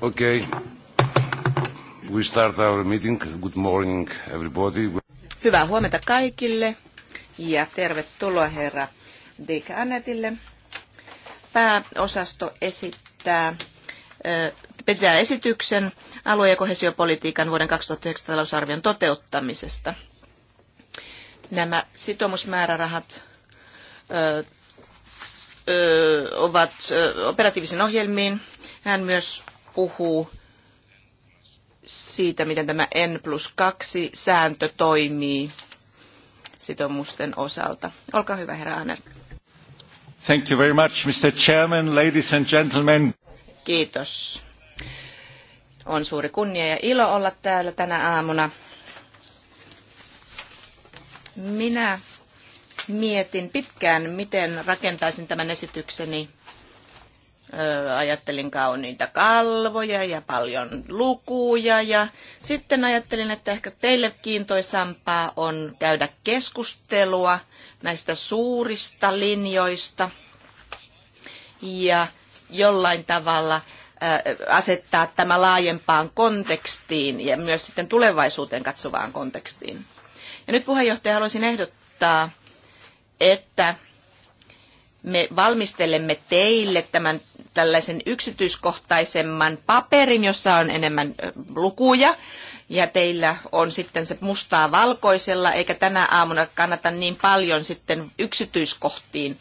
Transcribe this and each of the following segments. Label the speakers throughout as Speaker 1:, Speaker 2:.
Speaker 1: Okay. We start our meeting. Good morning everybody.
Speaker 2: Hyvää huomenta kaikille ja tervetuloa herra Dick Annetille. Pääosasto esittää pitää esityksen alue- ja kohesiopolitiikan vuoden 2019 talousarvion toteuttamisesta. Nämä sitoumusmäärärahat ovat operatiivisen ohjelmiin. Hän myös puhuu siitä, miten tämä N plus 2 sääntö toimii sitomusten osalta. Olkaa hyvä, herra Anner.
Speaker 1: Thank you very much, Mr. Chairman, ladies and gentlemen.
Speaker 2: Kiitos. On suuri kunnia ja ilo olla täällä tänä aamuna. Minä mietin pitkään, miten rakentaisin tämän esitykseni ajattelin kauniita kalvoja ja paljon lukuja ja sitten ajattelin, että ehkä teille kiintoisampaa on käydä keskustelua näistä suurista linjoista ja jollain tavalla asettaa tämä laajempaan kontekstiin ja myös sitten tulevaisuuteen katsovaan kontekstiin. Ja nyt puheenjohtaja haluaisin ehdottaa, että me valmistelemme teille tämän tällaisen yksityiskohtaisemman paperin, jossa on enemmän lukuja, ja teillä on sitten se mustaa valkoisella, eikä tänä aamuna kannata niin paljon sitten yksityiskohtiin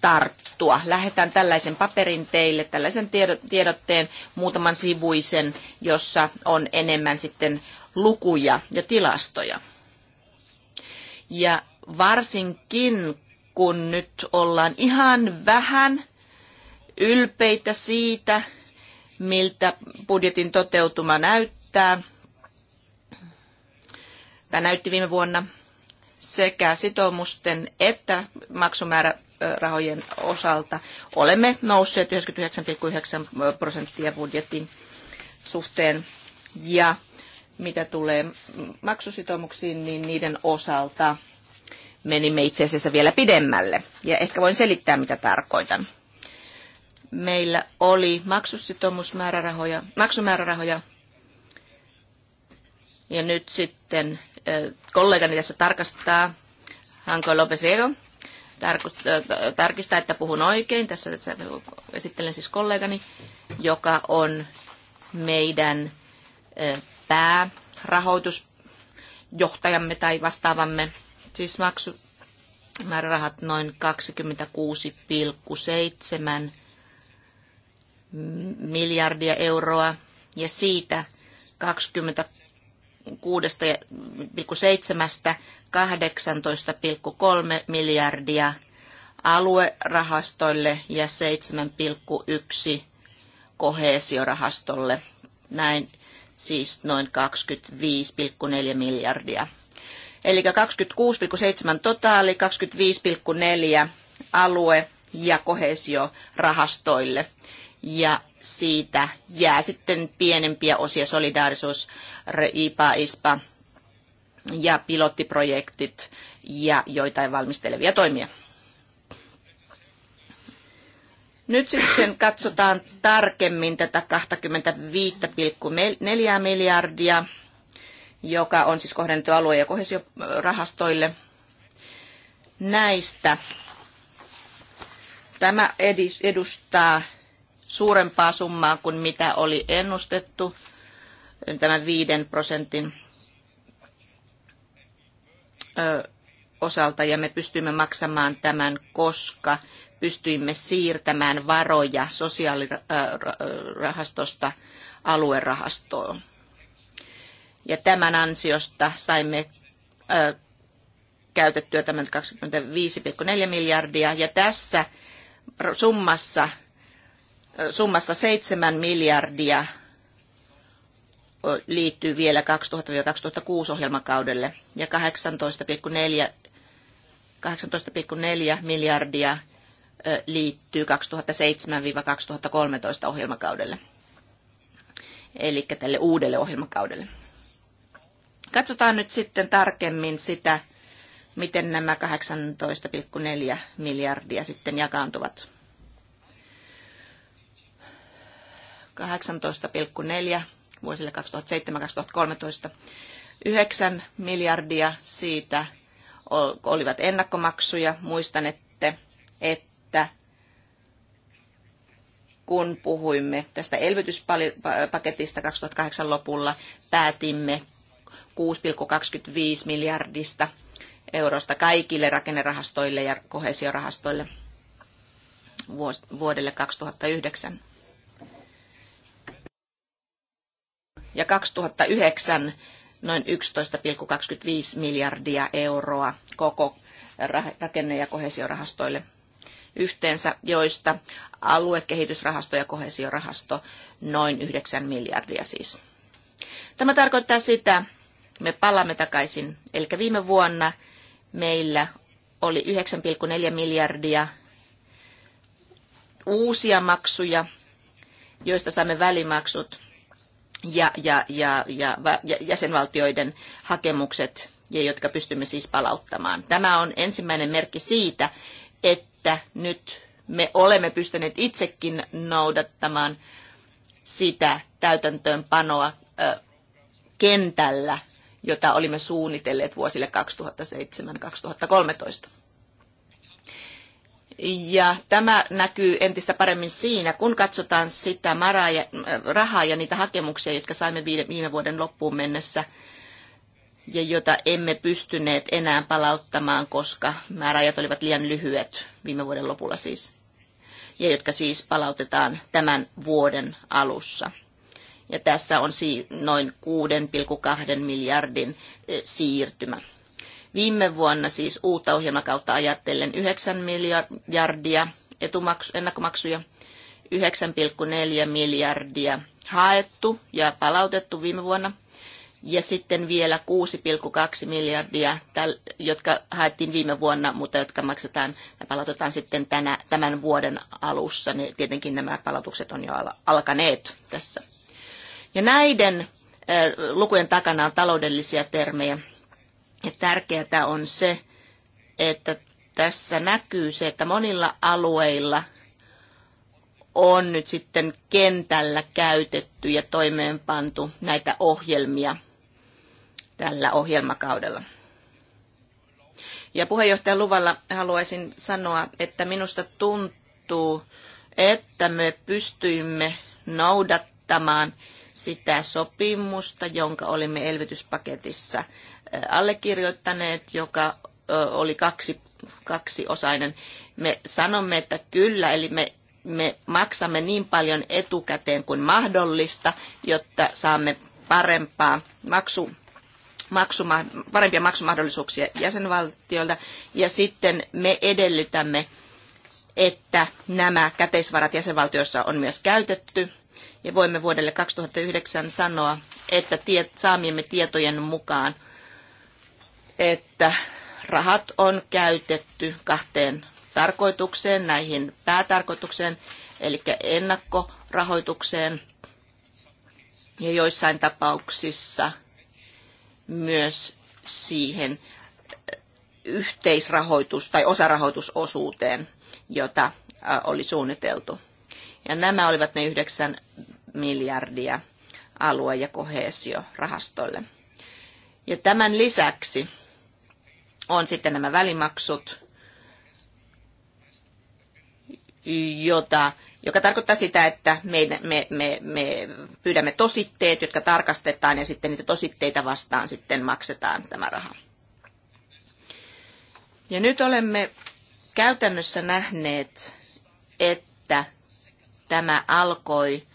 Speaker 2: tarttua. Lähetän tällaisen paperin teille, tällaisen tiedotteen muutaman sivuisen, jossa on enemmän sitten lukuja ja tilastoja. Ja varsinkin kun nyt ollaan ihan vähän ylpeitä siitä, miltä budjetin toteutuma näyttää. Tämä näytti viime vuonna sekä sitoumusten että maksumäärärahojen osalta olemme nousseet 99,9 prosenttia budjetin suhteen. Ja mitä tulee maksusitoumuksiin, niin niiden osalta menimme itse asiassa vielä pidemmälle. Ja ehkä voin selittää, mitä tarkoitan. Meillä oli maksusitoumusmäärärahoja, maksumäärärahoja, ja nyt sitten kollegani tässä tarkastaa, Hanko Lopes Riego, tarkistaa, että puhun oikein. Tässä esittelen siis kollegani, joka on meidän päärahoitusjohtajamme tai vastaavamme siis maksumäärärahat noin 26,7 miljardia euroa ja siitä 26,7 18,3 miljardia aluerahastoille ja 7,1 kohesiorahastolle. Näin siis noin 25,4 miljardia Eli 26,7 totaali, 25,4 alue ja kohesiorahastoille. Ja siitä jää sitten pienempiä osia, solidaarisuus, IPA, ISPA ja pilottiprojektit ja joitain valmistelevia toimia. Nyt sitten katsotaan tarkemmin tätä 25,4 miljardia joka on siis kohdennettu alue- ja kohesiorahastoille. Näistä tämä edustaa suurempaa summaa kuin mitä oli ennustettu, tämän viiden prosentin osalta, ja me pystymme maksamaan tämän, koska pystyimme siirtämään varoja sosiaalirahastosta aluerahastoon. Ja tämän ansiosta saimme ö, käytettyä tämän 25,4 miljardia. Ja tässä summassa, summassa 7 miljardia liittyy vielä 2000-2006 ohjelmakaudelle ja 18,4 18,4 miljardia liittyy 2007-2013 ohjelmakaudelle, eli tälle uudelle ohjelmakaudelle. Katsotaan nyt sitten tarkemmin sitä, miten nämä 18,4 miljardia sitten jakaantuvat. 18,4 vuosille 2007-2013. 9 miljardia siitä olivat ennakkomaksuja. Muistanette, että kun puhuimme tästä elvytyspaketista 2008 lopulla, päätimme 6,25 miljardista eurosta kaikille rakennerahastoille ja kohesiorahastoille vuodelle 2009. Ja 2009 noin 11,25 miljardia euroa koko rakenne- ja kohesiorahastoille yhteensä, joista aluekehitysrahasto ja kohesiorahasto noin 9 miljardia siis. Tämä tarkoittaa sitä, me palaamme takaisin. Eli viime vuonna meillä oli 9,4 miljardia uusia maksuja, joista saamme välimaksut ja, ja, ja, ja, ja jäsenvaltioiden hakemukset, ja jotka pystymme siis palauttamaan. Tämä on ensimmäinen merkki siitä, että nyt me olemme pystyneet itsekin noudattamaan sitä täytäntöönpanoa ö, kentällä jota olimme suunnitelleet vuosille 2007-2013. Ja tämä näkyy entistä paremmin siinä, kun katsotaan sitä äh, rahaa ja niitä hakemuksia, jotka saimme viime vuoden loppuun mennessä ja jota emme pystyneet enää palauttamaan, koska määräajat olivat liian lyhyet viime vuoden lopulla siis, ja jotka siis palautetaan tämän vuoden alussa. Ja tässä on noin 6,2 miljardin eh, siirtymä. Viime vuonna siis uutta ohjelmakautta ajatellen 9 miljardia etumaksu, ennakkomaksuja, 9,4 miljardia haettu ja palautettu viime vuonna, ja sitten vielä 6,2 miljardia, jotka haettiin viime vuonna, mutta jotka maksetaan ja palautetaan sitten tänä, tämän vuoden alussa. Niin tietenkin nämä palautukset on jo alkaneet tässä. Ja näiden lukujen takana on taloudellisia termejä. Ja tärkeää on se, että tässä näkyy se, että monilla alueilla on nyt sitten kentällä käytetty ja toimeenpantu näitä ohjelmia tällä ohjelmakaudella. Ja puheenjohtajan luvalla haluaisin sanoa, että minusta tuntuu, että me pystyimme noudattamaan sitä sopimusta, jonka olimme elvytyspaketissa allekirjoittaneet, joka oli kaksi, kaksiosainen. Me sanomme, että kyllä, eli me, me maksamme niin paljon etukäteen kuin mahdollista, jotta saamme parempaa maksu, maksu, parempia maksumahdollisuuksia jäsenvaltioilta. Ja sitten me edellytämme, että nämä käteisvarat jäsenvaltioissa on myös käytetty ja voimme vuodelle 2009 sanoa, että tiet, saamiemme tietojen mukaan, että rahat on käytetty kahteen tarkoitukseen, näihin päätarkoitukseen, eli ennakkorahoitukseen ja joissain tapauksissa myös siihen yhteisrahoitus- tai osarahoitusosuuteen, jota oli suunniteltu. Ja nämä olivat ne yhdeksän miljardia alue- ja kohesiorahastolle. Ja tämän lisäksi on sitten nämä välimaksut, jota, joka tarkoittaa sitä, että me, me, me, me pyydämme tositteet, jotka tarkastetaan ja sitten niitä tositteita vastaan sitten maksetaan tämä raha. Ja nyt olemme käytännössä nähneet, että tämä alkoi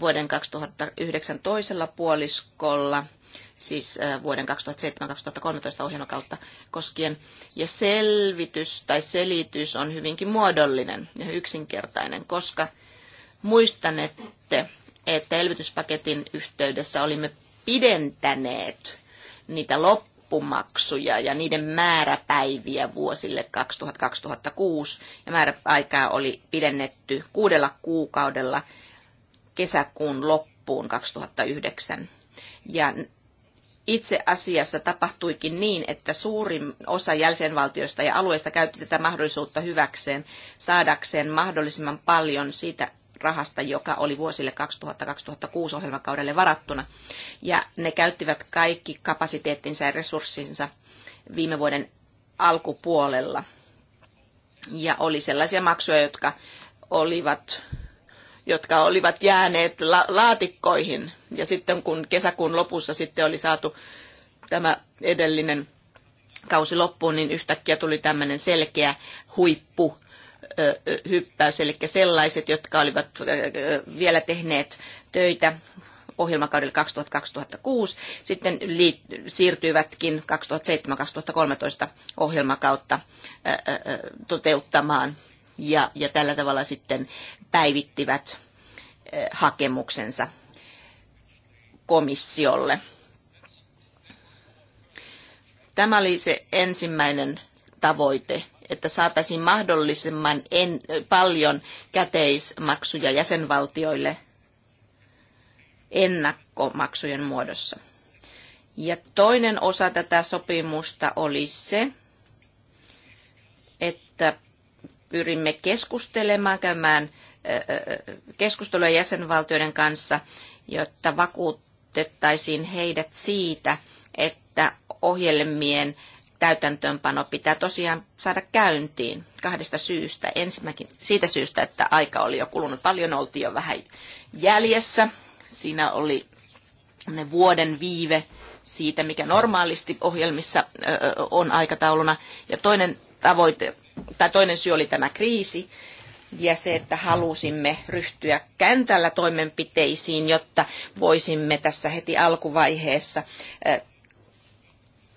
Speaker 2: vuoden 2009 toisella puoliskolla, siis äh, vuoden 2007-2013 ohjelmakautta koskien. Ja selvitys tai selitys on hyvinkin muodollinen ja yksinkertainen, koska muistanette, että elvytyspaketin yhteydessä olimme pidentäneet niitä loppumaksuja ja niiden määräpäiviä vuosille 2000-2006. Ja määräaikaa oli pidennetty kuudella kuukaudella kesäkuun loppuun 2009. Ja itse asiassa tapahtuikin niin, että suurin osa jäsenvaltioista ja alueista käytti tätä mahdollisuutta hyväkseen saadakseen mahdollisimman paljon siitä rahasta, joka oli vuosille 2000-2006 ohjelmakaudelle varattuna. Ja ne käyttivät kaikki kapasiteettinsa ja resurssinsa viime vuoden alkupuolella. Ja oli sellaisia maksuja, jotka olivat jotka olivat jääneet la- laatikkoihin. Ja sitten kun kesäkuun lopussa sitten oli saatu tämä edellinen kausi loppuun, niin yhtäkkiä tuli tämmöinen selkeä huippu hyppäys, eli sellaiset, jotka olivat vielä tehneet töitä ohjelmakaudella 2000-2006, sitten liit- siirtyivätkin 2007-2013 ohjelmakautta toteuttamaan ja, ja tällä tavalla sitten päivittivät hakemuksensa komissiolle. Tämä oli se ensimmäinen tavoite, että saataisiin mahdollisimman en, paljon käteismaksuja jäsenvaltioille ennakkomaksujen muodossa. Ja toinen osa tätä sopimusta oli se, että pyrimme keskustelemaan, käymään keskustelua jäsenvaltioiden kanssa, jotta vakuutettaisiin heidät siitä, että ohjelmien täytäntöönpano pitää tosiaan saada käyntiin kahdesta syystä. Ensinnäkin siitä syystä, että aika oli jo kulunut paljon, oltiin jo vähän jäljessä. Siinä oli ne vuoden viive siitä, mikä normaalisti ohjelmissa on aikatauluna. Ja toinen tavoite tai toinen syy oli tämä kriisi ja se, että halusimme ryhtyä kentällä toimenpiteisiin, jotta voisimme tässä heti alkuvaiheessa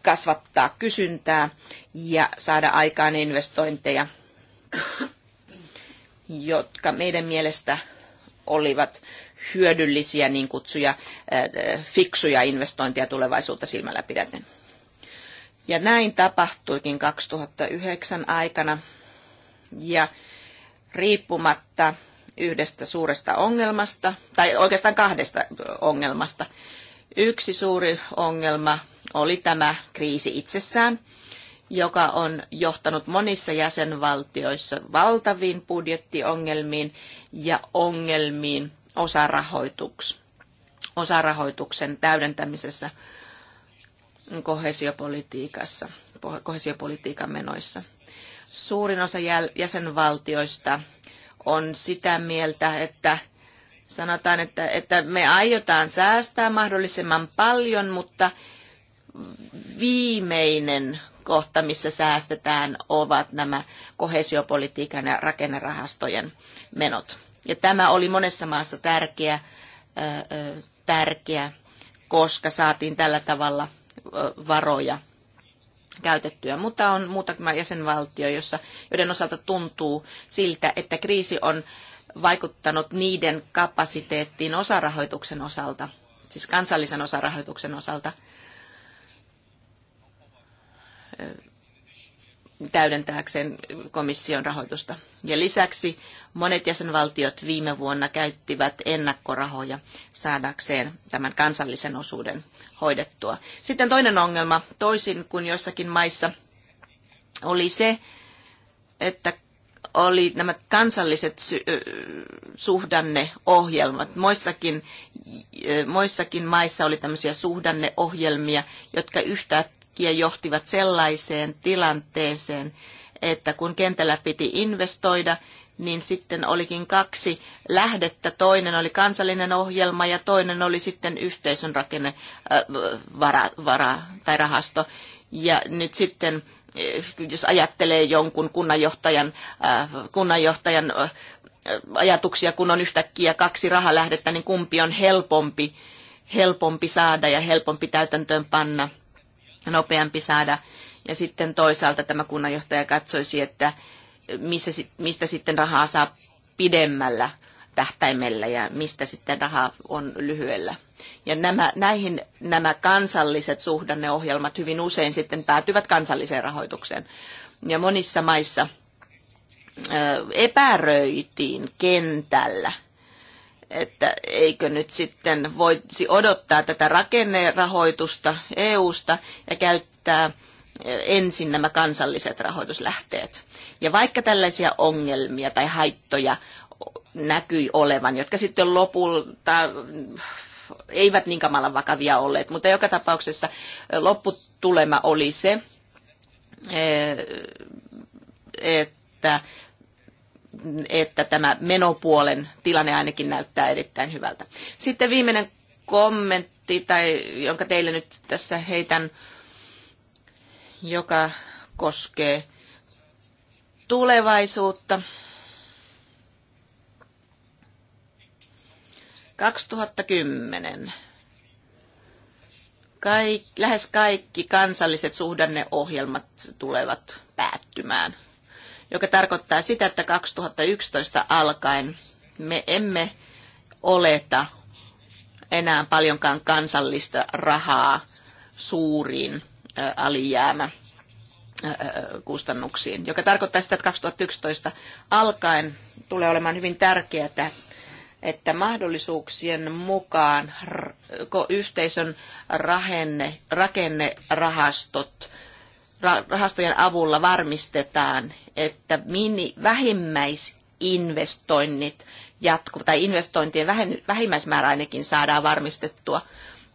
Speaker 2: kasvattaa kysyntää ja saada aikaan investointeja, jotka meidän mielestä olivat hyödyllisiä niin kutsuja fiksuja investointeja tulevaisuutta silmällä pidäten. Ja näin tapahtuikin 2009 aikana. Ja riippumatta yhdestä suuresta ongelmasta, tai oikeastaan kahdesta ongelmasta, yksi suuri ongelma oli tämä kriisi itsessään, joka on johtanut monissa jäsenvaltioissa valtaviin budjettiongelmiin ja ongelmiin osarahoituks, osarahoituksen täydentämisessä kohesiopolitiikassa, kohesiopolitiikan menoissa. Suurin osa jäsenvaltioista on sitä mieltä, että sanotaan, että, että me aiotaan säästää mahdollisimman paljon, mutta viimeinen kohta, missä säästetään, ovat nämä kohesiopolitiikan ja rakennerahastojen menot. Ja tämä oli monessa maassa tärkeä, tärkeä koska saatiin tällä tavalla varoja käytettyä, mutta on muutama jäsenvaltio, jossa, joiden osalta tuntuu siltä, että kriisi on vaikuttanut niiden kapasiteettiin osarahoituksen osalta, siis kansallisen osarahoituksen osalta täydentääkseen komission rahoitusta. Ja lisäksi monet jäsenvaltiot viime vuonna käyttivät ennakkorahoja saadakseen tämän kansallisen osuuden hoidettua. Sitten toinen ongelma, toisin kuin joissakin maissa, oli se, että oli nämä kansalliset suhdanneohjelmat. Moissakin, moissakin maissa oli tämmöisiä suhdanneohjelmia, jotka yhtä, äkkiä johtivat sellaiseen tilanteeseen, että kun kentällä piti investoida, niin sitten olikin kaksi lähdettä. Toinen oli kansallinen ohjelma ja toinen oli sitten yhteisön rakenne äh, vara, vara, tai rahasto. Ja nyt sitten, äh, jos ajattelee jonkun kunnanjohtajan, äh, kunnanjohtajan äh, ajatuksia, kun on yhtäkkiä kaksi rahalähdettä, niin kumpi on helpompi, helpompi saada ja helpompi täytäntöön panna – nopeampi saada. Ja sitten toisaalta tämä kunnanjohtaja katsoisi, että missä, mistä sitten rahaa saa pidemmällä tähtäimellä ja mistä sitten raha on lyhyellä. Ja nämä, näihin nämä kansalliset suhdanneohjelmat hyvin usein sitten päätyvät kansalliseen rahoitukseen. Ja monissa maissa epäröitiin kentällä – että eikö nyt sitten voisi odottaa tätä rakennerahoitusta EU-sta ja käyttää eh, ensin nämä kansalliset rahoituslähteet. Ja vaikka tällaisia ongelmia tai haittoja näkyi olevan, jotka sitten lopulta mm, eivät niin kamalan vakavia olleet, mutta joka tapauksessa eh, lopputulema oli se, eh, että että tämä menopuolen tilanne ainakin näyttää erittäin hyvältä. Sitten viimeinen kommentti, tai jonka teille nyt tässä heitän, joka koskee tulevaisuutta. 2010. Kaik, lähes kaikki kansalliset suhdanneohjelmat tulevat päättymään – joka tarkoittaa sitä, että 2011 alkaen me emme oleta enää paljonkaan kansallista rahaa suuriin alijäämä kustannuksiin, joka tarkoittaa sitä, että 2011 alkaen tulee olemaan hyvin tärkeää, että mahdollisuuksien mukaan yhteisön rakenne, rakennerahastot rahastojen avulla varmistetaan, että mini, vähimmäisinvestoinnit jatkuvat tai investointien vähimmäismäärä ainakin saadaan varmistettua.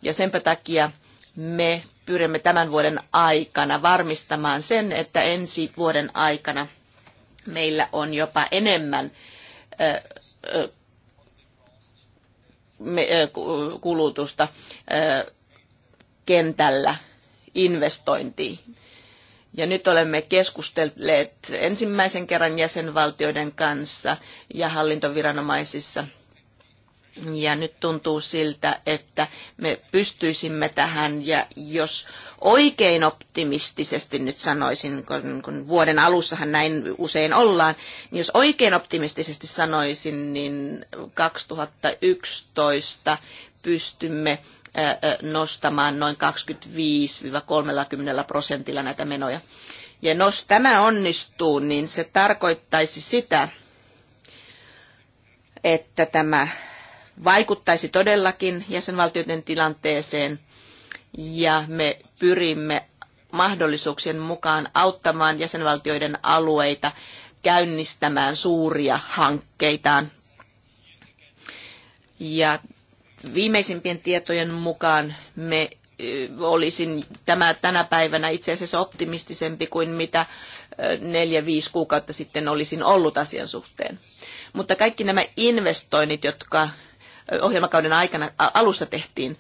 Speaker 2: Ja senpä takia me pyrimme tämän vuoden aikana varmistamaan sen, että ensi vuoden aikana meillä on jopa enemmän kulutusta kentällä investointiin ja nyt olemme keskustelleet ensimmäisen kerran jäsenvaltioiden kanssa ja hallintoviranomaisissa. Ja nyt tuntuu siltä, että me pystyisimme tähän, ja jos oikein optimistisesti nyt sanoisin, kun, vuoden alussahan näin usein ollaan, niin jos oikein optimistisesti sanoisin, niin 2011 pystymme nostamaan noin 25-30 prosentilla näitä menoja. Ja jos tämä onnistuu, niin se tarkoittaisi sitä, että tämä vaikuttaisi todellakin jäsenvaltioiden tilanteeseen ja me pyrimme mahdollisuuksien mukaan auttamaan jäsenvaltioiden alueita käynnistämään suuria hankkeitaan. Ja Viimeisimpien tietojen mukaan me olisin tämä tänä päivänä itse asiassa optimistisempi kuin mitä neljä, viisi kuukautta sitten olisin ollut asian suhteen. Mutta kaikki nämä investoinnit, jotka ohjelmakauden aikana alussa tehtiin,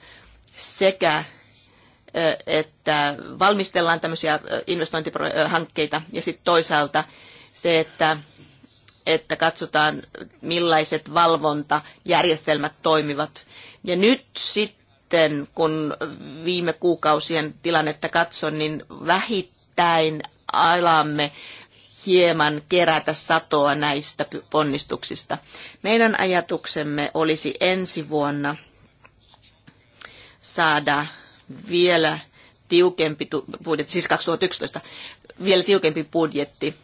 Speaker 2: sekä että valmistellaan tämmöisiä investointihankkeita ja sitten toisaalta se, että, että katsotaan millaiset valvontajärjestelmät toimivat – ja nyt sitten, kun viime kuukausien tilannetta katson, niin vähittäin alamme hieman kerätä satoa näistä ponnistuksista. Meidän ajatuksemme olisi ensi vuonna saada vielä tiukempi budjetti, siis 2011, vielä tiukempi budjetti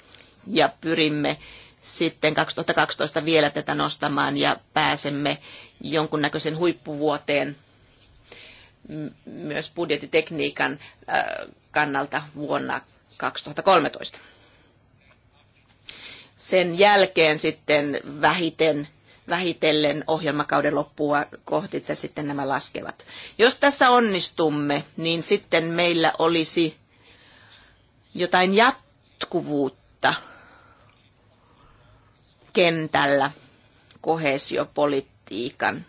Speaker 2: ja pyrimme sitten 2012 vielä tätä nostamaan ja pääsemme jonkunnäköisen huippuvuoteen myös budjettitekniikan kannalta vuonna 2013. Sen jälkeen sitten vähiten vähitellen ohjelmakauden loppua kohti että sitten nämä laskevat. Jos tässä onnistumme, niin sitten meillä olisi jotain jatkuvuutta kentällä kohesiopolitiikkaa politiikan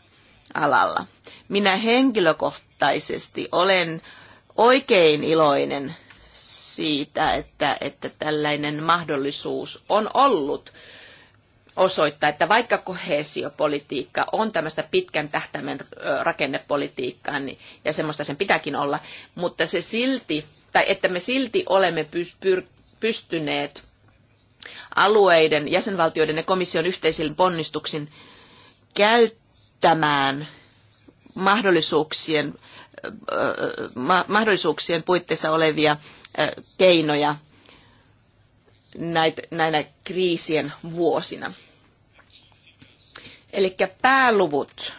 Speaker 2: alalla. Minä henkilökohtaisesti olen oikein iloinen siitä, että, että tällainen mahdollisuus on ollut osoittaa, että vaikka kohesiopolitiikka on tämmöistä pitkän tähtäimen rakennepolitiikkaa, niin, ja semmoista sen pitääkin olla, mutta se silti, tai että me silti olemme pystyneet alueiden, jäsenvaltioiden ja komission yhteisillä ponnistuksin käyttämään mahdollisuuksien, mahdollisuuksien puitteissa olevia keinoja näinä kriisien vuosina. Eli pääluvut,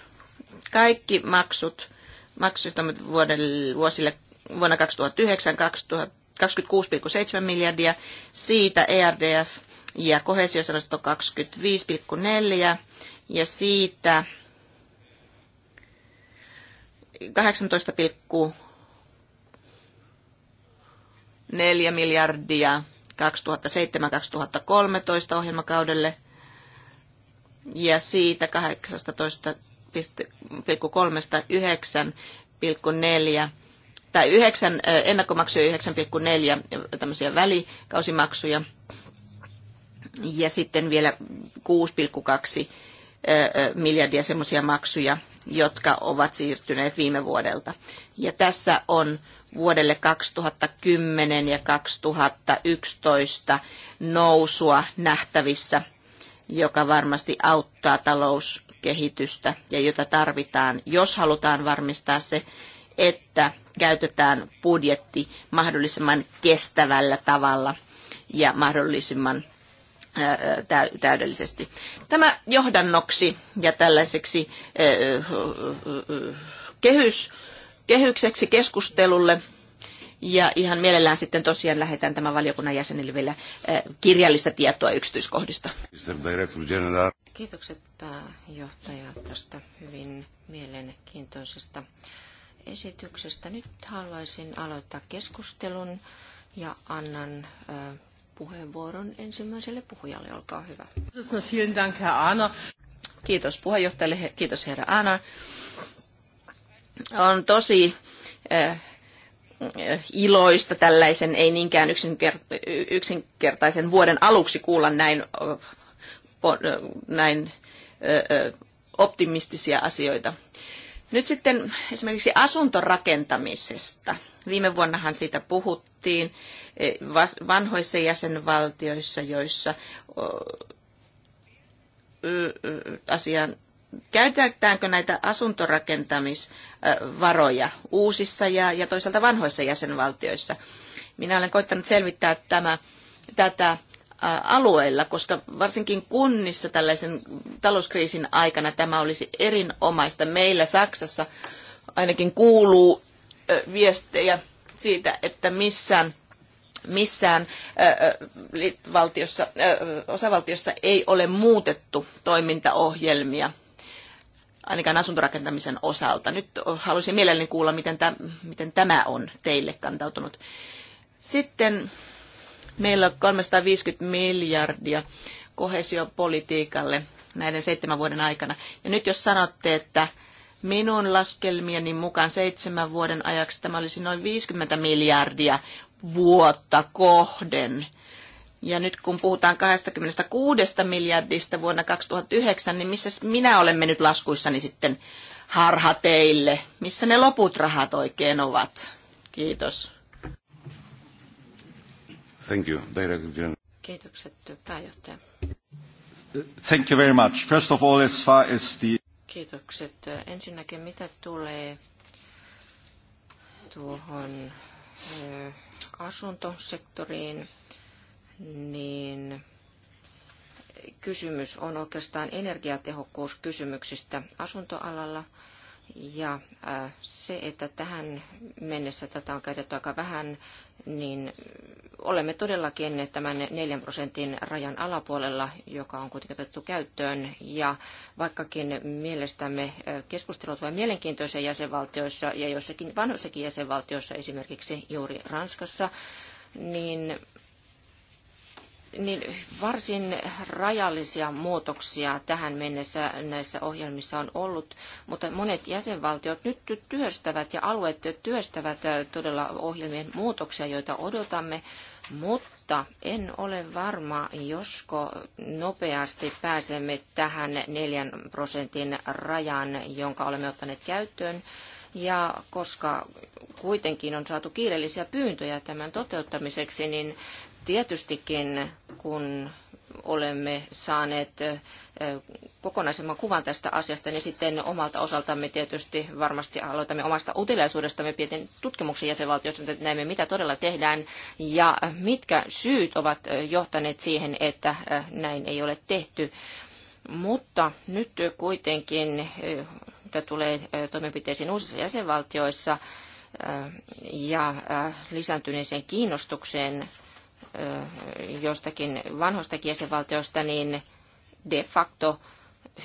Speaker 2: kaikki maksut, maksut vuodelle, vuosille, vuonna 2009 26,7 miljardia, siitä ERDF ja kohesiosanasto 25,4 ja siitä 18,4 miljardia 2007-2013 ohjelmakaudelle ja siitä 18,39,4 tai 9, ennakkomaksuja 9,4 tämmöisiä välikausimaksuja ja sitten vielä 6,2 miljardia semmoisia maksuja, jotka ovat siirtyneet viime vuodelta. Ja tässä on vuodelle 2010 ja 2011 nousua nähtävissä, joka varmasti auttaa talouskehitystä ja jota tarvitaan, jos halutaan varmistaa se, että käytetään budjetti mahdollisimman kestävällä tavalla ja mahdollisimman täydellisesti. Tämä johdannoksi ja tällaiseksi kehys, kehykseksi keskustelulle ja ihan mielellään sitten tosiaan lähetän tämän valiokunnan jäsenille vielä kirjallista tietoa yksityiskohdista.
Speaker 3: Kiitokset pääjohtaja tästä hyvin mielenkiintoisesta esityksestä. Nyt haluaisin aloittaa keskustelun ja annan puheenvuoron ensimmäiselle puhujalle. Olkaa hyvä.
Speaker 2: Kiitos puheenjohtajalle, kiitos herra Anna. On tosi eh, iloista tällaisen ei niinkään yksinkertaisen vuoden aluksi kuulla näin, näin eh, eh, optimistisia asioita. Nyt sitten esimerkiksi asuntorakentamisesta – Viime vuonnahan siitä puhuttiin e, vanhoissa jäsenvaltioissa, joissa asian käytetäänkö näitä asuntorakentamisvaroja uusissa ja, ja toisaalta vanhoissa jäsenvaltioissa. Minä olen koittanut selvittää tämä, tätä alueilla, koska varsinkin kunnissa tällaisen talouskriisin aikana tämä olisi erinomaista. Meillä Saksassa ainakin kuuluu viestejä siitä, että missään missään osavaltiossa ei ole muutettu toimintaohjelmia ainakaan asuntorakentamisen osalta. Nyt haluaisin mielelläni kuulla, miten, täm, miten tämä on teille kantautunut. Sitten meillä on 350 miljardia kohesiopolitiikalle näiden seitsemän vuoden aikana. Ja nyt jos sanotte, että Minun laskelmieni mukaan seitsemän vuoden ajaksi tämä olisi noin 50 miljardia vuotta kohden. Ja nyt kun puhutaan 26 miljardista vuonna 2009, niin missä minä olen mennyt laskuissani sitten harhateille? Missä ne loput rahat oikein ovat? Kiitos. Thank you. Kiitokset pääjohtaja.
Speaker 1: Thank you very much. First of all, as far as the...
Speaker 3: Kiitokset. Ensinnäkin mitä tulee tuohon asuntosektoriin, niin kysymys on oikeastaan energiatehokkuuskysymyksistä asuntoalalla – ja äh, se, että tähän mennessä tätä on käytetty aika vähän, niin olemme todellakin tämän 4 prosentin rajan alapuolella, joka on kuitenkin otettu käyttöön. Ja vaikkakin mielestämme äh, keskustelut ovat mielenkiintoisia jäsenvaltioissa ja joissakin vanhoissakin jäsenvaltioissa, esimerkiksi juuri Ranskassa, niin niin varsin rajallisia muutoksia tähän mennessä näissä ohjelmissa on ollut, mutta monet jäsenvaltiot nyt työstävät ja alueet työstävät äh, todella ohjelmien muutoksia, joita odotamme, mutta en ole varma, josko nopeasti pääsemme tähän neljän prosentin rajan, jonka olemme ottaneet käyttöön. Ja koska kuitenkin on saatu kiireellisiä pyyntöjä tämän toteuttamiseksi, niin Tietystikin, kun olemme saaneet kokonaisemman kuvan tästä asiasta, niin sitten omalta osaltamme tietysti varmasti aloitamme omasta uteliaisuudestamme pienten tutkimuksen jäsenvaltiosta, että näemme mitä todella tehdään ja mitkä syyt ovat johtaneet siihen, että näin ei ole tehty. Mutta nyt kuitenkin, mitä tulee toimenpiteisiin uusissa jäsenvaltioissa ja lisääntyneeseen kiinnostukseen jostakin vanhostakin jäsenvaltiosta, niin de facto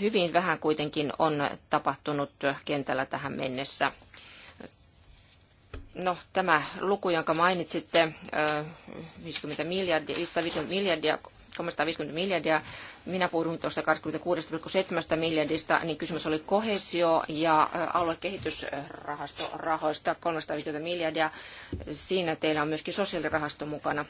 Speaker 3: hyvin vähän kuitenkin on tapahtunut kentällä tähän mennessä. No, tämä luku, jonka mainitsitte, 50 äh, miljardia, 550 miljardia 350 miljardia, minä puhuin tuosta 26,7 miljardista, niin kysymys oli kohesio- ja äh, aluekehitysrahastorahoista 350 miljardia. Siinä teillä on myöskin sosiaalirahasto mukana.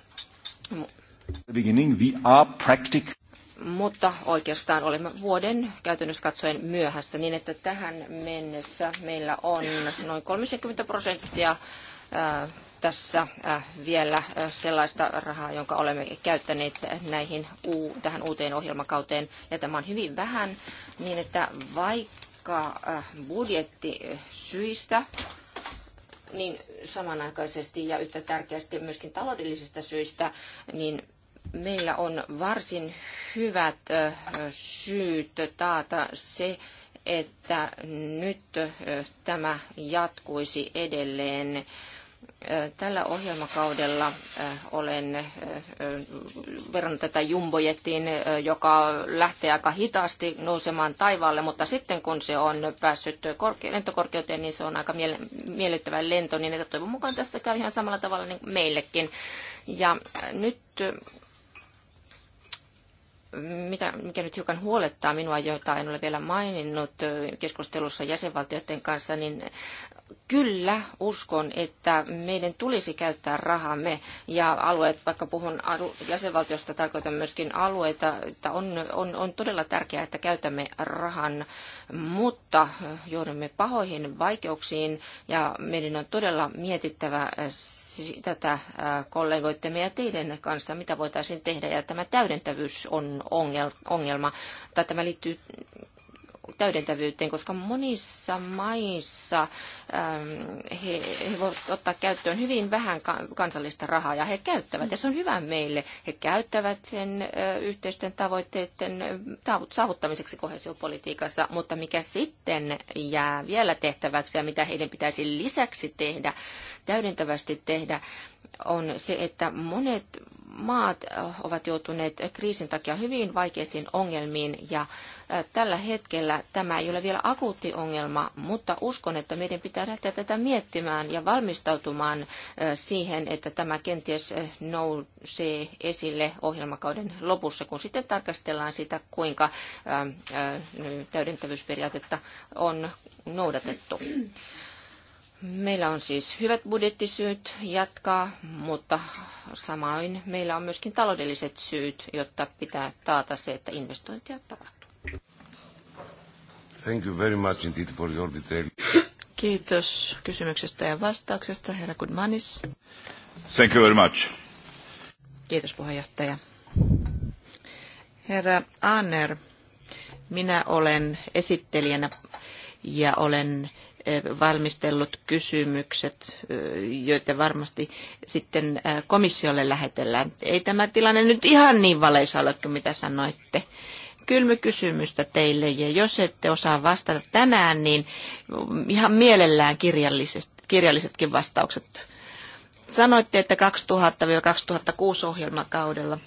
Speaker 3: Mutta oikeastaan olemme vuoden käytännössä katsoen myöhässä niin, että tähän mennessä meillä on noin 30 prosenttia tässä vielä sellaista rahaa, jonka olemme käyttäneet näihin tähän uuteen ohjelmakauteen. Ja tämä on hyvin vähän, niin että vaikka budjettisyistä syistä niin samanaikaisesti ja yhtä tärkeästi myöskin taloudellisista syistä, niin meillä on varsin hyvät syyt taata se, että nyt tämä jatkuisi edelleen Tällä ohjelmakaudella olen verrannut tätä jumbojettiin, joka lähtee aika hitaasti nousemaan taivaalle, mutta sitten kun se on päässyt lentokorkeuteen, niin se on aika miellyttävä lento, niin että toivon mukaan tässä käy ihan samalla tavalla niin meillekin. Ja nyt mikä, mikä nyt hiukan huolettaa minua, jota en ole vielä maininnut keskustelussa jäsenvaltioiden kanssa, niin kyllä uskon, että meidän tulisi käyttää rahamme ja alueet, vaikka puhun jäsenvaltiosta, tarkoitan myöskin alueita, että on, on, on todella tärkeää, että käytämme rahan mutta joudumme pahoihin vaikeuksiin ja meidän on todella mietittävä tätä kollegoittemme ja teidän kanssa, mitä voitaisiin tehdä. Ja tämä täydentävyys on ongelma, tai tämä liittyy täydentävyyteen, koska monissa maissa ähm, he, he voivat ottaa käyttöön hyvin vähän kansallista rahaa ja he käyttävät, ja se on hyvä meille. He käyttävät sen äh, yhteisten tavoitteiden äh, saavuttamiseksi kohesiopolitiikassa, mutta mikä sitten jää vielä tehtäväksi ja mitä heidän pitäisi lisäksi tehdä, täydentävästi tehdä, on se, että monet maat ovat joutuneet kriisin takia hyvin vaikeisiin ongelmiin ja tällä hetkellä tämä ei ole vielä akuutti ongelma, mutta uskon, että meidän pitää lähteä tätä miettimään ja valmistautumaan siihen, että tämä kenties nousee esille ohjelmakauden lopussa, kun sitten tarkastellaan sitä, kuinka täydentävyysperiaatetta on noudatettu. Meillä on siis hyvät budjettisyyt jatkaa, mutta samoin meillä on myöskin taloudelliset syyt, jotta pitää taata se, että investointia tapahtuu.
Speaker 1: Thank you very much indeed for your detail.
Speaker 2: Kiitos kysymyksestä ja vastauksesta, herra Kudmanis.
Speaker 1: Thank you very much.
Speaker 2: Kiitos puheenjohtaja. Herra Aner, minä olen esittelijänä ja olen Eh, valmistellut kysymykset, eh, joita varmasti sitten eh, komissiolle lähetellään. Ei tämä tilanne nyt ihan niin valeisa ole kuin mitä sanoitte kylmä kysymystä teille ja jos ette osaa vastata tänään, niin ihan mielellään kirjalliset, kirjallisetkin vastaukset. Sanoitte, että 2000-2006 ohjelmakaudella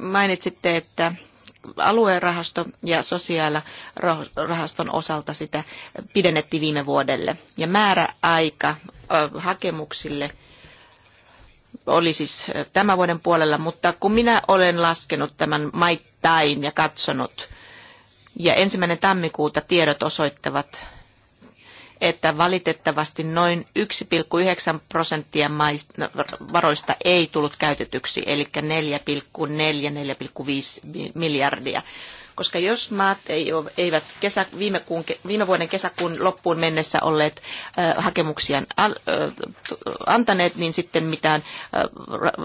Speaker 2: mainitsitte, että aluerahasto ja sosiaalirahaston osalta sitä pidennettiin viime vuodelle. Ja määräaika hakemuksille oli siis tämän vuoden puolella, mutta kun minä olen laskenut tämän maittain ja katsonut, ja ensimmäinen tammikuuta tiedot osoittavat, että valitettavasti noin 1,9 prosenttia no, varoista ei tullut käytetyksi, eli 4,4-4,5 miljardia. Koska jos maat eivät kesä, viime, kuun, viime vuoden kesäkuun loppuun mennessä olleet äh, hakemuksia äh, antaneet, niin sitten mitään äh,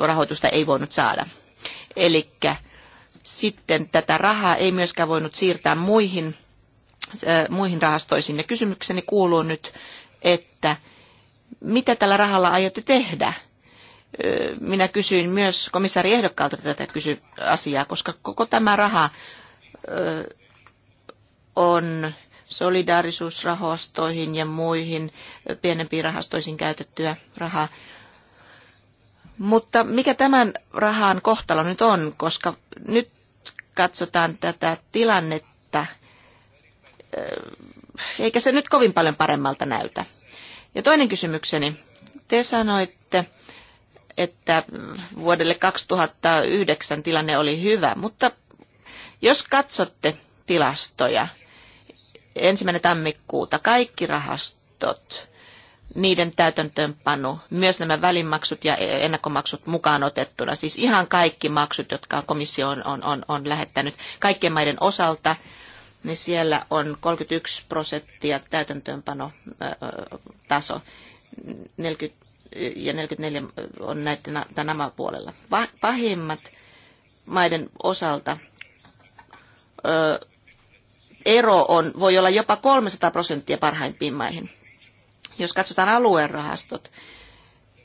Speaker 2: rahoitusta ei voinut saada. Eli sitten tätä rahaa ei myöskään voinut siirtää muihin muihin rahastoihin. Ja kysymykseni kuuluu nyt, että mitä tällä rahalla aiotte tehdä? Minä kysyin myös komissaari ehdokkaalta tätä kysy asiaa, koska koko tämä raha on solidaarisuusrahastoihin ja muihin pienempiin rahastoihin käytettyä rahaa. Mutta mikä tämän rahan kohtalo nyt on, koska nyt katsotaan tätä tilannetta – eikä se nyt kovin paljon paremmalta näytä. Ja toinen kysymykseni. Te sanoitte, että vuodelle 2009 tilanne oli hyvä, mutta jos katsotte tilastoja, ensimmäinen tammikuuta kaikki rahastot, niiden täytäntöönpano, myös nämä välimaksut ja ennakkomaksut mukaan otettuna, siis ihan kaikki maksut, jotka komissio on, on, on lähettänyt kaikkien maiden osalta – niin siellä on 31 prosenttia taso 40, ja 44 on näiden tämän puolella. Pahimmat maiden osalta ero on, voi olla jopa 300 prosenttia parhaimpiin maihin. Jos katsotaan alueen rahastot,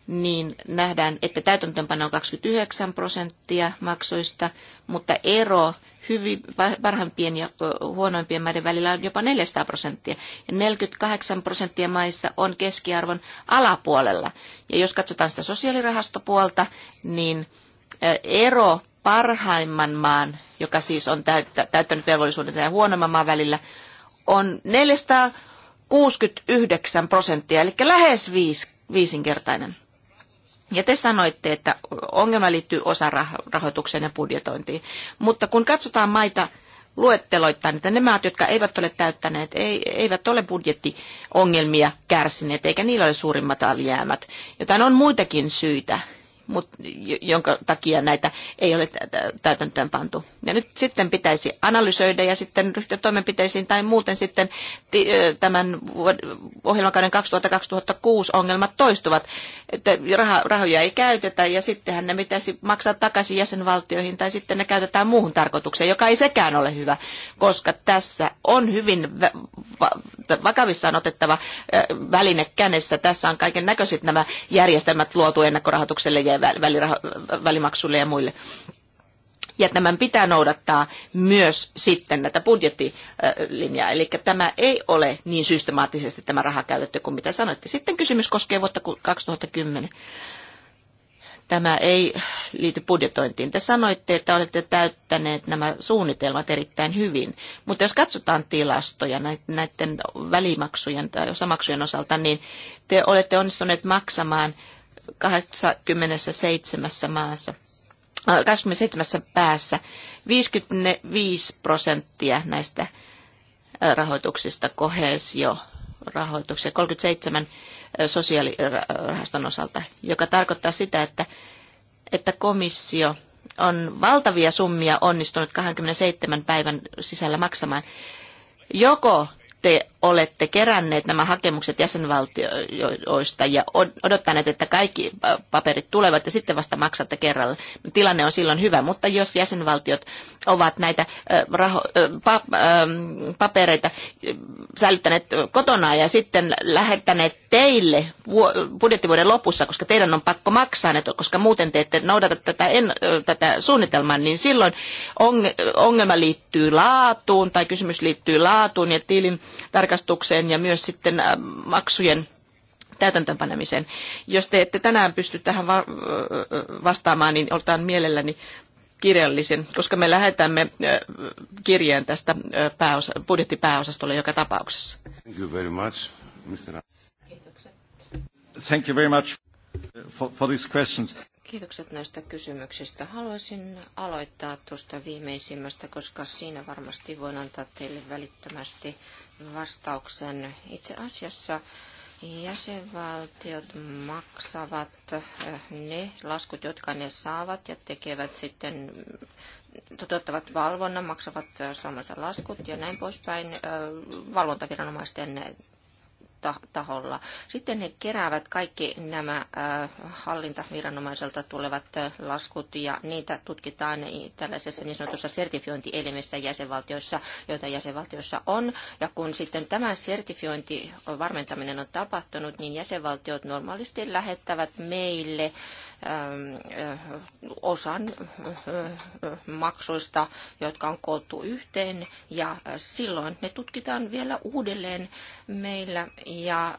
Speaker 2: niin nähdään, että täytäntöönpano on 29 prosenttia maksuista, mutta ero hyvin parhaimpien ja huonoimpien maiden välillä on jopa 400 prosenttia. Ja 48 prosenttia maissa on keskiarvon alapuolella. Ja jos katsotaan sitä sosiaalirahastopuolta, niin ero parhaimman maan, joka siis on täyttänyt velvollisuudensa ja huonomman maan välillä, on 469 prosenttia, eli lähes viisinkertainen. Ja te sanoitte, että ongelma liittyy osarahoitukseen ja budjetointiin. Mutta kun katsotaan maita luetteloittain, että ne maat, jotka eivät ole täyttäneet, eivät ole budjettiongelmia kärsineet, eikä niillä ole suurimmat alijäämät. Joten on muitakin syitä mut, jonka takia näitä ei ole täytäntöön pantu. Ja nyt sitten pitäisi analysoida ja sitten ryhtyä toimenpiteisiin tai muuten sitten tämän ohjelmakauden 2000-2006 ongelmat toistuvat, että rahoja ei käytetä ja sittenhän ne pitäisi maksaa takaisin jäsenvaltioihin tai sitten ne käytetään muuhun tarkoitukseen, joka ei sekään ole hyvä, koska tässä on hyvin vakavissaan otettava väline kädessä. Tässä on kaiken näköiset nämä järjestelmät luotu ennakkorahoitukselle ja välimaksuille ja muille. Ja tämän pitää noudattaa myös sitten näitä budjettilinjaa. Eli tämä ei ole niin systemaattisesti tämä raha käytetty kuin mitä sanoitte. Sitten kysymys koskee vuotta 2010. Tämä ei liity budjetointiin. Te sanoitte, että olette täyttäneet nämä suunnitelmat erittäin hyvin, mutta jos katsotaan tilastoja näiden välimaksujen tai osamaksujen osalta, niin te olette onnistuneet maksamaan 87 maassa, 27 äh, päässä 55 prosenttia näistä äh, rahoituksista kohesio rahoituksia, 37 sosiaalirahaston osalta, joka tarkoittaa sitä, että, että komissio on valtavia summia onnistunut 27 päivän sisällä maksamaan joko te olette keränneet nämä hakemukset jäsenvaltioista ja odottaneet, että kaikki paperit tulevat ja sitten vasta maksatte kerralla. Tilanne on silloin hyvä, mutta jos jäsenvaltiot ovat näitä raho- pa- papereita säilyttäneet kotona ja sitten lähettäneet teille budjettivuoden lopussa, koska teidän on pakko maksaa ne, koska muuten te ette noudata tätä, en, tätä suunnitelmaa, niin silloin ongelma liittyy laatuun tai kysymys liittyy laatuun ja tilin tarkastukseen ja myös sitten äh, maksujen täytäntöönpanemiseen. Jos te ette tänään pysty tähän äh, vastaamaan, niin otan mielelläni kirjallisen, koska me lähetämme äh, kirjeen tästä pääosa- budjettipääosastolle joka tapauksessa. Thank you very much, Mr. Thank you very much for, for these questions.
Speaker 3: Kiitokset näistä kysymyksistä. Haluaisin aloittaa tuosta viimeisimmästä, koska siinä varmasti voin antaa teille välittömästi vastauksen. Itse asiassa jäsenvaltiot maksavat äh, ne laskut, jotka ne saavat ja tekevät sitten toteuttavat valvonnan, maksavat äh, saamansa laskut ja näin poispäin äh, valvontaviranomaisten taholla. Sitten ne keräävät kaikki nämä äh, hallintaviranomaiselta tulevat äh, laskut ja niitä tutkitaan tällaisessa niin sanotussa sertifiointielimessä jäsenvaltioissa, joita jäsenvaltioissa on. Ja kun sitten tämä sertifiointi varmentaminen on tapahtunut, niin jäsenvaltiot normaalisti lähettävät meille Ähm, äh, osan äh, äh, maksuista, jotka on koottu yhteen ja silloin ne tutkitaan vielä uudelleen meillä ja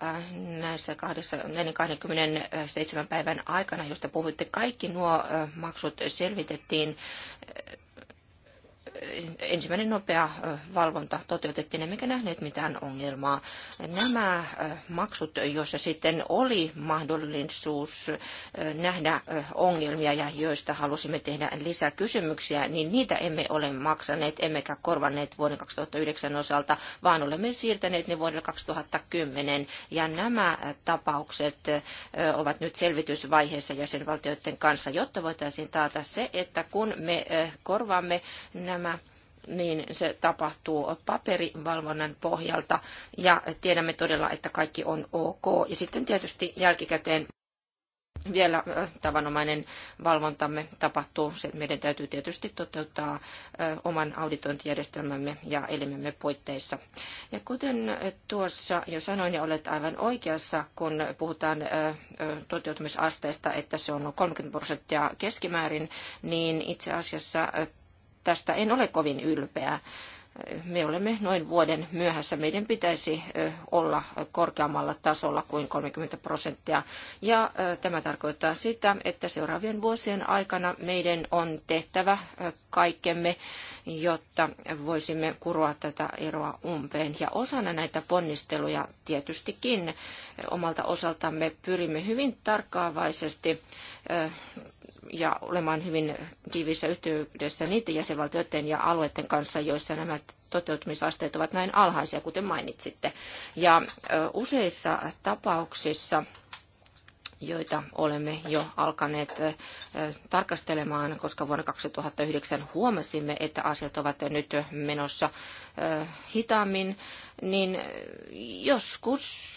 Speaker 3: näissä 27 päivän aikana, josta puhuitte, kaikki nuo maksut selvitettiin ensimmäinen nopea valvonta toteutettiin, emmekä nähneet mitään ongelmaa. Nämä maksut, joissa sitten oli mahdollisuus nähdä ongelmia ja joista halusimme tehdä lisää kysymyksiä, niin niitä emme ole maksaneet emmekä korvanneet vuoden 2009 osalta, vaan olemme siirtäneet ne vuodelle 2010. Ja nämä tapaukset ovat nyt selvitysvaiheessa jäsenvaltioiden kanssa, jotta voitaisiin taata se, että kun me korvaamme nämä niin se tapahtuu paperivalvonnan pohjalta ja tiedämme todella, että kaikki on ok. Ja sitten tietysti jälkikäteen vielä tavanomainen valvontamme tapahtuu. Se, että meidän täytyy tietysti toteuttaa oman auditointijärjestelmämme ja elimemme puitteissa. Ja kuten tuossa jo sanoin, ja olet aivan oikeassa, kun puhutaan toteutumisasteesta, että se on 30 prosenttia keskimäärin, niin itse asiassa tästä en ole kovin ylpeä. Me olemme noin vuoden myöhässä. Meidän pitäisi olla korkeammalla tasolla kuin 30 prosenttia. Ja tämä tarkoittaa sitä, että seuraavien vuosien aikana meidän on tehtävä kaikkemme, jotta voisimme kuroa tätä eroa umpeen. Ja osana näitä ponnisteluja tietystikin omalta osaltamme pyrimme hyvin tarkkaavaisesti ja olemaan hyvin tiiviissä yhteydessä niiden jäsenvaltioiden ja alueiden kanssa, joissa nämä toteutumisasteet ovat näin alhaisia, kuten mainitsitte. Ja useissa tapauksissa joita olemme jo alkaneet tarkastelemaan, koska vuonna 2009 huomasimme, että asiat ovat nyt menossa hitaammin, niin joskus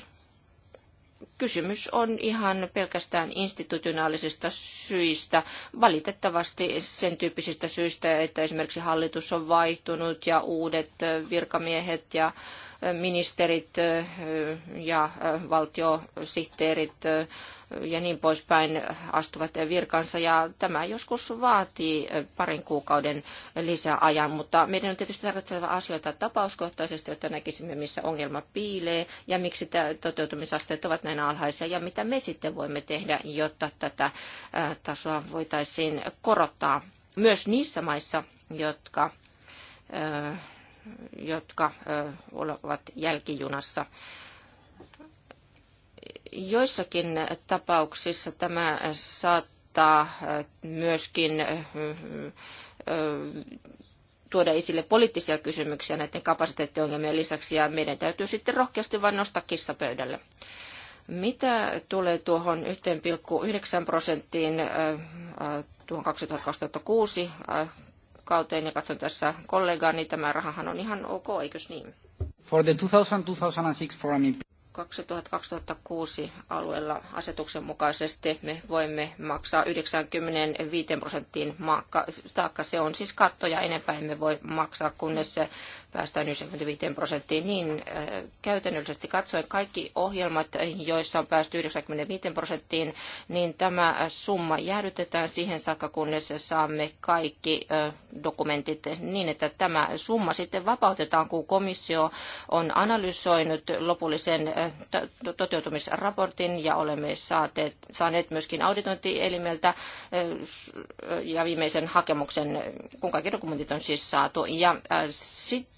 Speaker 3: kysymys on ihan pelkästään institutionaalisista syistä, valitettavasti sen tyyppisistä syistä, että esimerkiksi hallitus on vaihtunut ja uudet virkamiehet ja ministerit ja valtiosihteerit ja niin poispäin astuvat virkansa. Ja tämä joskus vaatii parin kuukauden lisäajan, mutta meidän on tietysti tarkasteltava asioita tapauskohtaisesti, jotta näkisimme, missä ongelma piilee ja miksi toteutumisasteet ovat näin alhaisia ja mitä me sitten voimme tehdä, jotta tätä tasoa voitaisiin korottaa myös niissä maissa, jotka jotka ovat jälkijunassa Joissakin tapauksissa tämä saattaa äh, myöskin äh, äh, tuoda esille poliittisia kysymyksiä näiden kapasiteettiongelmien lisäksi, ja meidän täytyy sitten rohkeasti vain nostaa kissa pöydälle. Mitä tulee tuohon 1,9 prosenttiin tuohon 2006 kauteen, ja katson tässä kollegaani, niin tämä rahahan on ihan ok, eikös niin? For the 2000-2006 programming 2006 alueella asetuksen mukaisesti me voimme maksaa 95 prosenttiin maakka, taakka. Se on siis katto ja enempää emme voi maksaa, kunnes päästään 95 prosenttiin, niin äh, käytännöllisesti katsoen kaikki ohjelmat, joissa on päästy 95 prosenttiin, niin tämä summa jäädytetään siihen saakka, kunnes saamme kaikki äh, dokumentit niin, että tämä summa sitten vapautetaan, kun komissio on analysoinut lopullisen äh, toteutumisraportin ja olemme saaneet myöskin auditointielimeltä ja viimeisen hakemuksen, kun kaikki dokumentit on siis saatu. Ja sitten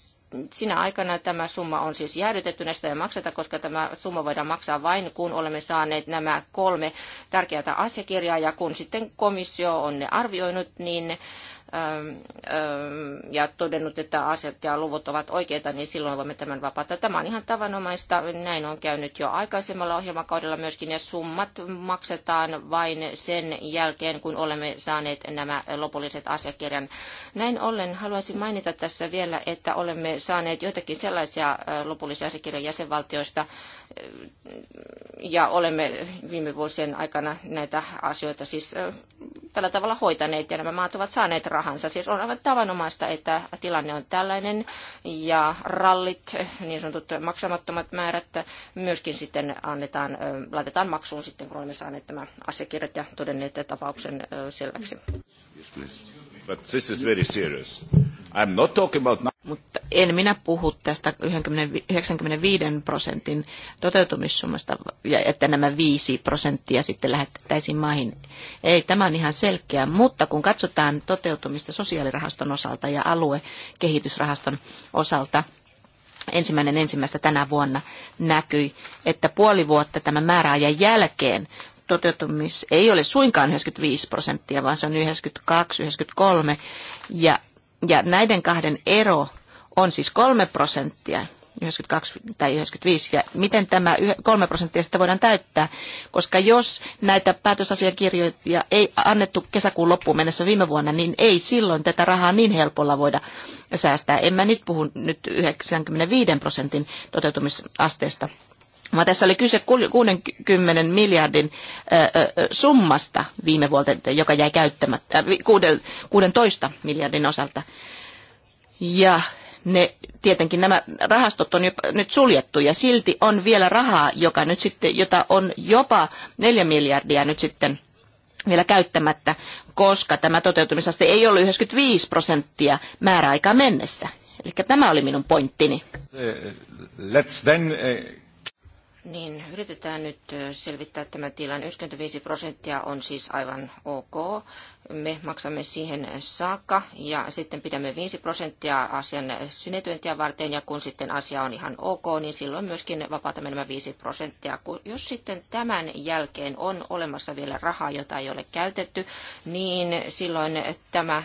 Speaker 3: sinä aikana tämä summa on siis jäädytetty näistä ei makseta, koska tämä summa voidaan maksaa vain, kun olemme saaneet nämä kolme tärkeää asiakirjaa, ja kun sitten komissio on ne arvioinut, niin Ähm, ähm, ja todennut, että asiat ja luvut ovat oikeita, niin silloin voimme tämän vapauttaa. Tämä on ihan tavanomaista. Näin on käynyt jo aikaisemmalla ohjelmakaudella myöskin, ja summat maksetaan vain sen jälkeen, kun olemme saaneet nämä lopulliset asiakirjan. Näin ollen haluaisin mainita tässä vielä, että olemme saaneet joitakin sellaisia äh, lopullisia asiakirjan jäsenvaltioista, äh, ja olemme viime vuosien aikana näitä asioita siis äh, tällä tavalla hoitaneet, ja nämä maat ovat saaneet rahansa. Siis on aivan tavanomaista, että tilanne on tällainen ja rallit, niin sanotut maksamattomat määrät, myöskin sitten annetaan, laitetaan maksuun sitten, kun olemme saaneet tämä asiakirjat ja todenneet tapauksen selväksi.
Speaker 1: But this is very serious. I'm not talking about mutta
Speaker 2: en minä puhu tästä 95 prosentin toteutumissummasta, ja että nämä 5 prosenttia sitten lähettäisiin maihin. Ei, tämä on ihan selkeä, mutta kun katsotaan toteutumista sosiaalirahaston osalta ja aluekehitysrahaston osalta, ensimmäinen ensimmäistä tänä vuonna näkyi, että puoli vuotta tämän määräajan jälkeen toteutumis ei ole suinkaan 95 prosenttia, vaan se on 92-93, ja ja näiden kahden ero on siis kolme prosenttia, 92 tai 95, ja miten tämä kolme prosenttia sitä voidaan täyttää, koska jos näitä päätösasiakirjoja ei annettu kesäkuun loppuun mennessä viime vuonna, niin ei silloin tätä rahaa niin helpolla voida säästää. En mä nyt puhu nyt 95 prosentin toteutumisasteesta, vaan tässä oli kyse 60 miljardin summasta viime vuodelta, joka jäi käyttämättä, 16 äh, miljardin osalta. Ja ne, tietenkin nämä rahastot on jopa, nyt suljettu ja silti on vielä rahaa, joka nyt sitten, jota on jopa 4 miljardia nyt sitten vielä käyttämättä, koska tämä toteutumisaste ei ollut 95 prosenttia määräaikaa mennessä. Eli tämä oli minun pointtini. Let's then eh,
Speaker 3: niin, yritetään nyt selvittää tämä tilanne. 95 prosenttia on siis aivan ok, me maksamme siihen saakka ja sitten pidämme 5 prosenttia asian synetyöntiä varten ja kun sitten asia on ihan ok, niin silloin myöskin vapautamme nämä 5 prosenttia. Jos sitten tämän jälkeen on olemassa vielä rahaa, jota ei ole käytetty, niin silloin tämä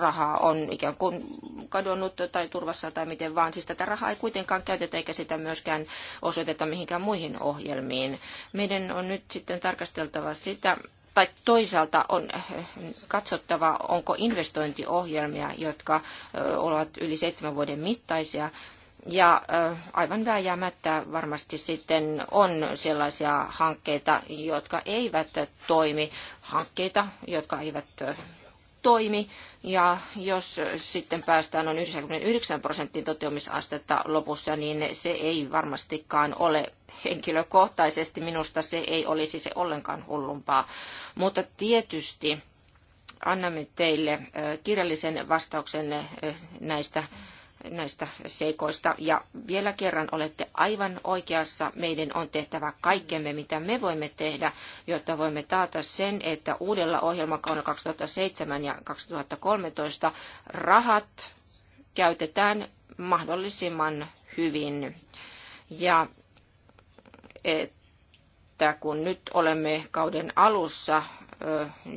Speaker 3: raha on ikään kuin kadonnut tai turvassa tai miten vaan. Siis tätä rahaa ei kuitenkaan käytetä eikä sitä myöskään osoiteta mihinkään muihin ohjelmiin. Meidän on nyt sitten tarkasteltava sitä, tai toisaalta on äh, katsottava, onko investointiohjelmia, jotka äh, ovat yli seitsemän vuoden mittaisia, ja äh, aivan vääjäämättä varmasti sitten on sellaisia hankkeita, jotka eivät toimi, hankkeita, jotka eivät toimi. Ja jos sitten päästään noin 99 prosentin toteumisastetta lopussa, niin se ei varmastikaan ole henkilökohtaisesti minusta se ei olisi se ollenkaan hullumpaa. Mutta tietysti annamme teille kirjallisen vastauksen näistä näistä seikoista. Ja vielä kerran olette aivan oikeassa. Meidän on tehtävä kaikkemme, mitä me voimme tehdä, jotta voimme taata sen, että uudella ohjelmakaudella 2007 ja 2013 rahat käytetään mahdollisimman hyvin. Ja että kun nyt olemme kauden alussa,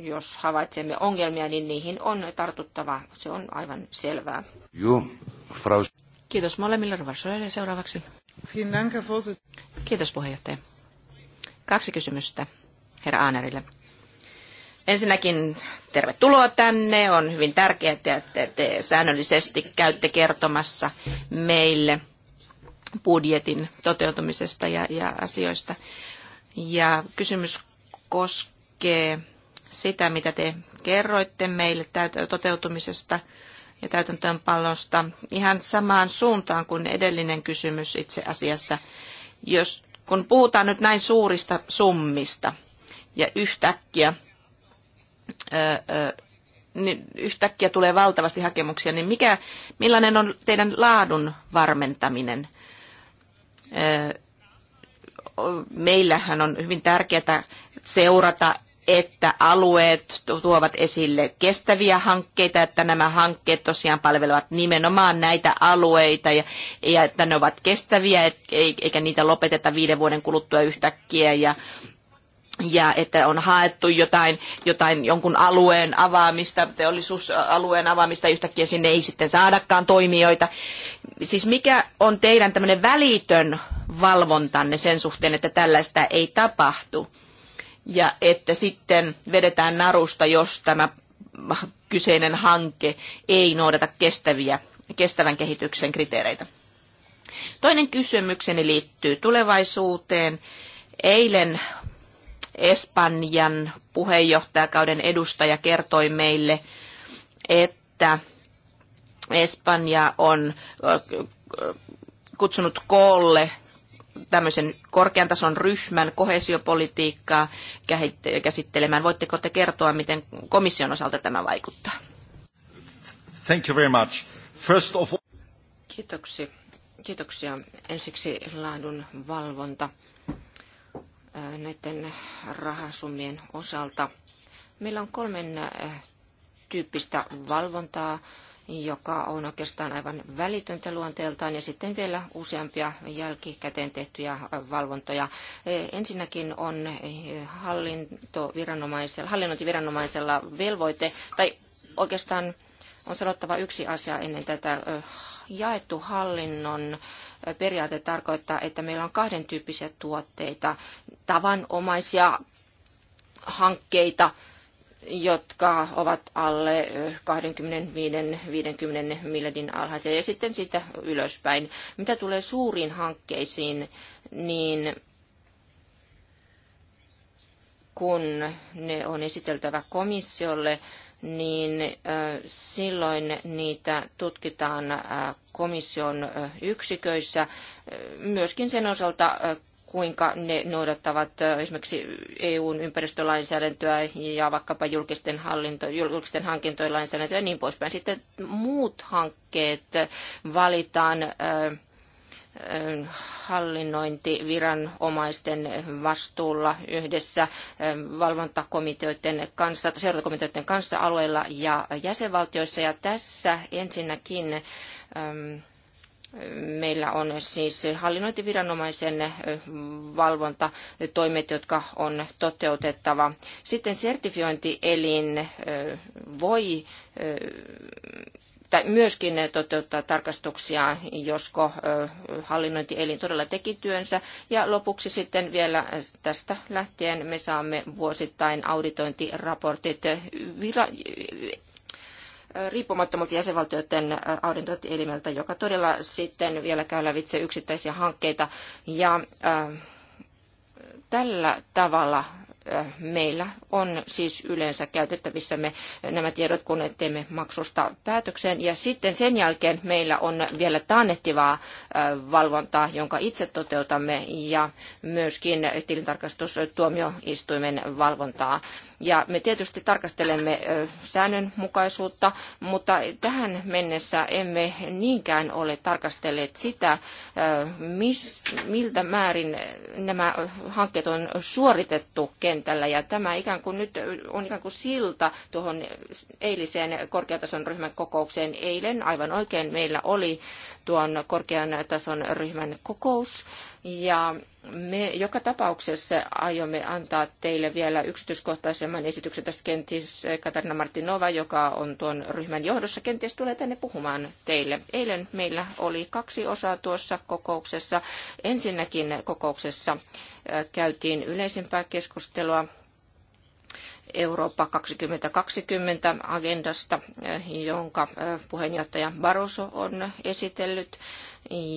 Speaker 3: jos havaitsemme ongelmia, niin niihin on tartuttava. Se on aivan selvää.
Speaker 1: Joo, Frau...
Speaker 2: Kiitos molemmille. Ruvarsoille seuraavaksi. Kiitos puheenjohtaja. Kaksi kysymystä herra Aanerille. Ensinnäkin tervetuloa tänne. On hyvin tärkeää, että te säännöllisesti käytte kertomassa meille – budjetin toteutumisesta ja, ja asioista. Ja kysymys koskee sitä, mitä te kerroitte meille toteutumisesta ja täytäntöönpallosta ihan samaan suuntaan kuin edellinen kysymys itse asiassa. Jos, kun puhutaan nyt näin suurista summista ja yhtäkkiä, ö, ö, niin yhtäkkiä tulee valtavasti hakemuksia, niin mikä, millainen on teidän laadun varmentaminen – meillähän on hyvin tärkeää seurata, että alueet tuovat esille kestäviä hankkeita, että nämä hankkeet tosiaan palvelevat nimenomaan näitä alueita ja, ja että ne ovat kestäviä, et, eikä niitä lopeteta viiden vuoden kuluttua yhtäkkiä ja, ja että on haettu jotain, jotain jonkun alueen avaamista, teollisuusalueen avaamista, yhtäkkiä sinne ei sitten saadakaan toimijoita. Siis mikä on teidän tämmöinen välitön valvontanne sen suhteen, että tällaista ei tapahtu? Ja että sitten vedetään narusta, jos tämä kyseinen hanke ei noudata kestäviä, kestävän kehityksen kriteereitä. Toinen kysymykseni liittyy tulevaisuuteen. Eilen Espanjan puheenjohtajakauden edustaja kertoi meille, että Espanja on kutsunut koolle tämmöisen korkean tason ryhmän kohesiopolitiikkaa käsittelemään. Voitteko te kertoa, miten komission osalta tämä vaikuttaa? Thank you very much. First of all...
Speaker 3: Kiitoksia. Kiitoksia. Ensiksi laadun valvonta näiden rahasummien osalta. Meillä on kolmen tyyppistä valvontaa, joka on oikeastaan aivan välitöntä luonteeltaan, ja sitten vielä useampia jälkikäteen tehtyjä valvontoja. Ensinnäkin on hallintoviranomaisella, hallinnointiviranomaisella velvoite, tai oikeastaan on sanottava yksi asia ennen tätä, jaettu hallinnon periaate tarkoittaa, että meillä on kahden tyyppisiä tuotteita, tavanomaisia hankkeita, jotka ovat alle 25-50 miljardin alhaisia ja sitten siitä ylöspäin. Mitä tulee suuriin hankkeisiin, niin kun ne on esiteltävä komissiolle, niin silloin niitä tutkitaan komission yksiköissä myöskin sen osalta, kuinka ne noudattavat esimerkiksi EUn ympäristölainsäädäntöä ja vaikkapa julkisten, hallinto, julkisten hankintojen lainsäädäntöä ja niin poispäin. Sitten muut hankkeet valitaan hallinnointiviranomaisten vastuulla yhdessä valvontakomiteoiden kanssa, seurantakomiteoiden kanssa alueilla ja jäsenvaltioissa. Ja tässä ensinnäkin meillä on siis hallinnointiviranomaisen valvontatoimet, jotka on toteutettava. Sitten sertifiointielin voi myöskin toteuttaa tarkastuksia, josko hallinnointielin todella teki työnsä. Ja lopuksi sitten vielä tästä lähtien me saamme vuosittain auditointiraportit riippumattomalta jäsenvaltioiden auditointielimeltä, joka todella sitten vielä käy lävitse yksittäisiä hankkeita. Ja äh, tällä tavalla meillä on siis yleensä käytettävissämme nämä tiedot, kun teemme maksusta päätöksen. Ja sitten sen jälkeen meillä on vielä taannehtivaa valvontaa, jonka itse toteutamme, ja myöskin tilintarkastustuomioistuimen valvontaa ja me tietysti tarkastelemme säännönmukaisuutta, mutta tähän mennessä emme niinkään ole tarkastelleet sitä, mis, miltä määrin nämä hankkeet on suoritettu kentällä. Ja tämä ikään kuin nyt on ikään kuin silta tuohon eiliseen korkeatason ryhmän kokoukseen. Eilen aivan oikein meillä oli tuon korkean tason ryhmän kokous. Ja me joka tapauksessa aiomme antaa teille vielä yksityiskohtaisemman esityksen tästä kenties Katarina Martinova, joka on tuon ryhmän johdossa, kenties tulee tänne puhumaan teille. Eilen meillä oli kaksi osaa tuossa kokouksessa. Ensinnäkin kokouksessa käytiin yleisempää keskustelua Eurooppa 2020 agendasta, eh, jonka eh, puheenjohtaja Barroso on esitellyt.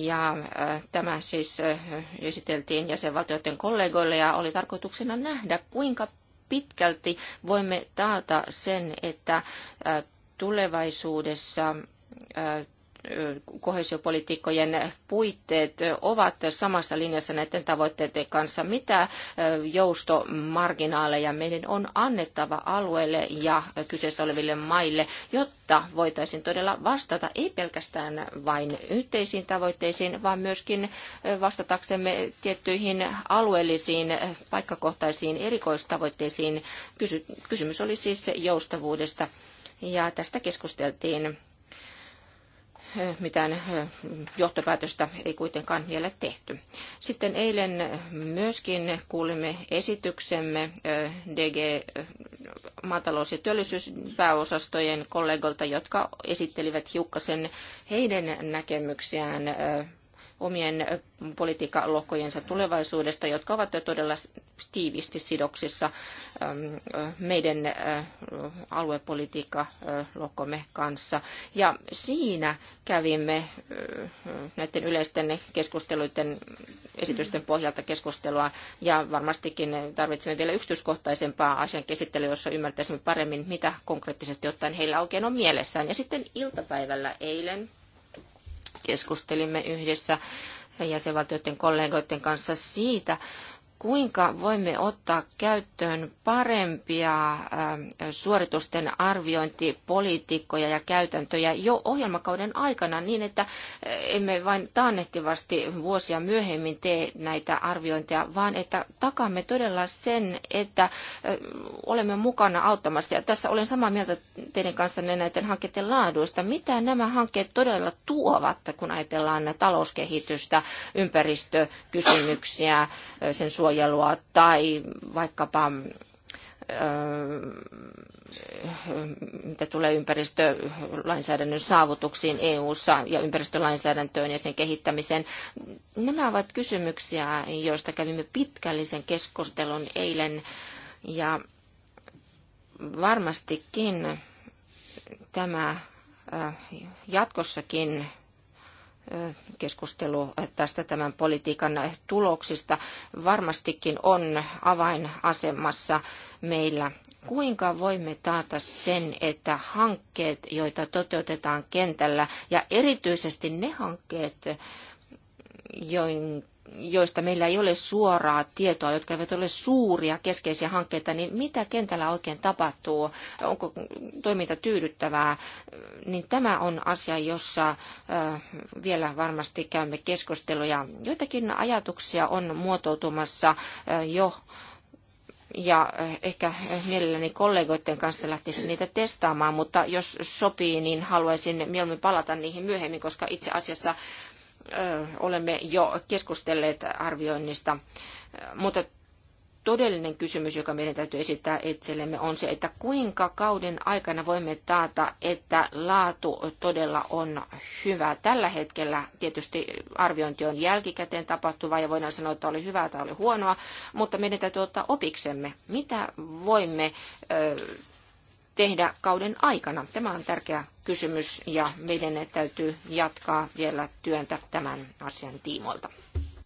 Speaker 3: Ja eh, tämä siis esiteltiin jäsenvaltioiden kollegoille ja oli tarkoituksena nähdä, kuinka pitkälti voimme taata sen, että tulevaisuudessa kohesiopolitiikkojen puitteet ovat samassa linjassa näiden tavoitteiden kanssa. Mitä joustomarginaaleja meidän on annettava alueelle ja kyseessä oleville maille, jotta voitaisiin todella vastata ei pelkästään vain yhteisiin tavoitteisiin, vaan myöskin vastataksemme tiettyihin alueellisiin paikkakohtaisiin erikoistavoitteisiin. Kysymys oli siis joustavuudesta ja tästä keskusteltiin mitään eh, johtopäätöstä ei kuitenkaan vielä tehty. Sitten eilen myöskin kuulimme esityksemme eh, DG eh, maatalous- ja työllisyyspääosastojen kollegoilta, jotka esittelivät hiukkasen heidän näkemyksiään omien politiikkalohkojensa tulevaisuudesta, jotka ovat todella tiivisti sidoksissa meidän aluepolitiikkalohkomme kanssa. Ja siinä kävimme näiden yleisten keskusteluiden esitysten pohjalta keskustelua ja varmastikin tarvitsemme vielä yksityiskohtaisempaa asian käsittelyä, jossa ymmärtäisimme paremmin, mitä konkreettisesti ottaen heillä oikein on mielessään. Ja sitten iltapäivällä eilen
Speaker 2: Keskustelimme
Speaker 3: yhdessä jäsenvaltioiden kollegoiden kanssa siitä, kuinka voimme ottaa käyttöön parempia ähm, suoritusten arviointipolitiikkoja ja käytäntöjä jo ohjelmakauden aikana niin, että äh, emme vain taannehtivasti vuosia myöhemmin tee näitä arviointeja, vaan että takaamme todella sen, että äh, olemme mukana auttamassa. Ja tässä olen samaa mieltä teidän kanssa näiden hankkeiden laaduista. Mitä nämä hankkeet todella tuovat, kun ajatellaan talouskehitystä, ympäristökysymyksiä, äh, sen suojelua? suojelua tai vaikkapa mitä tulee ympäristölainsäädännön saavutuksiin EU-ssa ja ympäristölainsäädäntöön ja sen kehittämiseen. Nämä ovat kysymyksiä, joista kävimme pitkällisen keskustelun eilen ja varmastikin tämä jatkossakin keskustelu tästä tämän politiikan tuloksista varmastikin on avainasemassa meillä. Kuinka voimme taata sen, että hankkeet, joita toteutetaan kentällä, ja erityisesti ne hankkeet, joiden joista meillä ei ole suoraa tietoa, jotka eivät ole suuria keskeisiä hankkeita, niin mitä kentällä oikein tapahtuu? Onko toiminta tyydyttävää? Niin tämä on asia, jossa vielä varmasti käymme keskusteluja. Joitakin ajatuksia on muotoutumassa jo ja ehkä mielelläni kollegoiden kanssa lähtisin niitä testaamaan, mutta jos sopii, niin haluaisin mieluummin palata niihin myöhemmin, koska itse asiassa olemme jo keskustelleet arvioinnista, mutta todellinen kysymys, joka meidän täytyy esittää itsellemme, on se, että kuinka kauden aikana voimme taata, että laatu todella on hyvä. Tällä hetkellä tietysti arviointi on jälkikäteen tapahtuvaa ja voidaan sanoa, että oli hyvää tai oli huonoa, mutta meidän täytyy ottaa opiksemme, mitä voimme tehdä kauden aikana? Tämä on tärkeä kysymys ja meidän täytyy jatkaa vielä työntä
Speaker 2: tämän asian tiimoilta.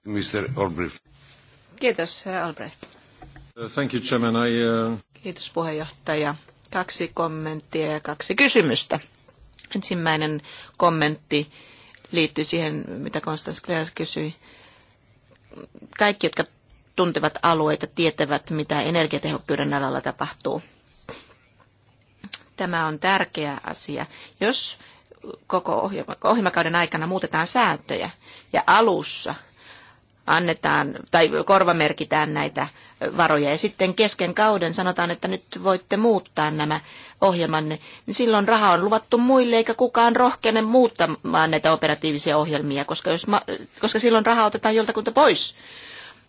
Speaker 1: Mr. Albrecht.
Speaker 2: Kiitos, herra Albrecht.
Speaker 1: Uh, thank you, Chairman. I, uh...
Speaker 2: Kiitos, puheenjohtaja. Kaksi kommenttia ja kaksi kysymystä. Ensimmäinen kommentti liittyy siihen, mitä Konstantin Klers kysyi. Kaikki, jotka tuntevat alueita, tietävät, mitä energiatehokkuuden alalla tapahtuu. Tämä on tärkeä asia. Jos koko ohjelma, ohjelmakauden aikana muutetaan sääntöjä ja alussa annetaan tai korvamerkitään näitä varoja ja sitten kesken kauden sanotaan, että nyt voitte muuttaa nämä ohjelmanne, niin silloin raha on luvattu muille eikä kukaan rohkene muuttamaan näitä operatiivisia ohjelmia, koska, jos koska silloin raha otetaan joltakulta pois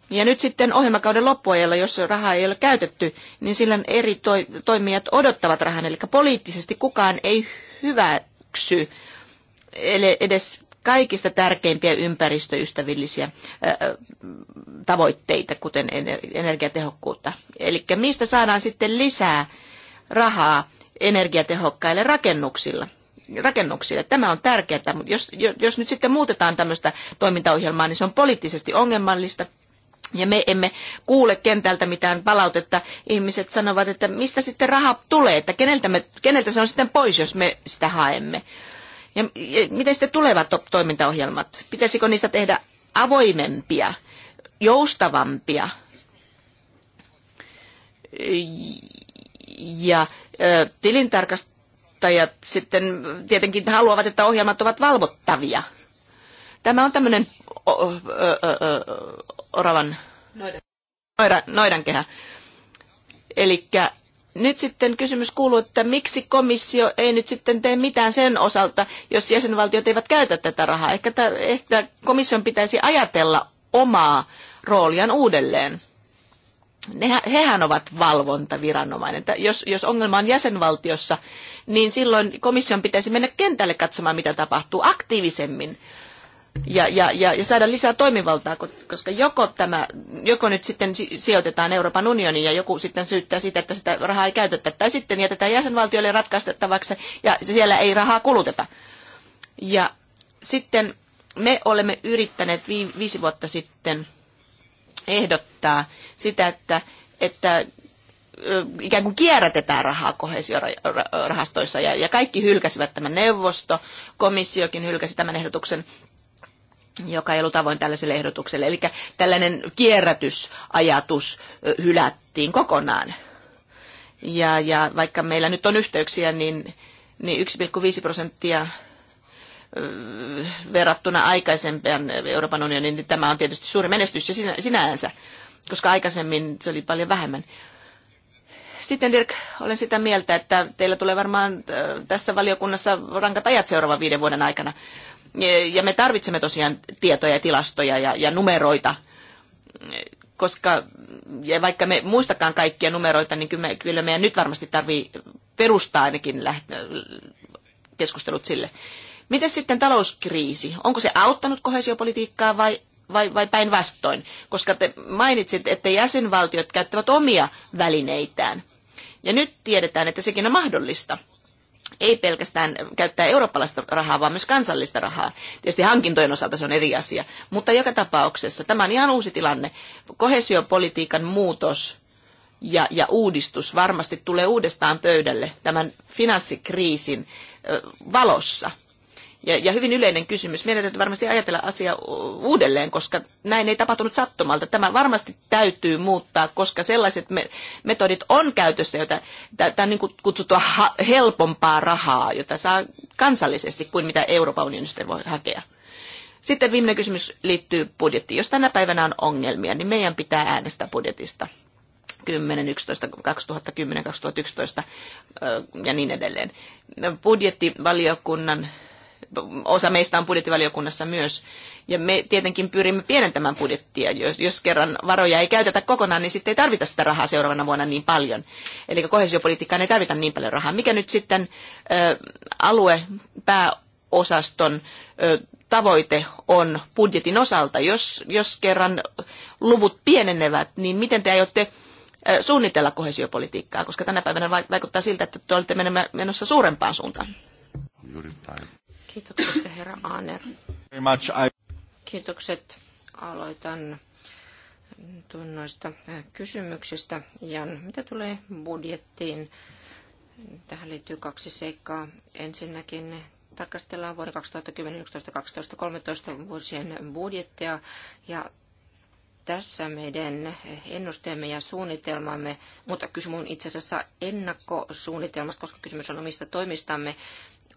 Speaker 2: ja nyt sitten ohjelmakauden loppuajalla, jos rahaa ei ole käytetty, niin silloin eri toi, toimijat odottavat rahan. Eli poliittisesti kukaan ei hyväksy edes kaikista tärkeimpiä ympäristöystävällisiä tavoitteita, kuten energiatehokkuutta. Eli mistä saadaan sitten lisää rahaa energiatehokkaille rakennuksilla? rakennuksille. Tämä on tärkeää, mutta jos, jos nyt sitten muutetaan tämmöistä toimintaohjelmaa, niin se on poliittisesti ongelmallista ja me emme kuule kentältä mitään palautetta. Ihmiset sanovat, että mistä sitten raha tulee, että keneltä, me, keneltä se on sitten pois, jos me sitä haemme. Ja, ja miten sitten tulevat to- toimintaohjelmat? Pitäisikö niistä tehdä avoimempia, joustavampia? Ja ö, tilintarkastajat sitten tietenkin haluavat, että ohjelmat ovat valvottavia – Tämä on tämmöinen oravan noidan, noidankehä. Eli nyt sitten kysymys kuuluu, että miksi komissio ei nyt sitten tee mitään sen osalta, jos jäsenvaltiot eivät käytä tätä rahaa. Ehkä, t- ehkä komission pitäisi ajatella omaa rooliaan uudelleen. Nehän, hehän ovat valvontaviranomainen. Jos, jos ongelma on jäsenvaltiossa, niin silloin komission pitäisi mennä kentälle katsomaan, mitä tapahtuu aktiivisemmin ja, ja, ja, ja saada lisää toimivaltaa, koska joko, tämä, joko nyt sitten sijoitetaan Euroopan unioniin ja joku sitten syyttää siitä, että sitä rahaa ei käytetä, tai sitten jätetään jäsenvaltioille ratkaistettavaksi ja siellä ei rahaa kuluteta. Ja sitten me olemme yrittäneet vi- viisi vuotta sitten ehdottaa sitä, että, että ikään kuin kierrätetään rahaa kohesiorahastoissa ja, ja kaikki hylkäsivät tämän neuvosto, komissiokin hylkäsi tämän ehdotuksen joka ei ollut avoin tällaiselle ehdotukselle. Eli tällainen kierrätysajatus hylättiin kokonaan. Ja, ja vaikka meillä nyt on yhteyksiä, niin, niin 1,5 prosenttia verrattuna aikaisempaan Euroopan unioniin, niin tämä on tietysti suuri menestys ja sinä, sinänsä, koska aikaisemmin se oli paljon vähemmän. Sitten Dirk, olen sitä mieltä, että teillä tulee varmaan tässä valiokunnassa rankat ajat seuraavan viiden vuoden aikana ja me tarvitsemme tosiaan tietoja, tilastoja ja, ja numeroita, koska ja vaikka me muistakaan kaikkia numeroita, niin kyllä, me, kyllä meidän nyt varmasti tarvii perustaa ainakin läht, keskustelut sille. Miten sitten talouskriisi? Onko se auttanut kohesiopolitiikkaa vai vai, vai päinvastoin, koska te mainitsit, että jäsenvaltiot käyttävät omia välineitään. Ja nyt tiedetään, että sekin on mahdollista ei pelkästään käyttää eurooppalaista rahaa, vaan myös kansallista rahaa. Tietysti hankintojen osalta se on eri asia, mutta joka tapauksessa tämä on ihan uusi tilanne. Kohesiopolitiikan muutos ja, ja uudistus varmasti tulee uudestaan pöydälle tämän finanssikriisin valossa – ja, ja hyvin yleinen kysymys. Meidän täytyy varmasti ajatella asia uudelleen, koska näin ei tapahtunut sattumalta. Tämä varmasti täytyy muuttaa, koska sellaiset me, metodit on käytössä, joita tämä on niin kutsuttua ha, helpompaa rahaa, jota saa kansallisesti kuin mitä Euroopan unionista voi hakea. Sitten viimeinen kysymys liittyy budjettiin. Jos tänä päivänä on ongelmia, niin meidän pitää äänestää budjetista. 10, 11, 2010, 2011 ja niin edelleen. Budjettivaliokunnan osa meistä on budjettivaliokunnassa myös. Ja me tietenkin pyrimme pienentämään budjettia. Jos kerran varoja ei käytetä kokonaan, niin sitten ei tarvita sitä rahaa seuraavana vuonna niin paljon. Eli kohesiopolitiikkaan ei tarvita niin paljon rahaa. Mikä nyt sitten ö, aluepääosaston ö, tavoite on budjetin osalta? Jos, jos kerran luvut pienenevät, niin miten te aiotte suunnitella kohesiopolitiikkaa, koska tänä päivänä vaikuttaa siltä, että te olette menossa suurempaan suuntaan. Kiitokset herra Aner.
Speaker 3: Kiitokset. Aloitan noista äh, kysymyksistä. Ja mitä tulee budjettiin? Tähän liittyy kaksi seikkaa. Ensinnäkin tarkastellaan vuoden 2010, 11, 12, 13 vuosien budjettia ja tässä meidän ennusteemme ja suunnitelmamme, mutta kysymys on itse asiassa ennakkosuunnitelmasta, koska kysymys on omista toimistamme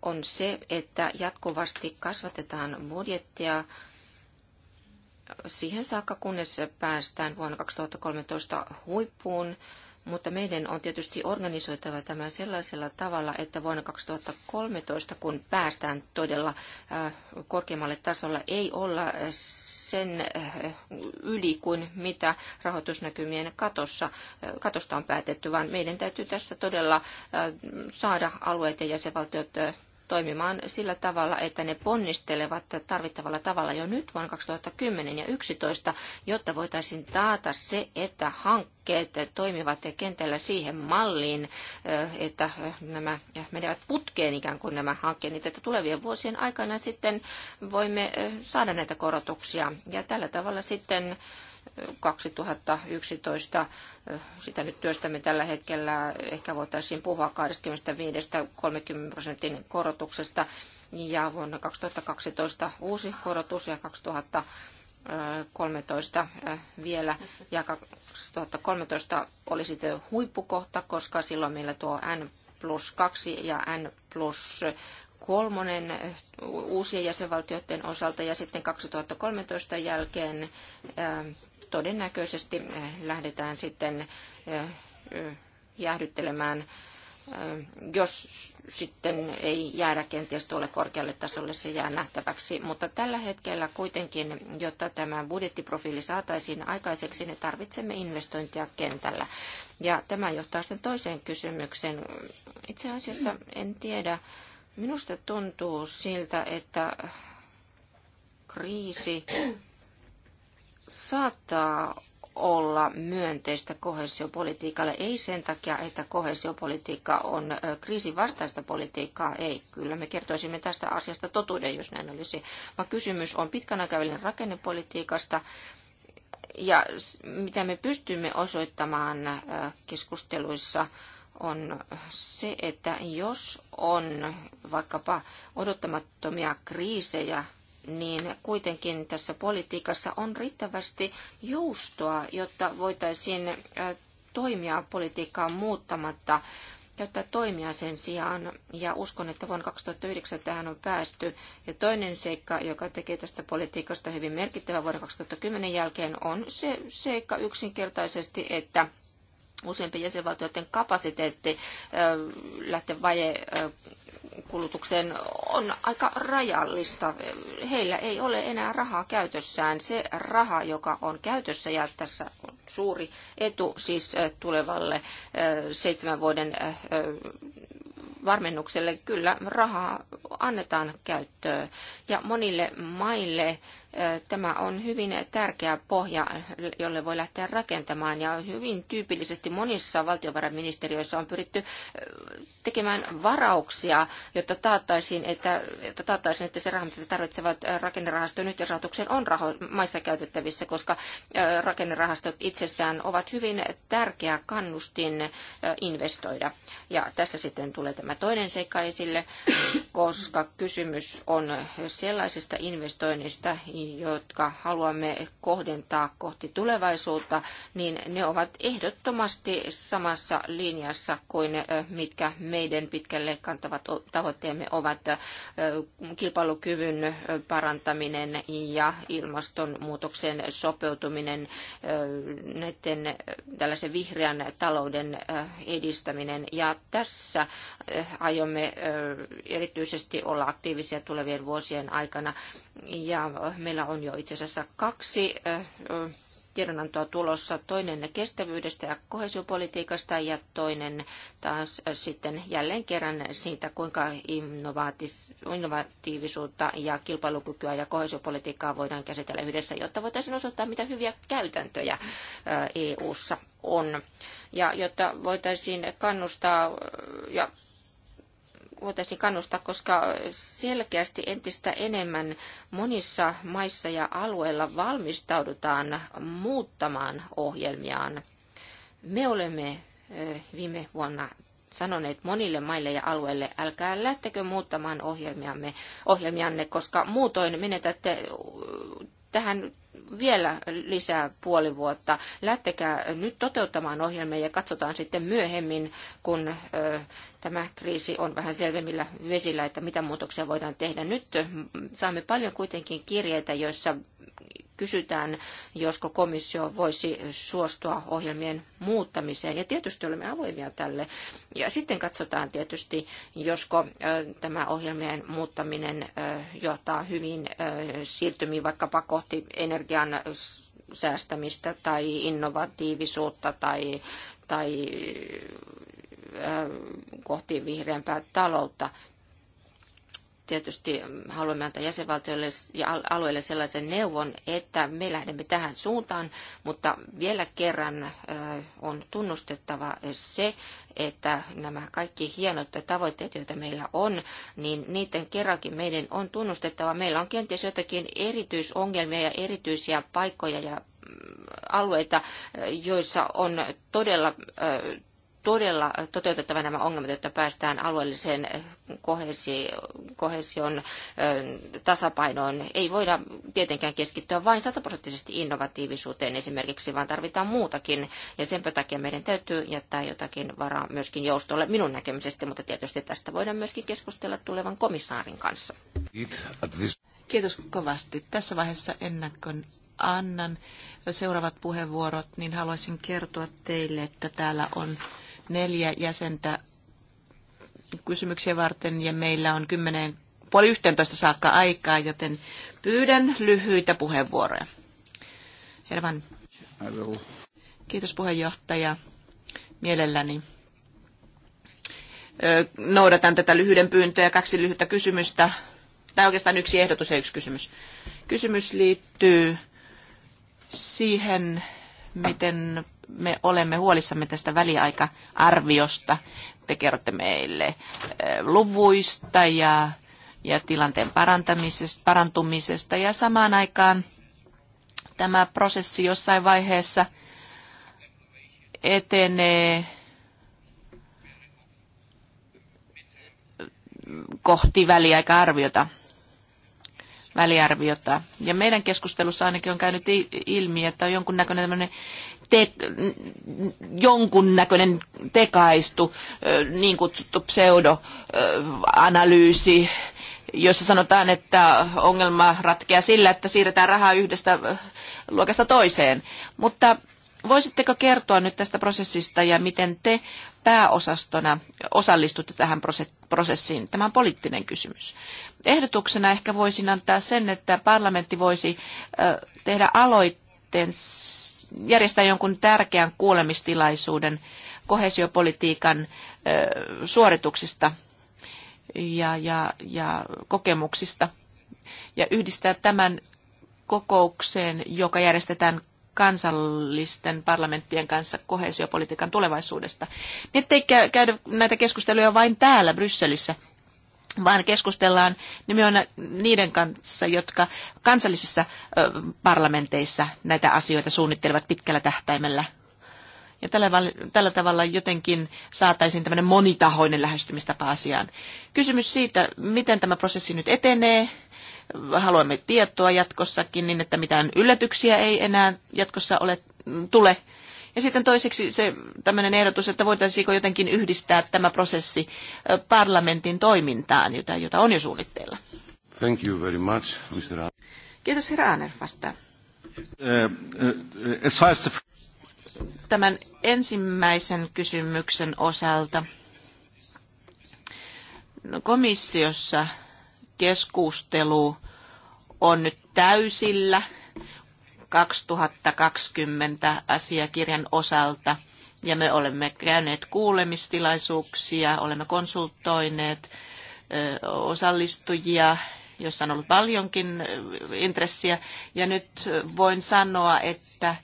Speaker 3: on se, että jatkuvasti kasvatetaan budjettia siihen saakka, kunnes päästään vuonna 2013 huippuun. Mutta meidän on tietysti organisoitava tämä sellaisella tavalla, että vuonna 2013, kun päästään todella äh, korkeammalle tasolla, ei olla sen eh, yli kuin mitä rahoitusnäkymien katossa, eh, katosta on päätetty, vaan meidän täytyy tässä todella eh, saada alueet ja jäsenvaltiot toimimaan sillä tavalla, että ne ponnistelevat tarvittavalla tavalla jo nyt vuonna 2010 ja 2011, jotta voitaisiin taata se, että hankkeet toimivat kentällä siihen malliin, eh, että eh, nämä menevät putkeen ikään kuin nämä hankkeet, niin että tulevien vuosien aikana sitten voimme eh, saada näitä korotuksia. Ja tällä tavalla sitten 2011. Sitä nyt työstämme tällä hetkellä. Ehkä voitaisiin puhua 25-30 prosentin korotuksesta. Ja vuonna 2012 uusi korotus ja 2013 äh, vielä. Ja 2013 oli sitten huippukohta, koska silloin meillä tuo N plus 2 ja N plus kolmonen äh, uusien jäsenvaltioiden osalta ja sitten 2013 jälkeen äh, todennäköisesti eh, lähdetään sitten eh, eh, jäähdyttelemään, jos sitten ei jäädä kenties tuolle korkealle tasolle, se jää nähtäväksi. Mutta tällä hetkellä kuitenkin, jotta tämä budjettiprofiili saataisiin aikaiseksi, ne niin tarvitsemme investointia kentällä. Ja tämä johtaa sitten toiseen kysymykseen. Itse asiassa en tiedä, minusta tuntuu siltä, että kriisi saattaa olla myönteistä kohesiopolitiikalle. Ei sen takia, että kohesiopolitiikka on kriisivastaista politiikkaa, ei. Kyllä me kertoisimme tästä asiasta totuuden, jos näin olisi. Vaan kysymys on pitkän aikavälin rakennepolitiikasta, ja mitä me pystymme osoittamaan keskusteluissa on se, että jos on vaikkapa odottamattomia kriisejä niin kuitenkin tässä politiikassa on riittävästi joustoa, jotta voitaisiin toimia politiikkaa muuttamatta, käyttää toimia sen sijaan. Ja uskon, että vuonna 2009 tähän on päästy. Ja toinen seikka, joka tekee tästä politiikasta hyvin merkittävä vuoden 2010 jälkeen, on se seikka yksinkertaisesti, että useimpien jäsenvaltioiden kapasiteetti lähtee lähtevaje kulutukseen on aika rajallista. Heillä ei ole enää rahaa käytössään. Se raha, joka on käytössä, ja tässä on suuri etu siis eh, tulevalle eh, seitsemän vuoden eh, varmennukselle, kyllä rahaa annetaan käyttöön. Ja monille maille Tämä on hyvin tärkeä pohja, jolle voi lähteä rakentamaan ja hyvin tyypillisesti monissa valtiovarainministeriöissä on pyritty tekemään varauksia, jotta taattaisiin, että, jotta taattaisiin, että se raha, mitä tarvitsevat rakennerahastojen yhteisrahoituksen, on raho- maissa käytettävissä, koska rakennerahastot itsessään ovat hyvin tärkeä kannustin investoida. Ja tässä sitten tulee tämä toinen seikka esille, koska kysymys on sellaisesta investoinnista, jotka haluamme kohdentaa kohti tulevaisuutta, niin ne ovat ehdottomasti samassa linjassa kuin mitkä meidän pitkälle kantavat tavoitteemme ovat kilpailukyvyn parantaminen ja ilmastonmuutoksen sopeutuminen, näiden tällaisen vihreän talouden edistäminen. Ja tässä aiomme erityisesti olla aktiivisia tulevien vuosien aikana. Ja meillä Meillä on jo itse asiassa kaksi tiedonantoa tulossa, toinen kestävyydestä ja kohesiopolitiikasta ja toinen taas sitten jälleen kerran siitä, kuinka innovatiivisuutta ja kilpailukykyä ja kohesiopolitiikkaa voidaan käsitellä yhdessä, jotta voitaisiin osoittaa, mitä hyviä käytäntöjä EU-ssa on. Ja jotta voitaisiin kannustaa ja voitaisiin kannustaa, koska selkeästi entistä enemmän monissa maissa ja alueilla valmistaudutaan muuttamaan ohjelmiaan. Me olemme viime vuonna sanoneet monille maille ja alueille, älkää lähtekö muuttamaan ohjelmianne, koska muutoin menetätte tähän vielä lisää puoli vuotta. Lähtekää nyt toteuttamaan ohjelmia ja katsotaan sitten myöhemmin, kun ö, tämä kriisi on vähän selvemmillä vesillä, että mitä muutoksia voidaan tehdä. Nyt saamme paljon kuitenkin kirjeitä, joissa kysytään, josko komissio voisi suostua ohjelmien muuttamiseen. Ja tietysti olemme avoimia tälle. Ja sitten katsotaan tietysti, josko tämä ohjelmien muuttaminen johtaa hyvin siirtymiin vaikkapa kohti energian säästämistä tai innovatiivisuutta tai, tai kohti vihreämpää taloutta tietysti haluamme antaa jäsenvaltioille ja alueille sellaisen neuvon, että me lähdemme tähän suuntaan, mutta vielä kerran on tunnustettava se, että nämä kaikki hienot tavoitteet, joita meillä on, niin niiden kerrankin meidän on tunnustettava. Meillä on kenties jotakin erityisongelmia ja erityisiä paikkoja ja mm, alueita, joissa on todella todella toteutettava nämä ongelmat, jotta päästään alueelliseen kohesion tasapainoon. Ei voida tietenkään keskittyä vain sataprosenttisesti innovatiivisuuteen esimerkiksi, vaan tarvitaan muutakin. Ja senpä takia meidän täytyy jättää jotakin varaa myöskin joustolle minun näkemisestä, mutta tietysti tästä voidaan myöskin
Speaker 2: keskustella tulevan komissaarin kanssa. Kiitos kovasti. Tässä vaiheessa ennakkoon annan seuraavat puheenvuorot, niin haluaisin kertoa teille, että täällä on Neljä jäsentä kysymyksiä varten ja meillä on kymmenen. puoli yhteentoista saakka aikaa, joten pyydän lyhyitä puheenvuoroja. Hervan. Kiitos puheenjohtaja. Mielelläni noudatan tätä lyhyden pyyntöä ja kaksi lyhyttä kysymystä. Tai oikeastaan yksi ehdotus ja yksi kysymys. Kysymys liittyy siihen, miten me olemme huolissamme tästä väliaika-arviosta. Te kerrotte meille eh, luvuista ja, ja tilanteen parantamisesta, parantumisesta ja samaan aikaan tämä prosessi jossain vaiheessa etenee kohti väliaika-arviota. Väliarviota. Ja meidän keskustelussa ainakin on käynyt ilmi, että on jonkunnäköinen te, jonkunnäköinen tekaistu, niin kutsuttu pseudoanalyysi, jossa sanotaan, että ongelma ratkeaa sillä, että siirretään rahaa yhdestä luokasta toiseen. Mutta voisitteko kertoa nyt tästä prosessista ja miten te pääosastona osallistutte tähän prosessiin? Tämä on poliittinen kysymys. Ehdotuksena ehkä voisin antaa sen, että parlamentti voisi tehdä aloitteen järjestää jonkun tärkeän kuulemistilaisuuden kohesiopolitiikan suorituksista ja, ja, ja kokemuksista ja yhdistää tämän kokoukseen, joka järjestetään kansallisten parlamenttien kanssa kohesiopolitiikan tulevaisuudesta. Ettei käydä näitä keskusteluja vain täällä Brysselissä, vaan keskustellaan nimenomaan niiden kanssa, jotka kansallisissa parlamenteissa näitä asioita suunnittelevat pitkällä tähtäimellä. Ja tällä, tällä tavalla jotenkin saataisiin tämmöinen monitahoinen lähestymistapa asiaan. Kysymys siitä, miten tämä prosessi nyt etenee. Haluamme tietoa jatkossakin niin, että mitään yllätyksiä ei enää jatkossa ole, tule ja sitten toiseksi se tämmöinen ehdotus, että voitaisiinko jotenkin yhdistää tämä prosessi parlamentin toimintaan, jota, jota on jo suunnitteilla.
Speaker 1: Thank you very much, Mr.
Speaker 2: Kiitos, herra Aner, vastaa.
Speaker 1: Eh, eh,
Speaker 2: Tämän ensimmäisen kysymyksen osalta no, komissiossa keskustelu on nyt täysillä – 2020 asiakirjan osalta. Ja me olemme käyneet kuulemistilaisuuksia, olemme konsultoineet osallistujia, joissa on ollut paljonkin intressiä. Ja nyt voin sanoa, että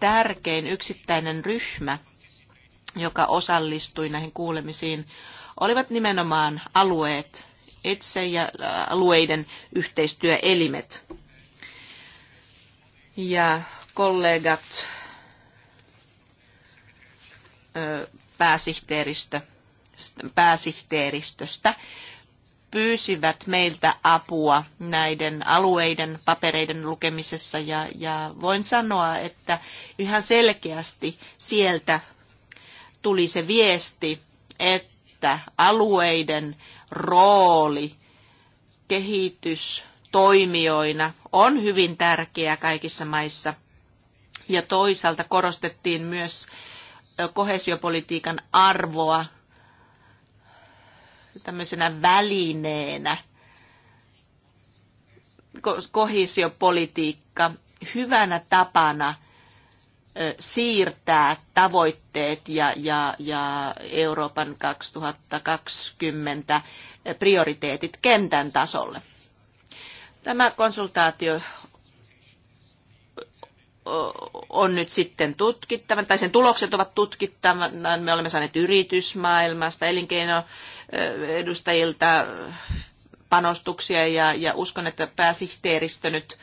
Speaker 2: tärkein yksittäinen ryhmä, joka osallistui näihin kuulemisiin, olivat nimenomaan alueet itse ja alueiden yhteistyöelimet ja kollegat, pääsihteeristö, pääsihteeristöstä pyysivät meiltä apua näiden alueiden papereiden lukemisessa ja, ja voin sanoa, että yhä selkeästi sieltä tuli se viesti, että alueiden rooli kehitys toimijoina on hyvin tärkeä kaikissa maissa. Ja toisaalta korostettiin myös kohesiopolitiikan arvoa tämmöisenä välineenä. Kohesiopolitiikka hyvänä tapana siirtää tavoitteet ja, ja, ja Euroopan 2020 prioriteetit kentän tasolle. Tämä konsultaatio on nyt sitten tutkittavan, tai sen tulokset ovat tutkittavana, Me olemme saaneet yritysmaailmasta, elinkeinoedustajilta eh, panostuksia ja, ja uskon, että pääsihteeristö nyt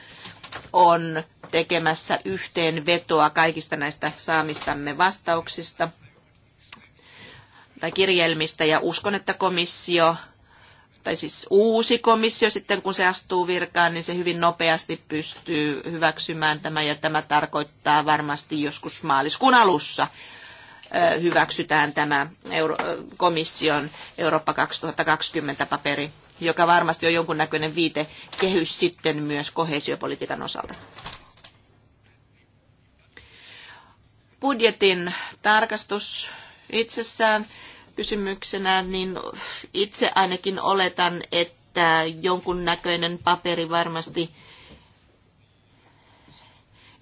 Speaker 2: on tekemässä yhteenvetoa kaikista näistä saamistamme vastauksista tai kirjelmistä ja uskon, että komissio tai siis uusi komissio sitten, kun se astuu virkaan, niin se hyvin nopeasti pystyy hyväksymään tämä ja tämä tarkoittaa varmasti joskus maaliskuun alussa hyväksytään tämä Euro- komission Eurooppa 2020-paperi, joka varmasti on jonkunnäköinen viitekehys sitten myös kohesiopolitiikan osalta. Budjetin tarkastus itsessään kysymyksenä, niin itse ainakin oletan, että jonkun näköinen paperi varmasti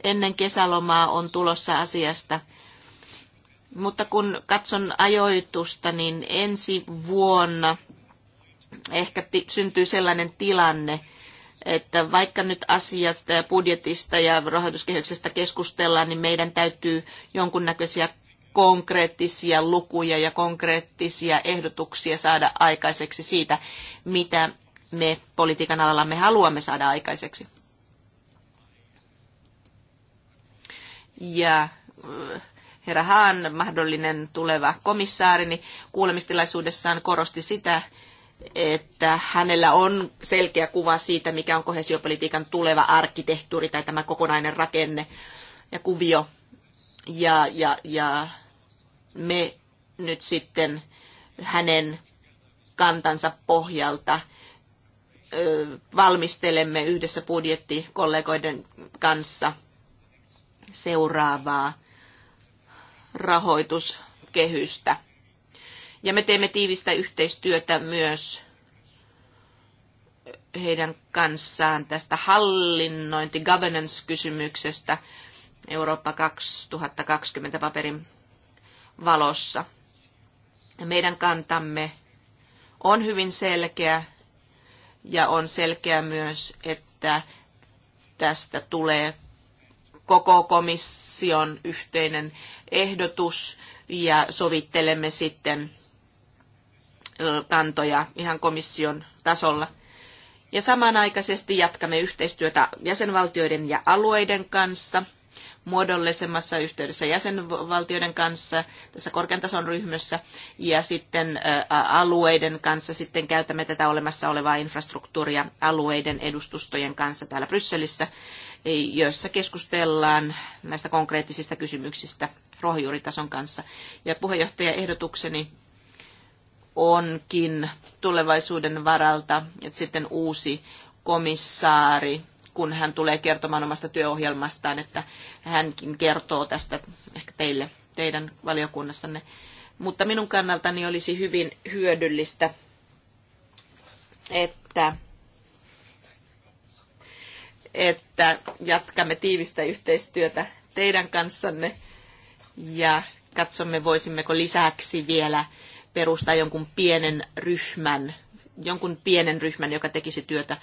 Speaker 2: ennen kesälomaa on tulossa asiasta. Mutta kun katson ajoitusta, niin ensi vuonna ehkä syntyy sellainen tilanne, että vaikka nyt asiasta ja budjetista ja rahoituskehyksestä keskustellaan, niin meidän täytyy jonkunnäköisiä konkreettisia lukuja ja konkreettisia ehdotuksia saada aikaiseksi siitä, mitä me politiikan alalla me haluamme saada aikaiseksi. Ja eh, herra Haan, mahdollinen tuleva komissaari, niin kuulemistilaisuudessaan korosti sitä, että hänellä on selkeä kuva siitä, mikä on kohesiopolitiikan tuleva arkkitehtuuri tai tämä kokonainen rakenne ja kuvio. Ja, ja, ja me nyt sitten hänen kantansa pohjalta valmistelemme yhdessä budjettikollegoiden kanssa seuraavaa rahoituskehystä. Ja me teemme tiivistä yhteistyötä myös heidän kanssaan tästä hallinnointi-governance-kysymyksestä, Eurooppa 2020 paperin valossa. Meidän kantamme on hyvin selkeä ja on selkeä myös, että tästä tulee koko komission yhteinen ehdotus ja sovittelemme sitten kantoja ihan komission tasolla. Ja samanaikaisesti jatkamme yhteistyötä jäsenvaltioiden ja alueiden kanssa – muodollisemmassa yhteydessä jäsenvaltioiden kanssa tässä korkean tason ryhmässä ja sitten alueiden kanssa sitten käytämme tätä olemassa olevaa infrastruktuuria alueiden edustustojen kanssa täällä Brysselissä, e, joissa keskustellaan näistä konkreettisista kysymyksistä ruohonjuuritason kanssa. Ja ehdotukseni onkin tulevaisuuden varalta, että sitten uusi komissaari kun hän tulee kertomaan omasta työohjelmastaan, että hänkin kertoo tästä ehkä teille, teidän valiokunnassanne. Mutta minun kannaltani olisi hyvin hyödyllistä, että, että jatkamme tiivistä yhteistyötä teidän kanssanne ja katsomme, voisimmeko lisäksi vielä perustaa jonkun pienen ryhmän, jonkun pienen ryhmän, joka tekisi työtä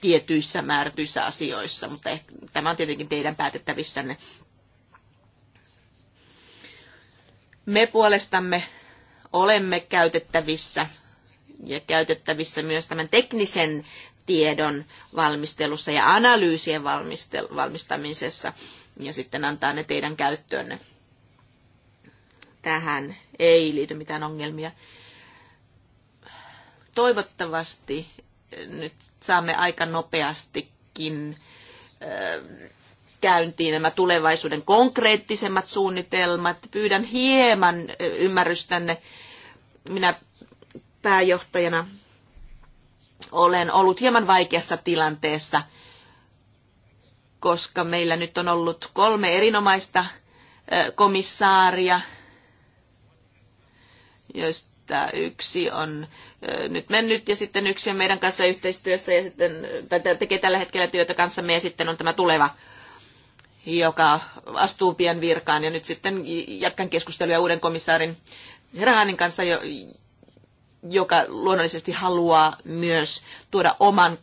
Speaker 2: tietyissä määrätyissä asioissa, mutta tämä on tietenkin teidän päätettävissänne. Me puolestamme olemme käytettävissä ja käytettävissä myös tämän teknisen tiedon valmistelussa ja analyysien valmistel- valmistamisessa ja sitten antaa ne teidän käyttöönne. Tähän ei liity mitään ongelmia. Toivottavasti nyt saamme aika nopeastikin ähm, käyntiin nämä tulevaisuuden konkreettisemmat suunnitelmat. Pyydän hieman äh, ymmärrystänne. Minä pääjohtajana olen ollut hieman vaikeassa tilanteessa, koska meillä nyt on ollut kolme erinomaista äh, komissaaria, että yksi on nyt mennyt ja sitten yksi on meidän kanssa yhteistyössä ja sitten tai tekee tällä hetkellä työtä kanssamme ja sitten on tämä tuleva joka astuu pian virkaan. Ja nyt sitten jatkan keskustelua uuden komissaarin Rahanin kanssa, joka luonnollisesti haluaa myös tuoda oman,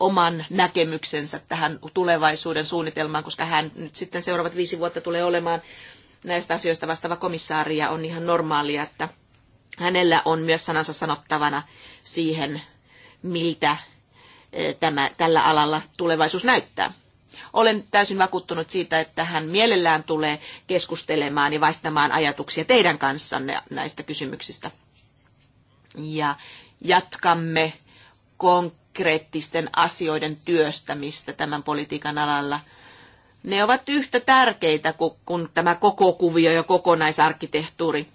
Speaker 2: oman näkemyksensä tähän tulevaisuuden suunnitelmaan, koska hän nyt sitten seuraavat viisi vuotta tulee olemaan näistä asioista vastaava komissaari ja on ihan normaalia, että – hänellä on myös sanansa sanottavana siihen, miltä eh, tämä, tällä alalla tulevaisuus näyttää. Olen täysin vakuuttunut siitä, että hän mielellään tulee keskustelemaan ja vaihtamaan ajatuksia teidän kanssanne näistä kysymyksistä. Ja jatkamme konkreettisten asioiden työstämistä tämän politiikan alalla. Ne ovat yhtä tärkeitä kuin tämä koko kuvio ja kokonaisarkkitehtuuri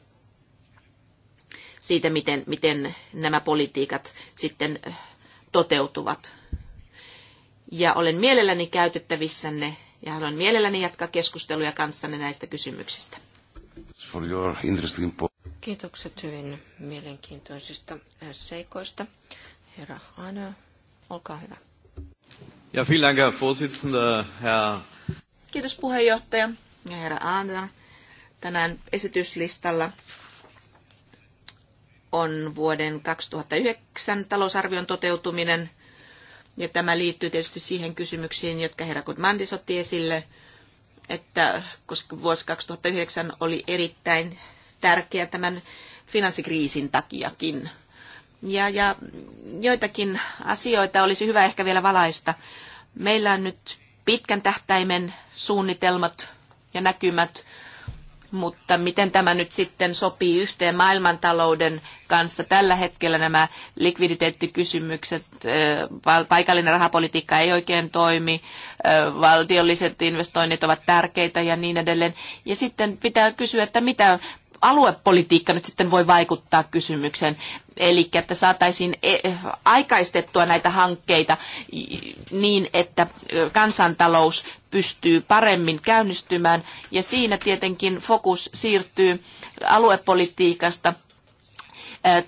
Speaker 2: siitä, miten, miten nämä politiikat sitten eh, toteutuvat. Ja olen mielelläni käytettävissänne ja haluan mielelläni jatkaa keskusteluja kanssanne näistä kysymyksistä. Kiitokset hyvin
Speaker 3: mielenkiintoisista eh, seikoista. Herra Anna, olkaa hyvä.
Speaker 2: Ja vielen Herr Herr... Kiitos puheenjohtaja ja herra Aander, Tänään esityslistalla on vuoden 2009 talousarvion toteutuminen. Ja tämä liittyy tietysti siihen kysymyksiin, jotka herra Kudmandis otti esille, että koska vuosi 2009 oli erittäin tärkeä tämän finanssikriisin takiakin. Ja, ja joitakin asioita olisi hyvä ehkä vielä valaista. Meillä on nyt pitkän tähtäimen suunnitelmat ja näkymät mutta miten tämä nyt sitten sopii yhteen maailmantalouden kanssa? Tällä hetkellä nämä likviditeettikysymykset, paikallinen rahapolitiikka ei oikein toimi, valtiolliset investoinnit ovat tärkeitä ja niin edelleen. Ja sitten pitää kysyä, että mitä aluepolitiikka nyt sitten voi vaikuttaa kysymykseen? Eli että saataisiin e, aikaistettua näitä hankkeita niin, että kansantalous pystyy paremmin käynnistymään. Ja siinä tietenkin fokus siirtyy aluepolitiikasta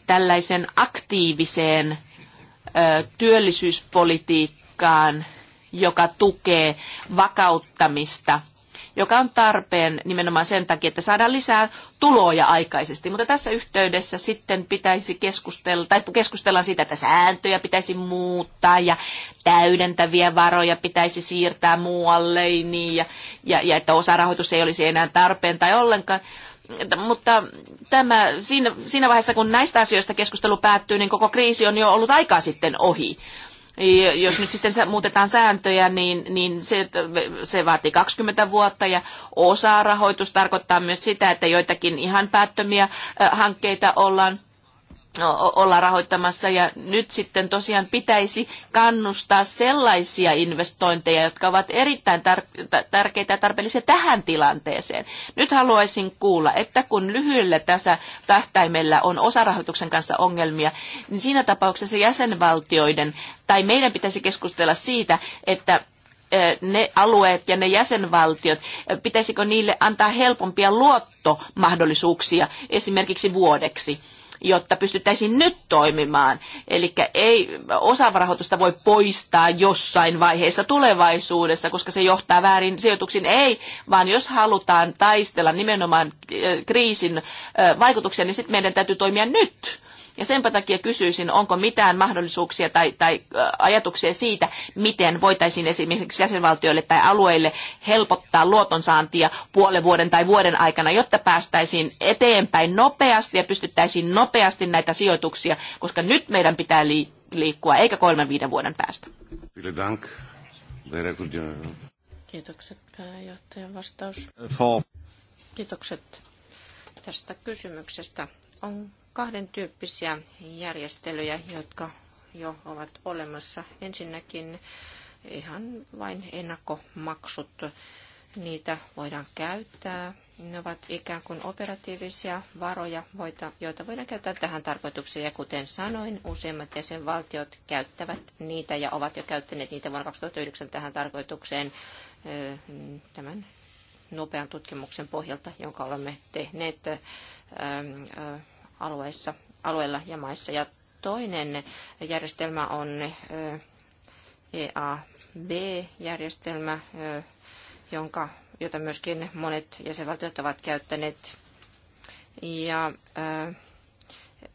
Speaker 2: tällaisen aktiiviseen työllisyyspolitiikkaan, joka tukee vakauttamista joka on tarpeen nimenomaan sen takia, että saadaan lisää tuloja aikaisesti. Mutta tässä yhteydessä sitten pitäisi keskustella, tai keskustellaan siitä, että sääntöjä pitäisi muuttaa ja täydentäviä varoja pitäisi siirtää muualle niin, ja, ja, ja että osa rahoitus ei olisi enää tarpeen tai ollenkaan mutta tämä, siinä, siinä vaiheessa, kun näistä asioista keskustelu päättyy, niin koko kriisi on jo ollut aikaa sitten ohi. Jos nyt sitten muutetaan sääntöjä, niin, niin se, se vaatii 20 vuotta ja osa rahoitus tarkoittaa myös sitä, että joitakin ihan päättömiä hankkeita ollaan olla rahoittamassa ja nyt sitten tosiaan pitäisi kannustaa sellaisia investointeja, jotka ovat erittäin tar- tärkeitä ja tarpeellisia tähän tilanteeseen. Nyt haluaisin kuulla, että kun lyhyellä tässä tähtäimellä on osarahoituksen kanssa ongelmia, niin siinä tapauksessa jäsenvaltioiden tai meidän pitäisi keskustella siitä, että ne alueet ja ne jäsenvaltiot, pitäisikö niille antaa helpompia luottomahdollisuuksia esimerkiksi vuodeksi jotta pystyttäisiin nyt toimimaan. Eli ei osavarahoitusta voi poistaa jossain vaiheessa tulevaisuudessa, koska se johtaa väärin sijoituksiin. Ei, vaan jos halutaan taistella nimenomaan eh, kriisin eh, vaikutuksia, niin sitten meidän täytyy toimia nyt ja senpä takia kysyisin, onko mitään mahdollisuuksia tai, tai ajatuksia siitä, miten voitaisiin esimerkiksi jäsenvaltioille tai alueille helpottaa luotonsaantia puolen vuoden tai vuoden aikana, jotta päästäisiin eteenpäin nopeasti ja pystyttäisiin nopeasti näitä sijoituksia, koska nyt meidän pitää liikkua, eikä kolmen viiden vuoden päästä. Kiitokset pääjohtajan vastaus. Kiitokset
Speaker 3: tästä kysymyksestä. On kahden tyyppisiä järjestelyjä, jotka jo ovat olemassa. Ensinnäkin ihan vain ennakkomaksut. Niitä voidaan käyttää. Ne ovat ikään kuin operatiivisia varoja, joita voidaan käyttää tähän tarkoitukseen. Ja kuten sanoin, useimmat jäsenvaltiot käyttävät niitä ja ovat jo käyttäneet niitä vuonna 2009 tähän tarkoitukseen tämän nopean tutkimuksen pohjalta, jonka olemme tehneet alueissa, alueilla ja maissa. Ja toinen järjestelmä on EAB-järjestelmä, jonka, jota myöskin monet jäsenvaltiot ovat käyttäneet. Ja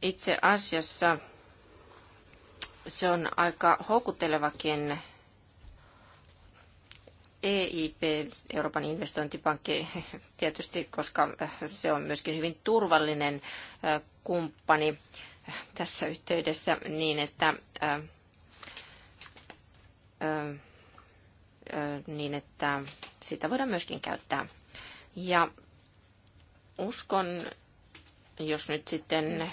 Speaker 3: itse asiassa se on aika houkuttelevakin EIP, Euroopan investointipankki, tietysti, koska se on myöskin hyvin turvallinen kumppani äh, tässä yhteydessä niin, että äh, niin, että sitä voidaan myöskin käyttää. Ja uskon, jos nyt sitten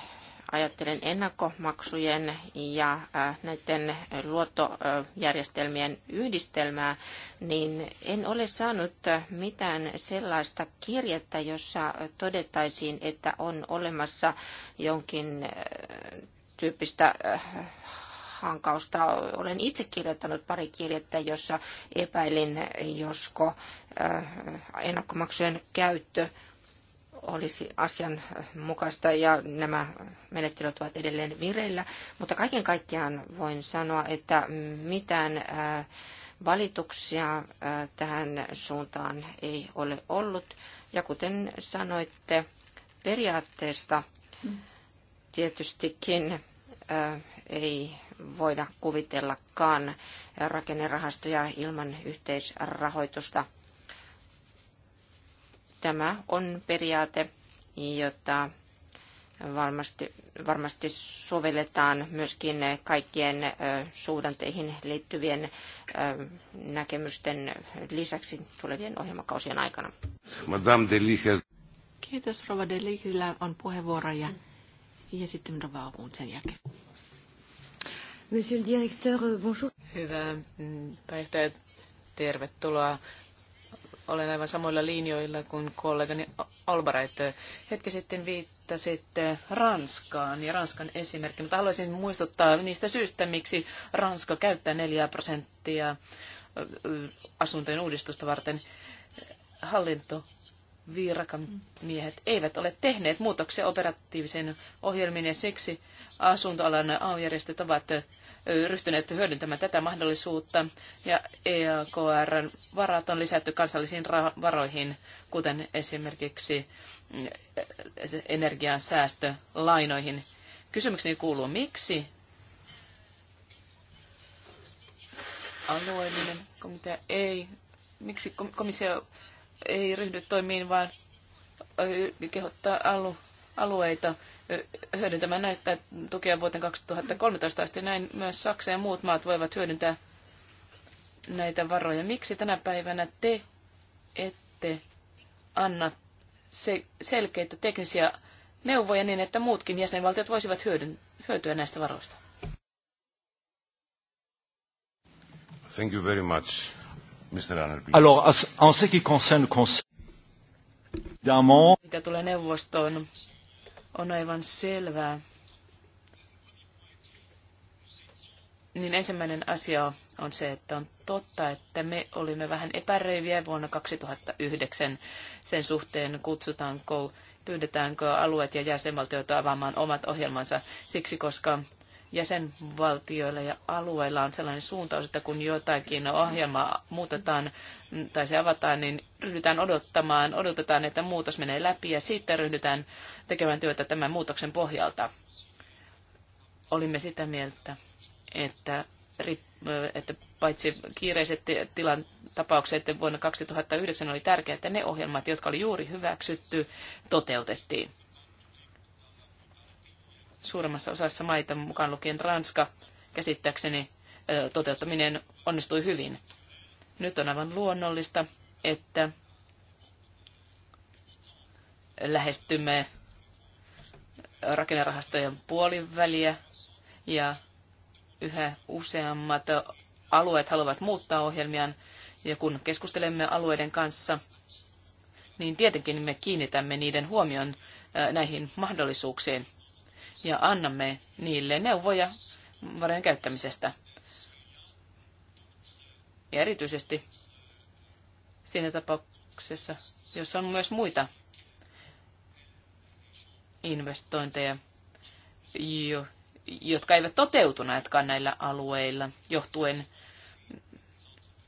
Speaker 3: ajattelen ennakkomaksujen ja näiden luottojärjestelmien yhdistelmää, niin en ole saanut mitään sellaista kirjettä, jossa todettaisiin, että on olemassa jonkin tyyppistä hankausta. Olen itse kirjoittanut pari kirjettä, jossa epäilin, josko ennakkomaksujen käyttö olisi asian ja nämä menettelyt ovat edelleen vireillä. Mutta kaiken kaikkiaan voin sanoa, että mitään äh, valituksia äh, tähän suuntaan ei ole ollut. Ja kuten sanoitte, periaatteesta tietystikin äh, ei voida kuvitellakaan rakennerahastoja ilman yhteisrahoitusta – Tämä on periaate, jota varmasti, varmasti sovelletaan myöskin kaikkien suhdanteihin liittyvien näkemysten lisäksi tulevien ohjelmakausien aikana.
Speaker 1: Madame Delihes.
Speaker 3: Kiitos
Speaker 2: Rova Delihillä on puheenvuoro ja, ja sitten Rova Aukun sen jälkeen.
Speaker 4: Monsieur le directeur, bonjour. Hyvä mm, päivää. Tervetuloa olen aivan samoilla linjoilla kuin kollegani Albright. Hetki sitten viittasit Ranskaan ja Ranskan esimerkki, mutta haluaisin muistuttaa niistä syistä, miksi Ranska käyttää 4 prosenttia asuntojen uudistusta varten. Hallinto virkamiehet eivät ole tehneet muutoksia operatiiviseen ohjelmiin ja siksi asuntoalan AU-järjestöt ovat ryhtyneet hyödyntämään tätä mahdollisuutta ja EAKRn varat on lisätty kansallisiin varoihin, kuten esimerkiksi mm, energian säästölainoihin. Kysymykseni kuuluu, miksi alueellinen komitea ei, miksi komissio ei ryhdy toimiin, vaan kehottaa alueita hyödyntämään näitä tukea vuoteen 2013 asti. Näin myös Saksa ja muut maat voivat hyödyntää näitä varoja. Miksi tänä päivänä te ette anna se, selkeitä teknisiä neuvoja niin, että muutkin jäsenvaltiot voisivat hyödyn, hyötyä näistä varoista?
Speaker 1: Thank you very much, Mr. Annerby. Alors, en ce qui concerne le Conseil,
Speaker 4: mitä tulee neuvostoon, on aivan selvää, niin ensimmäinen asia on se, että on totta, että me olimme vähän epäröiviä vuonna 2009 sen suhteen, kutsutaanko, pyydetäänkö alueet ja jäsenvaltiot avaamaan omat ohjelmansa siksi, koska jäsenvaltioilla ja alueilla on sellainen suuntaus, että kun jotakin ohjelmaa muutetaan tai se avataan, niin ryhdytään odottamaan, odotetaan, että muutos menee läpi ja sitten ryhdytään tekemään työtä tämän muutoksen pohjalta. Olimme sitä mieltä, että, että paitsi kiireiset tilan tapaukset vuonna 2009 oli tärkeää, että ne ohjelmat, jotka oli juuri hyväksytty, toteutettiin suuremmassa osassa maita, mukaan lukien Ranska, käsittääkseni toteuttaminen onnistui hyvin. Nyt on aivan luonnollista, että lähestymme rakennerahastojen puoliväliä ja yhä useammat alueet haluavat muuttaa ohjelmiaan. Ja kun keskustelemme alueiden kanssa, niin tietenkin me kiinnitämme niiden huomion näihin mahdollisuuksiin ja annamme niille neuvoja varojen käyttämisestä. Ja erityisesti siinä tapauksessa, jos on myös muita investointeja, jotka eivät toteutuneetkaan näillä alueilla, johtuen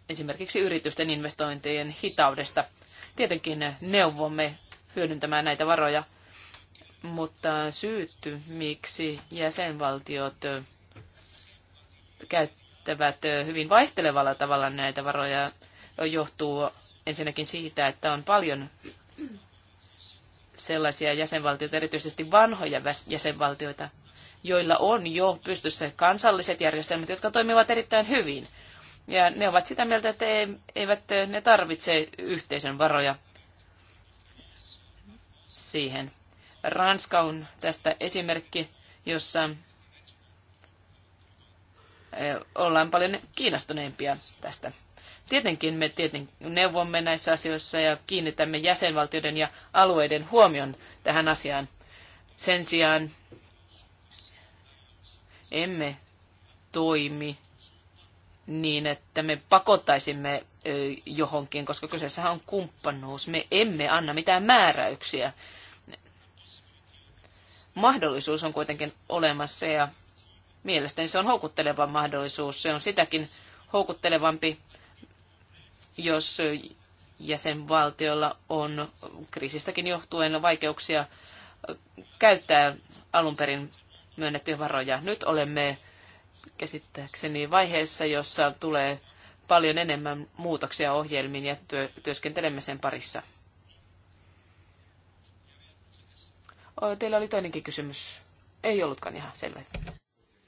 Speaker 4: esimerkiksi yritysten investointien hitaudesta. Tietenkin neuvomme hyödyntämään näitä varoja mutta syytty, miksi jäsenvaltiot käyttävät hyvin vaihtelevalla tavalla näitä varoja, johtuu ensinnäkin siitä, että on paljon sellaisia jäsenvaltioita, erityisesti vanhoja jäsenvaltioita, joilla on jo pystyssä kansalliset järjestelmät, jotka toimivat erittäin hyvin. Ja ne ovat sitä mieltä, että eivät ne tarvitse yhteisön varoja siihen. Ranska on tästä esimerkki, jossa eh, ollaan paljon kiinnostuneempia tästä. Tietenkin me tietenkin neuvomme näissä asioissa ja kiinnitämme jäsenvaltioiden ja alueiden huomion tähän asiaan. Sen sijaan emme toimi niin, että me pakottaisimme eh, johonkin, koska kyseessä on kumppanuus. Me emme anna mitään määräyksiä mahdollisuus on kuitenkin olemassa ja mielestäni se on houkutteleva mahdollisuus. Se on sitäkin houkuttelevampi, jos jäsenvaltiolla on kriisistäkin johtuen vaikeuksia käyttää alun perin myönnettyjä varoja. Nyt olemme käsittääkseni vaiheessa, jossa tulee paljon enemmän muutoksia ohjelmiin ja työskentelemme sen parissa. Teillä oli toinenkin kysymys. Ei ollutkaan ihan selvä.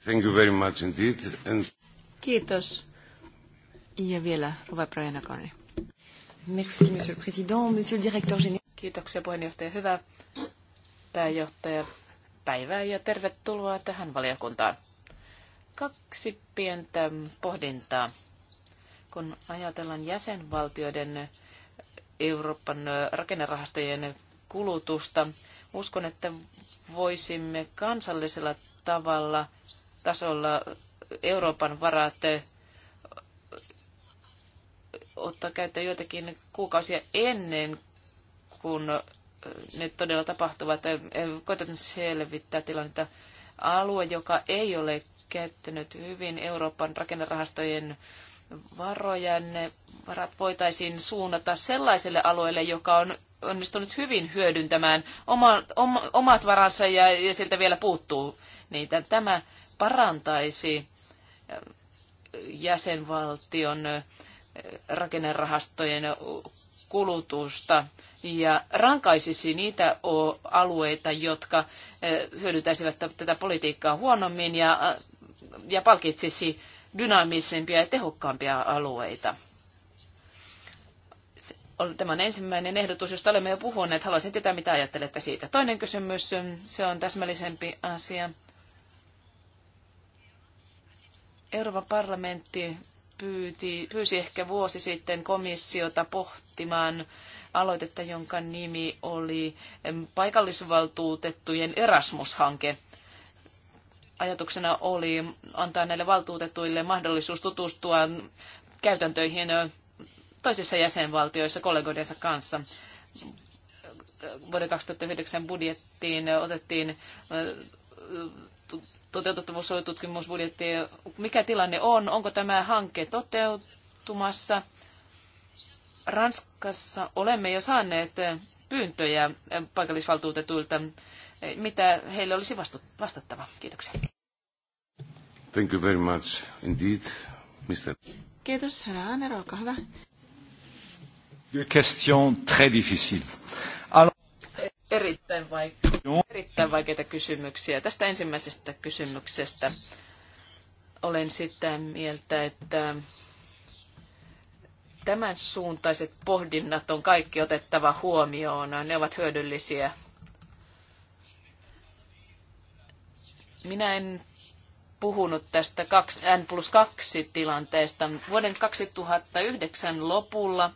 Speaker 1: Thank you very much indeed. And...
Speaker 4: Kiitos. Ja vielä Rova Brianakoni. Merci, monsieur le président. Monsieur le directeur général. Kiitoksia puheenjohtaja. Hyvä pääjohtaja. Päivää ja tervetuloa tähän valiokuntaan. Kaksi pientä pohdintaa. Kun ajatellaan jäsenvaltioiden Euroopan rakennerahastojen kulutusta, Uskon, että voisimme kansallisella tavalla tasolla Euroopan varat ottaa käyttöön joitakin kuukausia ennen kuin ne todella tapahtuvat. Koitan selvittää tilannetta. Alue, joka ei ole käyttänyt hyvin Euroopan rakennerahastojen varoja, ne varat voitaisiin suunnata sellaiselle alueelle, joka on onnistunut hyvin hyödyntämään oma, om, omat varansa ja, ja siltä vielä puuttuu niitä. Tämä parantaisi äh, jäsenvaltion äh, rakennerahastojen kulutusta ja rankaisisi niitä alueita, jotka äh, hyödyntäisivät tätä politiikkaa huonommin ja, ja palkitsisi dynaamisempia ja tehokkaampia alueita. Tämä on ensimmäinen ehdotus, josta olemme jo puhuneet. Haluaisin tietää, mitä ajattelette siitä. Toinen kysymys, se on täsmällisempi asia. Euroopan parlamentti pyyti, pyysi ehkä vuosi sitten komissiota pohtimaan aloitetta, jonka nimi oli paikallisvaltuutettujen Erasmus-hanke. Ajatuksena oli antaa näille valtuutetuille mahdollisuus tutustua käytäntöihin toisissa jäsenvaltioissa kollegoidensa kanssa. Vuoden 2009 budjettiin otettiin äh, toteutettavuustutkimusbudjetti. Mikä tilanne on? Onko tämä hanke toteutumassa? Ranskassa olemme jo saaneet pyyntöjä paikallisvaltuutetuilta. Mitä heille olisi vastattava? Kiitoksia.
Speaker 1: Thank you very much indeed, Mr.
Speaker 4: Kiitos,
Speaker 2: herra Aner, olkaa hyvä.
Speaker 4: Erittäin, vaike- erittäin vaikeita kysymyksiä. Tästä ensimmäisestä kysymyksestä olen sitä mieltä, että tämän suuntaiset pohdinnat on kaikki otettava huomioon. Ne ovat hyödyllisiä. Minä en puhunut tästä N plus 2 tilanteesta. Vuoden 2009 lopulla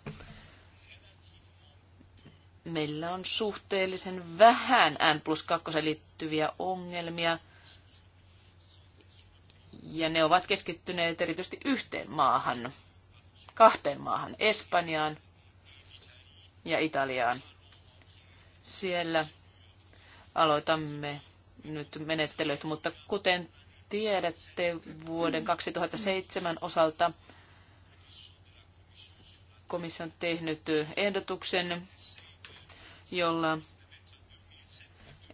Speaker 4: meillä on suhteellisen vähän N plus 2 liittyviä ongelmia, ja ne ovat keskittyneet erityisesti yhteen maahan, kahteen maahan, Espanjaan ja Italiaan. Siellä aloitamme nyt menettelyt, mutta kuten tiedätte, vuoden 2007 osalta komissio on tehnyt ehdotuksen jolla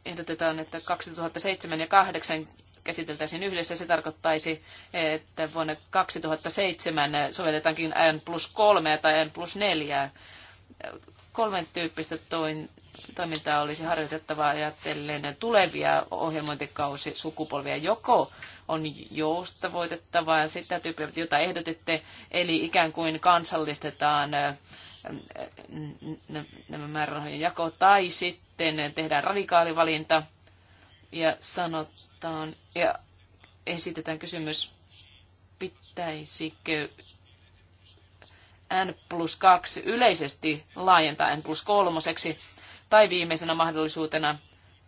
Speaker 4: ehdotetaan, että 2007 ja 2008 käsiteltäisiin yhdessä. Se tarkoittaisi, että vuonna 2007 sovelletaankin N plus 3 tai N plus 4. Kolmen tyyppistä toin, toimintaa olisi harjoitettavaa ajatellen tulevia ohjelmointikausi sukupolvia. Joko on joustavoitettavaa sitä tyyppiä, jota ehdotitte, eli ikään kuin kansallistetaan nämä määrärahojen jako, tai sitten tehdään radikaali valinta ja sanotaan ja esitetään kysymys, pitäisikö n plus 2 yleisesti laajentaa n plus kolmoseksi, tai viimeisenä mahdollisuutena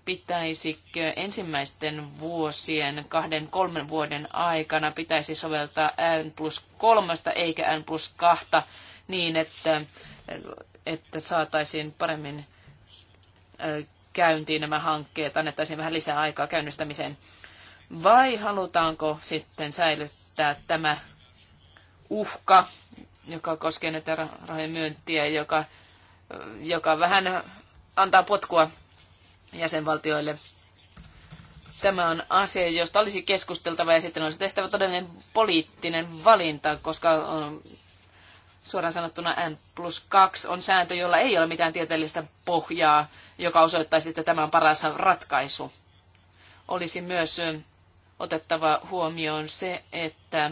Speaker 4: pitäisikö ensimmäisten vuosien, kahden, kolmen vuoden aikana pitäisi soveltaa N plus kolmasta eikä N plus kahta niin, että, että saataisiin paremmin käyntiin nämä hankkeet, annettaisiin vähän lisää aikaa käynnistämiseen. Vai halutaanko sitten säilyttää tämä uhka, joka koskee näitä rahojen myyntiä, joka, joka vähän antaa potkua jäsenvaltioille. Tämä on asia, josta olisi keskusteltava ja sitten olisi tehtävä todellinen poliittinen valinta, koska Suoraan sanottuna N plus 2 on sääntö, jolla ei ole mitään tieteellistä pohjaa, joka osoittaisi, että tämä on paras ratkaisu. Olisi myös otettava huomioon se, että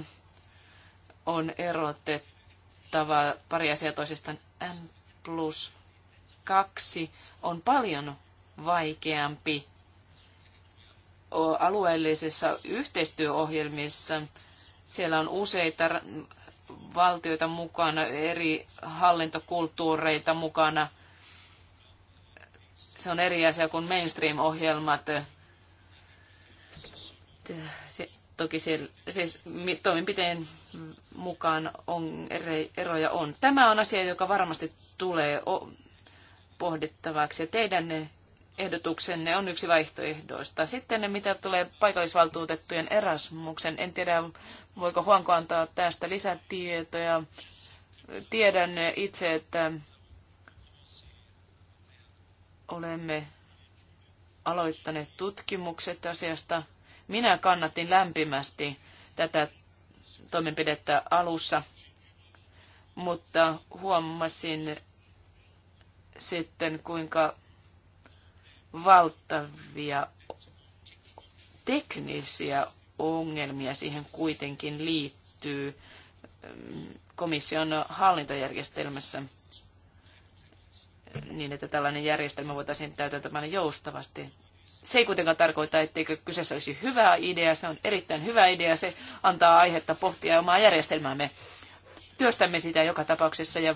Speaker 4: on erotettava pari asiaa toisistaan. N plus 2 on paljon vaikeampi alueellisissa yhteistyöohjelmissa. Siellä on useita valtioita mukana, eri hallintokulttuureita mukana. Se on eri asia kuin mainstream-ohjelmat. Se, toki siellä, siis toimenpiteen mukaan on, eroja on. Tämä on asia, joka varmasti tulee pohdittavaksi. Ja teidän ehdotuksenne on yksi vaihtoehdoista. Sitten ne, mitä tulee paikallisvaltuutettujen Erasmuksen, en tiedä, voiko Huanko antaa tästä lisätietoja. Tiedän itse, että olemme aloittaneet tutkimukset asiasta. Minä kannatin lämpimästi tätä toimenpidettä alussa, mutta huomasin sitten, kuinka valtavia teknisiä ongelmia siihen kuitenkin liittyy mm, komission hallintajärjestelmässä mm, niin, että tällainen järjestelmä voitaisiin täytäntömään joustavasti. Se ei kuitenkaan tarkoita, etteikö kyseessä olisi hyvä idea. Se on erittäin hyvä idea. Se antaa aihetta pohtia omaa järjestelmäämme. Työstämme sitä joka tapauksessa ja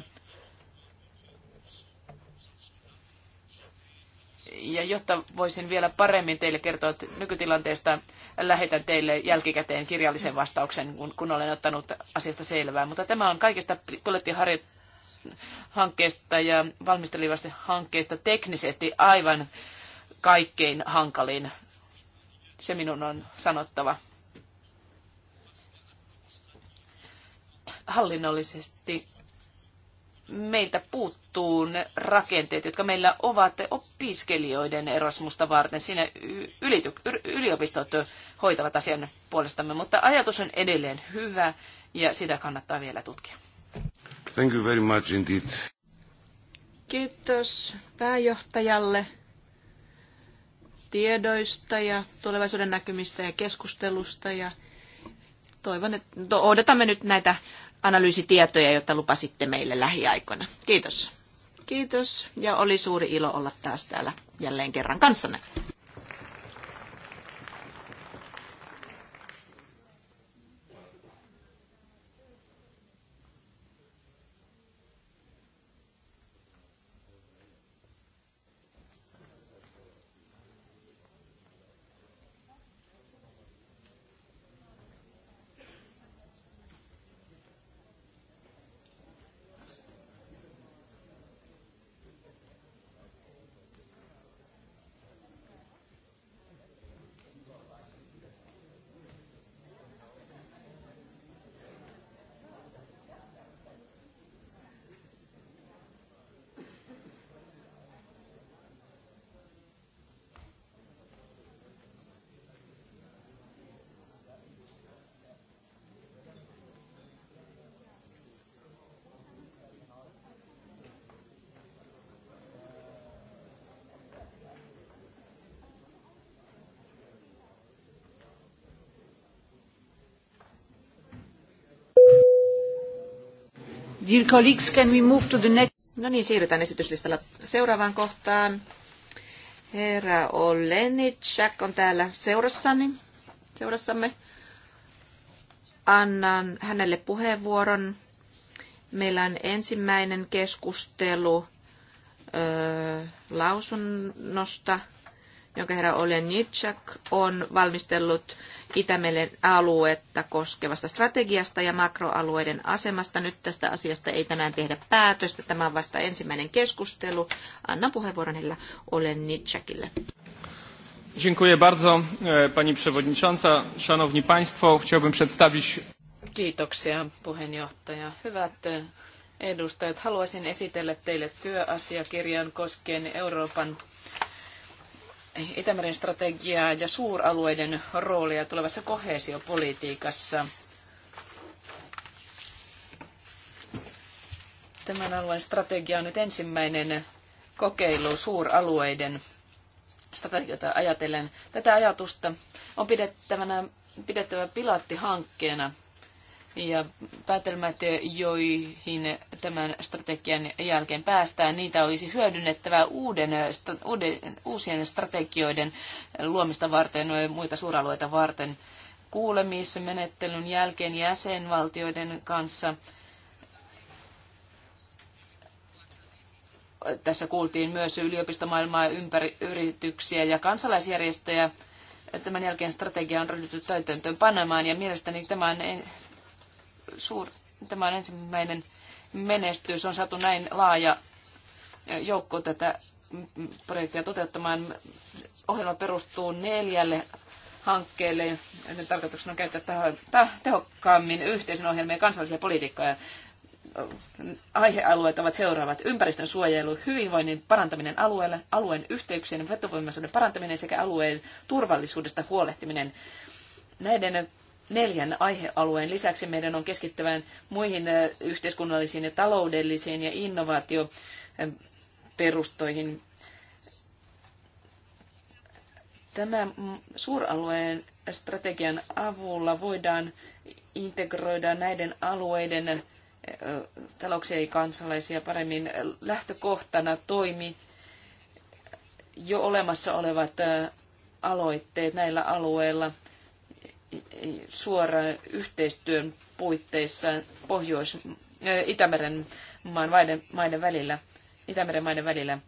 Speaker 4: Ja jotta voisin vielä paremmin teille kertoa nykytilanteesta, lähetän teille jälkikäteen kirjallisen vastauksen, kun, kun olen ottanut asiasta selvää. Mutta tämä on kaikista pilottihankkeesta ja valmistelivasta hankkeesta teknisesti aivan kaikkein hankalin. Se minun on sanottava. Hallinnollisesti meiltä puuttuu ne rakenteet, jotka meillä ovat opiskelijoiden erosmusta varten. Siinä ylity- yliopistot hoitavat asian puolestamme, mutta ajatus on edelleen hyvä ja sitä kannattaa vielä tutkia.
Speaker 1: Thank you very much indeed.
Speaker 4: Kiitos pääjohtajalle
Speaker 2: tiedoista ja tulevaisuuden näkymistä ja keskustelusta ja toivon, että no, odotamme nyt näitä analyysitietoja, joita lupasitte meille lähiaikoina. Kiitos. Kiitos ja oli suuri ilo olla taas täällä jälleen kerran
Speaker 4: kanssanne.
Speaker 5: Dear colleagues, can we
Speaker 2: move to the next... No niin, siirrytään esityslistalla seuraavaan kohtaan. Herra Olenicak on täällä seurassani, seurassamme. Annan hänelle puheenvuoron. Meillä on ensimmäinen keskustelu lausunnosta – jonka herra Nitschak on valmistellut Itämeren aluetta koskevasta strategiasta ja makroalueiden asemasta. Nyt tästä asiasta ei tänään tehdä päätöstä. Tämä on vasta ensimmäinen keskustelu. Annan puheenvuoron heillä Nitschakille.
Speaker 1: Dziękuję bardzo, e, pani przewodnicząca. Szanowni państwo, chciałbym przedstawić...
Speaker 4: Kiitoksia, puheenjohtaja. Hyvät e, edustajat, haluaisin esitellä teille työasiakirjan koskien Euroopan Itämeren strategiaa ja suuralueiden roolia tulevassa kohesiopolitiikassa. Tämän alueen strategia on nyt ensimmäinen kokeilu suuralueiden strategioita ajatellen. Tätä ajatusta on pidettävänä, pidettävä pilattihankkeena – ja päätelmät, joihin tämän strategian jälkeen päästään, niitä olisi hyödynnettävä uuden, uuden, uusien strategioiden luomista varten ja muita suuralueita varten kuulemismenettelyn jälkeen jäsenvaltioiden kanssa. Tässä kuultiin myös yliopistomaailmaa, ympäri yrityksiä ja kansalaisjärjestöjä. Tämän jälkeen strategia on ryhdytty täytäntöön panemaan ja mielestäni tämä on suur, tämä on ensimmäinen menestys. On saatu näin laaja joukko tätä projektia toteuttamaan. Ohjelma perustuu neljälle hankkeelle, joiden tarkoituksena on käyttää tehokkaammin yhteisön ohjelmia ja kansallisia politiikkoja. Aihealueet ovat seuraavat. Ympäristön suojelu, hyvinvoinnin parantaminen alueella, alueen yhteyksien vetovoimaisuuden parantaminen sekä alueen turvallisuudesta huolehtiminen. Näiden neljän aihealueen lisäksi meidän on keskittävän muihin yhteiskunnallisiin ja taloudellisiin ja innovaatioperustoihin. Tämän suuralueen strategian avulla voidaan integroida näiden alueiden talouksia ja kansalaisia paremmin lähtökohtana toimi jo olemassa olevat aloitteet näillä alueilla suoran yhteistyön puitteissa Pohjois- Itämeren maan maiden, maiden välillä, Itämeren maiden välillä.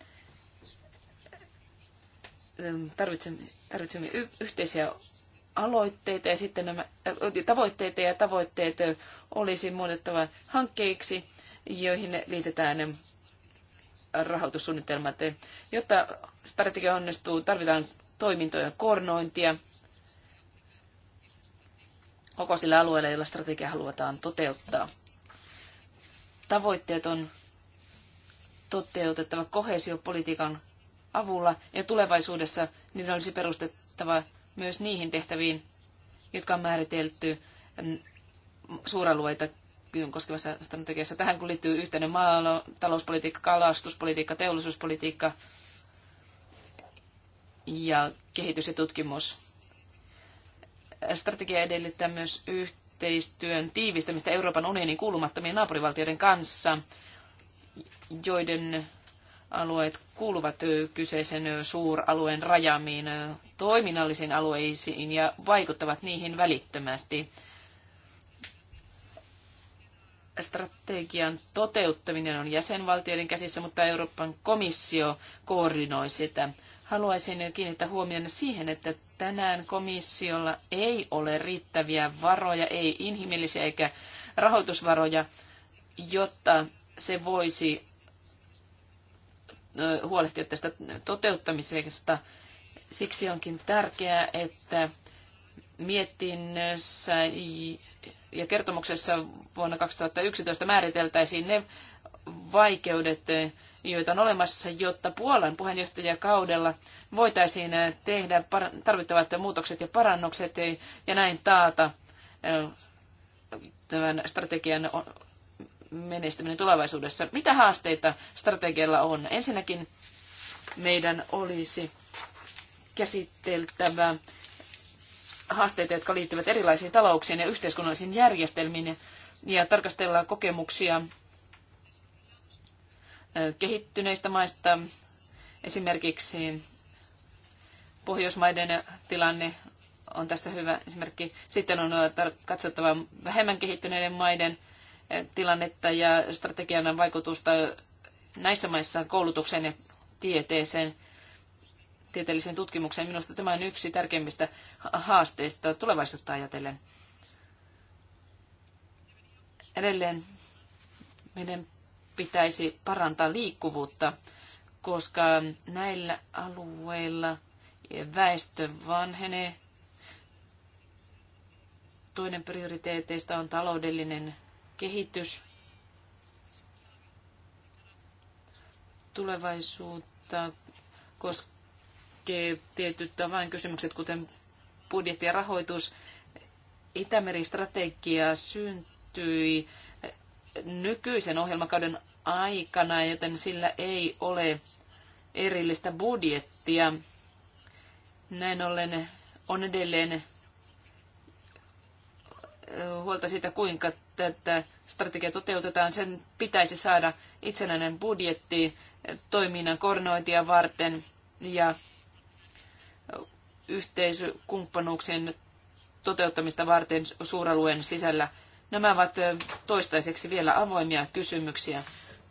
Speaker 4: Tarvitsemme, tarvitsemme y- yhteisiä aloitteita ja sitten nämä tavoitteita ja tavoitteet olisi muutettava hankkeiksi, joihin liitetään rahoitussuunnitelmat. Jotta strategia onnistuu, tarvitaan toimintojen koordinointia, koko sillä alueella, jolla strategia halutaan toteuttaa. Tavoitteet on toteutettava kohesiopolitiikan avulla ja tulevaisuudessa niiden olisi perustettava myös niihin tehtäviin, jotka on määritelty mm, suuralueita koskevassa strategiassa. Tähän kun liittyy yhteinen maatalouspolitiikka, kalastuspolitiikka, teollisuuspolitiikka ja kehitys ja tutkimus Strategia edellyttää myös yhteistyön tiivistämistä Euroopan unionin kuulumattomien naapurivaltioiden kanssa, joiden alueet kuuluvat kyseisen suuralueen rajaamiin toiminnallisiin alueisiin ja vaikuttavat niihin välittömästi. Strategian toteuttaminen on jäsenvaltioiden käsissä, mutta Euroopan komissio koordinoi sitä haluaisin kiinnittää huomioon siihen, että tänään komissiolla ei ole riittäviä varoja, ei inhimillisiä eikä rahoitusvaroja, jotta se voisi huolehtia tästä toteuttamisesta. Siksi onkin tärkeää, että mietinnössä ja kertomuksessa vuonna 2011 määriteltäisiin ne vaikeudet, joita on olemassa, jotta Puolan puheenjohtajakaudella voitaisiin eh, tehdä tarvittavat muutokset ja parannukset ja näin taata eh, tämän strategian menestyminen tulevaisuudessa. Mitä haasteita strategialla on? Ensinnäkin meidän olisi käsiteltävä haasteita, jotka liittyvät erilaisiin talouksiin ja yhteiskunnallisiin järjestelmiin ja tarkastella kokemuksia kehittyneistä maista. Esimerkiksi Pohjoismaiden tilanne on tässä hyvä esimerkki. Sitten on äh, katsottava vähemmän kehittyneiden maiden äh, tilannetta ja strategian vaikutusta näissä maissa koulutukseen ja tieteeseen, tieteelliseen tutkimukseen. Minusta tämä on yksi tärkeimmistä haasteista tulevaisuutta ajatellen. Edelleen meidän pitäisi parantaa liikkuvuutta, koska näillä alueilla väestö vanhenee. Toinen prioriteeteista on taloudellinen kehitys. Tulevaisuutta koskee tietyt avainkysymykset, kuten budjetti ja rahoitus. Itämeri-strategia syntyi nykyisen ohjelmakauden aikana, joten sillä ei ole erillistä budjettia. Näin ollen on edelleen eh, huolta siitä, kuinka tätä strategia toteutetaan. Sen pitäisi saada itsenäinen budjetti eh, toiminnan koordinointia varten ja eh, yhteiskumppanuuksien toteuttamista varten suuralueen sisällä Nämä ovat toistaiseksi vielä avoimia kysymyksiä.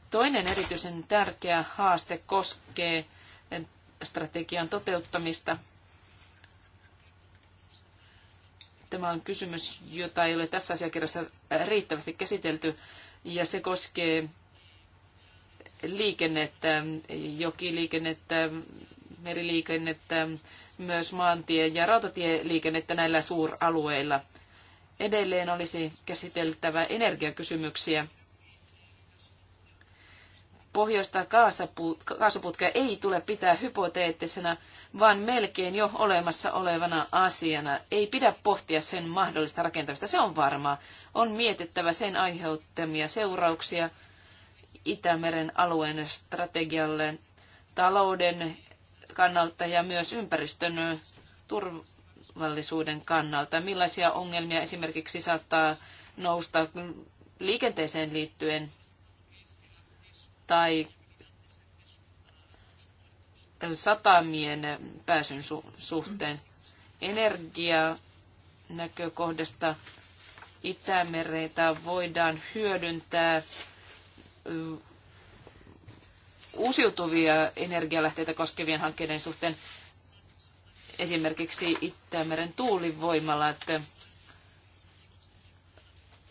Speaker 4: Toinen erityisen tärkeä haaste koskee strategian toteuttamista. Tämä on kysymys, jota ei ole tässä asiakirjassa riittävästi käsitelty, ja se koskee liikennettä, jokiliikennettä, meriliikennettä, myös maantie- ja rautatieliikennettä näillä suuralueilla – Edelleen olisi käsiteltävä energiakysymyksiä. Pohjoista kaasuputkea ei tule pitää hypoteettisena, vaan melkein jo olemassa olevana asiana. Ei pidä pohtia sen mahdollista rakentamista, se on varmaa. On mietittävä sen aiheuttamia seurauksia Itämeren alueen strategialle, talouden kannalta ja myös ympäristön turvallisuuden kannalta? Millaisia ongelmia esimerkiksi saattaa nousta liikenteeseen liittyen tai satamien pääsyn su- suhteen? Energia näkökohdasta Itämereitä voidaan hyödyntää uusiutuvia energialähteitä koskevien hankkeiden suhteen. Esimerkiksi Itämeren tuulivoimalat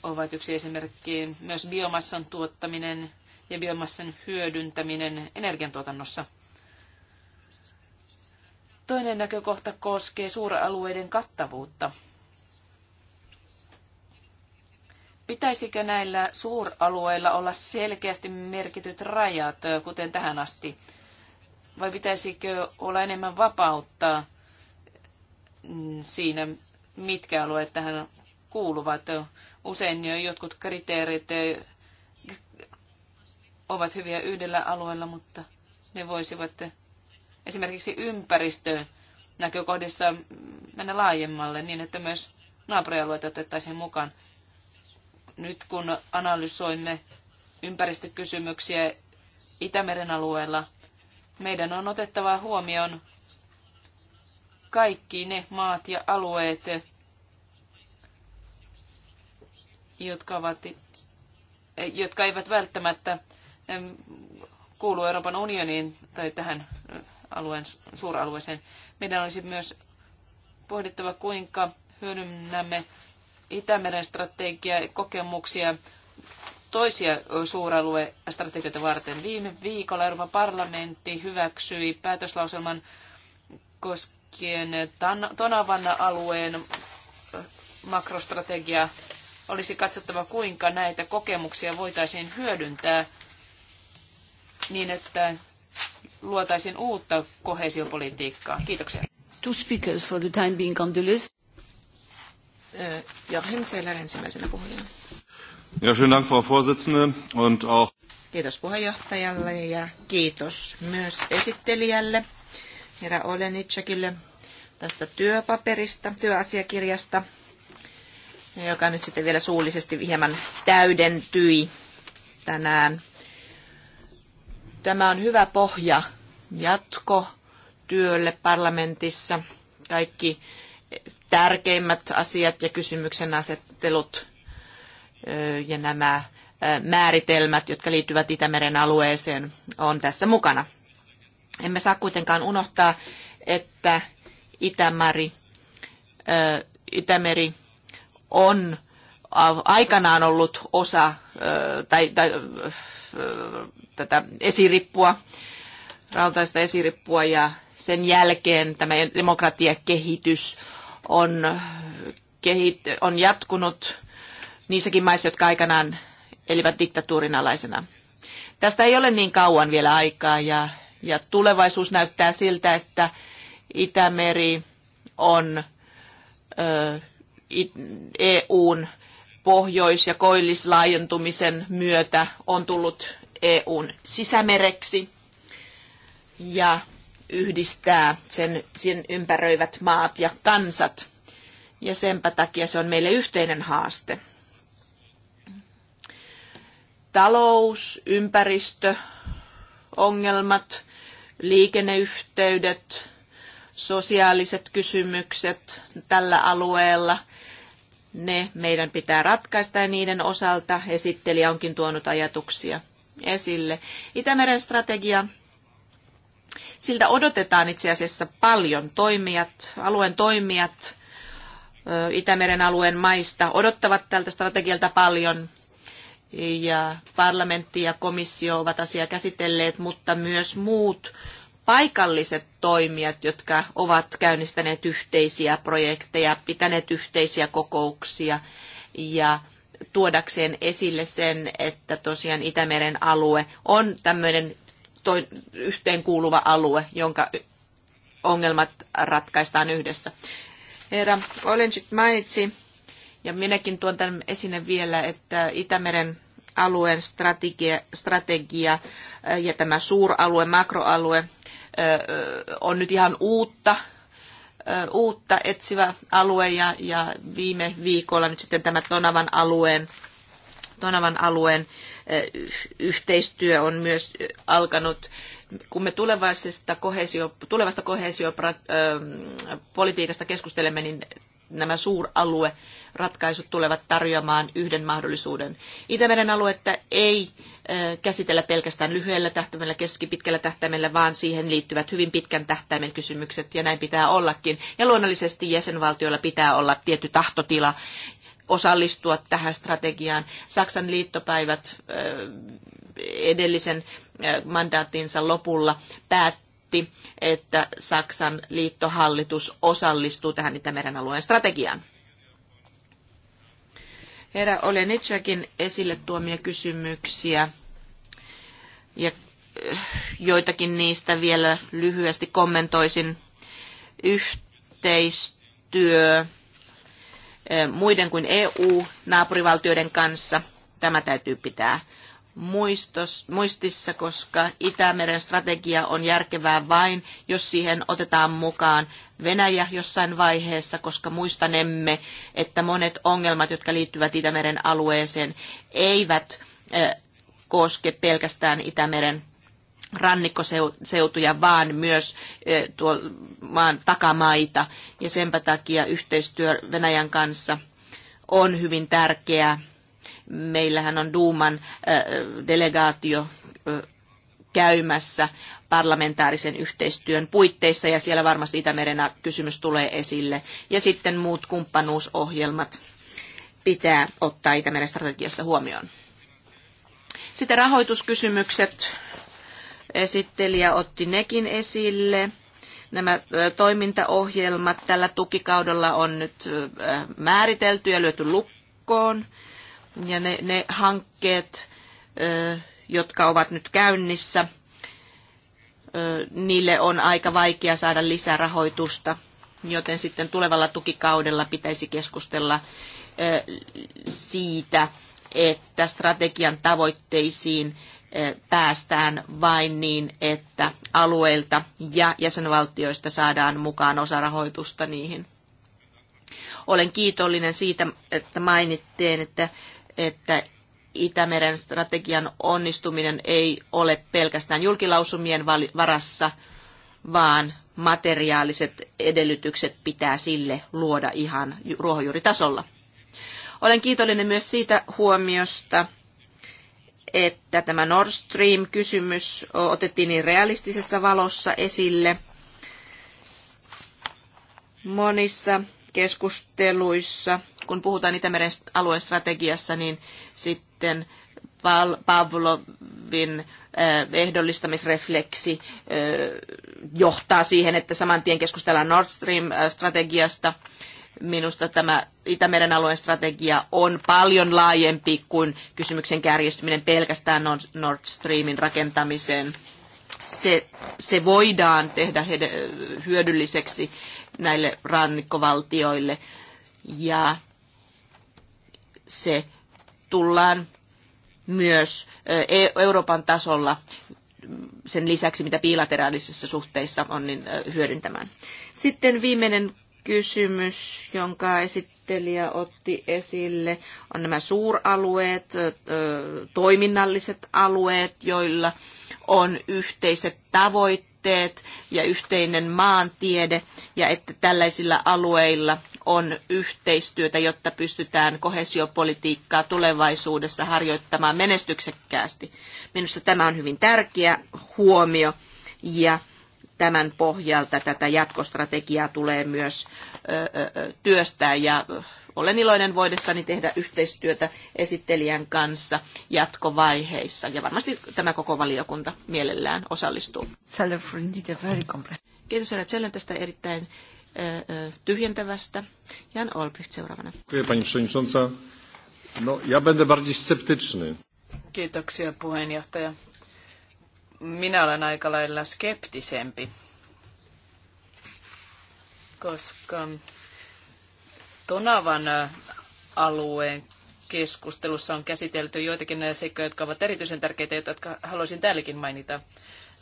Speaker 4: ovat yksi esimerkki. Myös biomassan tuottaminen ja biomassan hyödyntäminen energiantuotannossa. Toinen näkökohta koskee suuralueiden kattavuutta. Pitäisikö näillä suuralueilla olla selkeästi merkityt rajat, kuten tähän asti? Vai pitäisikö olla enemmän vapauttaa siinä, mitkä alueet tähän kuuluvat. Usein jo jotkut kriteerit ovat hyviä yhdellä alueella, mutta ne voisivat esimerkiksi ympäristö näkökohdissa mennä laajemmalle niin, että myös naapurialueet otettaisiin mukaan. Nyt kun analysoimme ympäristökysymyksiä Itämeren alueella, meidän on otettava huomioon kaikki ne maat ja alueet, jotka, ovat, jotka eivät välttämättä kuulu Euroopan unioniin tai tähän alueen, suuralueeseen. Meidän olisi myös pohdittava, kuinka hyödynnämme Itämeren strategiaa ja kokemuksia toisia suuraluestrategioita varten. Viime viikolla Euroopan parlamentti hyväksyi päätöslauselman koska pankkien Tonavan alueen makrostrategia olisi katsottava, kuinka näitä kokemuksia voitaisiin hyödyntää niin, että luotaisiin uutta kohesiopolitiikkaa. Kiitoksia. Two speakers for the time being on the list. Jochen Zeller
Speaker 2: ensimmäisenä puhujana.
Speaker 1: Ja, schönen Dank, Frau Vorsitzende, und auch...
Speaker 2: Kiitos puheenjohtajalle ja kiitos myös esittelijälle herra Olenitsäkille tästä työpaperista, työasiakirjasta, joka nyt sitten vielä suullisesti hieman täydentyi tänään. Tämä on hyvä pohja jatko työlle parlamentissa. Kaikki tärkeimmät asiat ja kysymyksen asettelut ja nämä määritelmät, jotka liittyvät Itämeren alueeseen, on tässä mukana. Emme saa kuitenkaan unohtaa, että Itämeri, Itämeri on aikanaan ollut osa tai, tai tätä esirippua, rautaista esirippua ja sen jälkeen tämä demokratiakehitys on, kehit, on jatkunut niissäkin maissa, jotka aikanaan elivät diktatuurin alaisena. Tästä ei ole niin kauan vielä aikaa ja ja tulevaisuus näyttää siltä, että Itämeri on ö, EUn pohjois- ja koillislaajentumisen myötä on tullut EUn sisämereksi ja yhdistää sen, sen ympäröivät maat ja kansat. Ja senpä takia se on meille yhteinen haaste. Talous, ympäristö, ongelmat liikenneyhteydet, sosiaaliset kysymykset tällä alueella. Ne meidän pitää ratkaista ja niiden osalta esittelijä onkin tuonut ajatuksia esille. Itämeren strategia. Siltä odotetaan itse asiassa paljon. Toimijat, alueen toimijat Itämeren alueen maista odottavat tältä strategialta paljon ja parlamentti ja komissio ovat asiaa käsitelleet, mutta myös muut paikalliset toimijat, jotka ovat käynnistäneet yhteisiä projekteja, pitäneet yhteisiä kokouksia ja tuodakseen esille sen, että tosiaan Itämeren alue on tämmöinen toi, yhteenkuuluva alue, jonka ongelmat ratkaistaan yhdessä. Herra Olenchik mainitsi ja minäkin tuon tämän esine vielä, että Itämeren alueen strategia, strategia äh, ja tämä suuralue, makroalue äh, äh, on nyt ihan uutta, uutta etsivä alue ja, ja viime viikolla nyt sitten tämä Tonavan alueen, Tonavan alueen yhteistyö on myös alkanut. Kun me tulevaisesta kohesio, tulevasta kohesiopolitiikasta keskustelemme, niin nämä suuralueratkaisut tulevat tarjoamaan yhden mahdollisuuden. Itämeren aluetta ei käsitellä pelkästään lyhyellä tähtäimellä, keskipitkällä tähtäimellä, vaan siihen liittyvät hyvin pitkän tähtäimen kysymykset, ja näin pitää ollakin. Ja luonnollisesti jäsenvaltioilla pitää olla tietty tahtotila osallistua tähän strategiaan. Saksan liittopäivät edellisen mandaattinsa lopulla päätti ilmoitti, että Saksan liittohallitus osallistuu tähän Itämeren alueen strategiaan. Herra Olenitsäkin esille tuomia kysymyksiä ja äh, joitakin niistä vielä lyhyesti kommentoisin. Yhteistyö äh, muiden kuin EU-naapurivaltioiden kanssa, tämä täytyy pitää muistos, muistissa, koska Itämeren strategia on järkevää vain, jos siihen otetaan mukaan Venäjä jossain vaiheessa, koska muistanemme, että monet ongelmat, jotka liittyvät Itämeren alueeseen, eivät koske pelkästään Itämeren rannikkoseutuja, vaan myös tuo maan takamaita. Ja senpä takia yhteistyö Venäjän kanssa on hyvin tärkeää Meillähän on Duuman delegaatio käymässä parlamentaarisen yhteistyön puitteissa ja siellä varmasti Itämeren kysymys tulee esille. Ja sitten muut kumppanuusohjelmat pitää ottaa Itämeren strategiassa huomioon. Sitten rahoituskysymykset. Esittelijä otti nekin esille. Nämä toimintaohjelmat tällä tukikaudella on nyt määritelty ja lyöty lukkoon. Ja ne, ne hankkeet, jotka ovat nyt käynnissä, niille on aika vaikea saada lisärahoitusta, joten sitten tulevalla tukikaudella pitäisi keskustella siitä, että strategian tavoitteisiin päästään vain niin, että alueilta ja jäsenvaltioista saadaan mukaan osa rahoitusta niihin. Olen kiitollinen siitä, että mainittiin, että että Itämeren strategian onnistuminen ei ole pelkästään julkilausumien varassa, vaan materiaaliset edellytykset pitää sille luoda ihan ruohonjuuritasolla. Olen kiitollinen myös siitä huomiosta, että tämä Nord Stream-kysymys otettiin niin realistisessa valossa esille. Monissa keskusteluissa kun puhutaan Itämeren alueen strategiassa, niin sitten Pavlovin äh, ehdollistamisrefleksi äh, johtaa siihen, että saman tien keskustellaan Nord Stream-strategiasta. Äh, Minusta tämä Itämeren alueen strategia on paljon laajempi kuin kysymyksen kärjistyminen pelkästään Nord Streamin rakentamiseen. Se, se voidaan tehdä hyödylliseksi näille rannikkovaltioille. Ja se tullaan myös e- Euroopan tasolla sen lisäksi, mitä bilateraalisissa suhteissa on, niin hyödyntämään. Sitten viimeinen kysymys, jonka esittelijä otti esille, on nämä suuralueet, toiminnalliset alueet, joilla on yhteiset tavoitteet ja yhteinen maantiede, ja että tällaisilla alueilla – on yhteistyötä, jotta pystytään kohesiopolitiikkaa tulevaisuudessa harjoittamaan menestyksekkäästi. Minusta tämä on hyvin tärkeä huomio ja tämän pohjalta tätä jatkostrategiaa tulee myös työstää ja olen iloinen voidessani tehdä yhteistyötä esittelijän kanssa jatkovaiheissa ja varmasti tämä koko valiokunta mielellään osallistuu. Kiitos Rachelen tästä erittäin tyhjentävästä. Jan Olbricht seuraavana.
Speaker 1: No, ja
Speaker 4: Kiitoksia puheenjohtaja. Minä olen aika lailla skeptisempi, koska Tonavan alueen keskustelussa on käsitelty joitakin näitä seikkoja, jotka ovat erityisen tärkeitä, jotka haluaisin täälläkin mainita.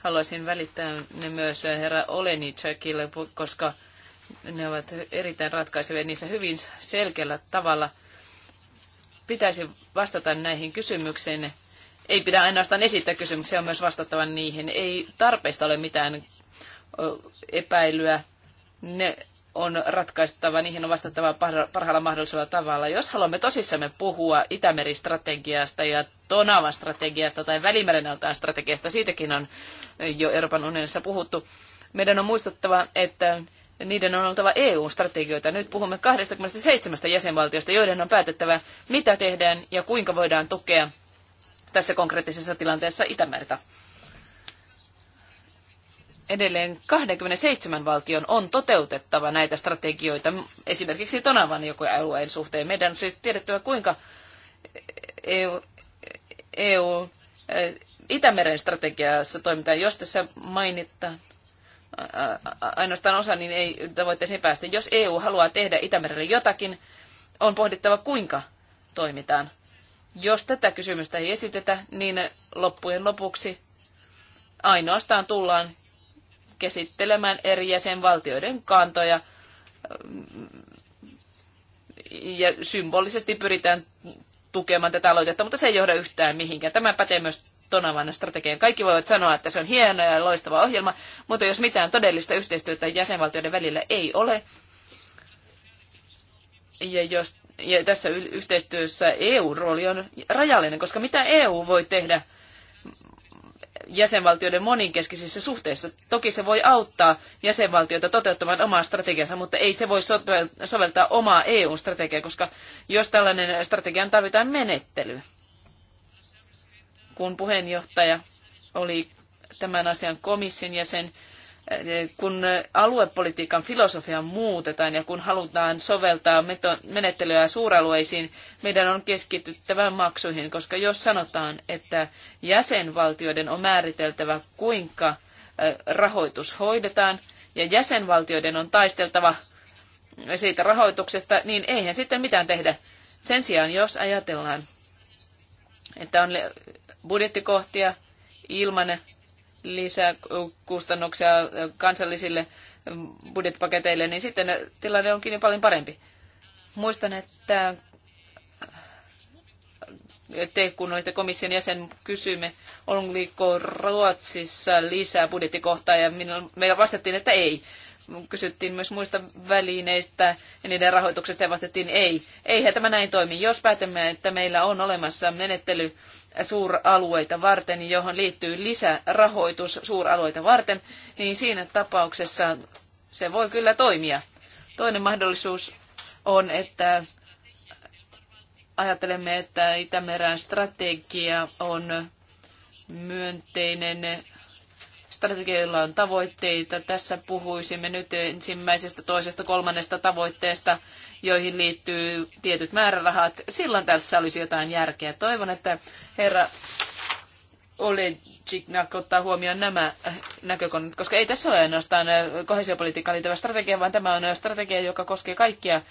Speaker 4: Haluaisin välittää ne myös herra Olenicekille, koska ne ovat erittäin ratkaisevia niissä hyvin selkeällä tavalla. Pitäisi vastata näihin kysymyksiin. Ei pidä ainoastaan esittää kysymyksiä, on myös vastattava niihin. Ei tarpeista ole mitään epäilyä. Ne on ratkaistava, niihin on vastattava parhaalla mahdollisella tavalla. Jos haluamme tosissamme puhua Itämeri-strategiasta ja Tonavan strategiasta tai Välimerenaltaan strategiasta, siitäkin on jo Euroopan unionissa puhuttu, meidän on muistuttava, että niiden on oltava EU-strategioita. Nyt puhumme 27 jäsenvaltiosta, joiden on päätettävä, mitä tehdään ja kuinka voidaan tukea tässä konkreettisessa tilanteessa Itämerta. Edelleen 27 valtion on toteutettava näitä strategioita, esimerkiksi Tonavan joku alueen suhteen. Meidän on siis tiedettävä, kuinka EU, EU Itämeren strategiassa toimitaan. Jos tässä mainitaan ainoastaan osa, niin ei tavoitteeseen päästä. Jos EU haluaa tehdä Itämerelle jotakin, on pohdittava kuinka toimitaan. Jos tätä kysymystä ei esitetä, niin loppujen lopuksi ainoastaan tullaan käsittelemään eri jäsenvaltioiden kantoja mm, ja symbolisesti pyritään tukemaan tätä aloitetta, mutta se ei johda yhtään mihinkään. Tämä pätee myös Tonavana strategian. Kaikki voivat sanoa, että se on hieno ja loistava ohjelma, mutta jos mitään todellista yhteistyötä jäsenvaltioiden välillä ei ole, ja, jos, ja tässä yhteistyössä EU-rooli on rajallinen, koska mitä EU voi tehdä jäsenvaltioiden moninkeskisissä suhteissa. Toki se voi auttaa jäsenvaltioita toteuttamaan omaa strategiansa, mutta ei se voi soveltaa omaa EU-strategiaa, koska jos tällainen strategia tarvitaan menettely kun puheenjohtaja oli tämän asian komission jäsen, kun aluepolitiikan filosofia muutetaan ja kun halutaan soveltaa menettelyä suuralueisiin, meidän on keskityttävä maksuihin, koska jos sanotaan, että jäsenvaltioiden on määriteltävä, kuinka rahoitus hoidetaan, ja jäsenvaltioiden on taisteltava siitä rahoituksesta, niin eihän sitten mitään tehdä. Sen sijaan, jos ajatellaan, että on budjettikohtia ilman lisää kustannuksia kansallisille budjettipaketeille, niin sitten tilanne onkin jo paljon parempi. Muistan, että te, kun olitte komission jäsen, kysymme, oliko Ruotsissa lisää budjettikohtaa, ja meillä vastattiin, että ei kysyttiin myös muista välineistä ja niiden rahoituksesta ja vastattiin ei. Eihän tämä näin toimi. Jos päätämme, että meillä on olemassa menettely suuralueita varten, johon liittyy lisärahoitus suuralueita varten, niin siinä tapauksessa se voi kyllä toimia. Toinen mahdollisuus on, että ajattelemme, että itämerän strategia on myönteinen strategioilla on tavoitteita. Tässä puhuisimme nyt ensimmäisestä, toisesta, kolmannesta tavoitteesta, joihin liittyy tietyt määrärahat. Silloin tässä olisi jotain järkeä. Toivon, että herra Olejiknak ottaa huomioon nämä näkökulmat, koska ei tässä ole ainoastaan kohesiopolitiikkaan liittyvä strategia, vaan tämä on strategia, joka koskee kaikkia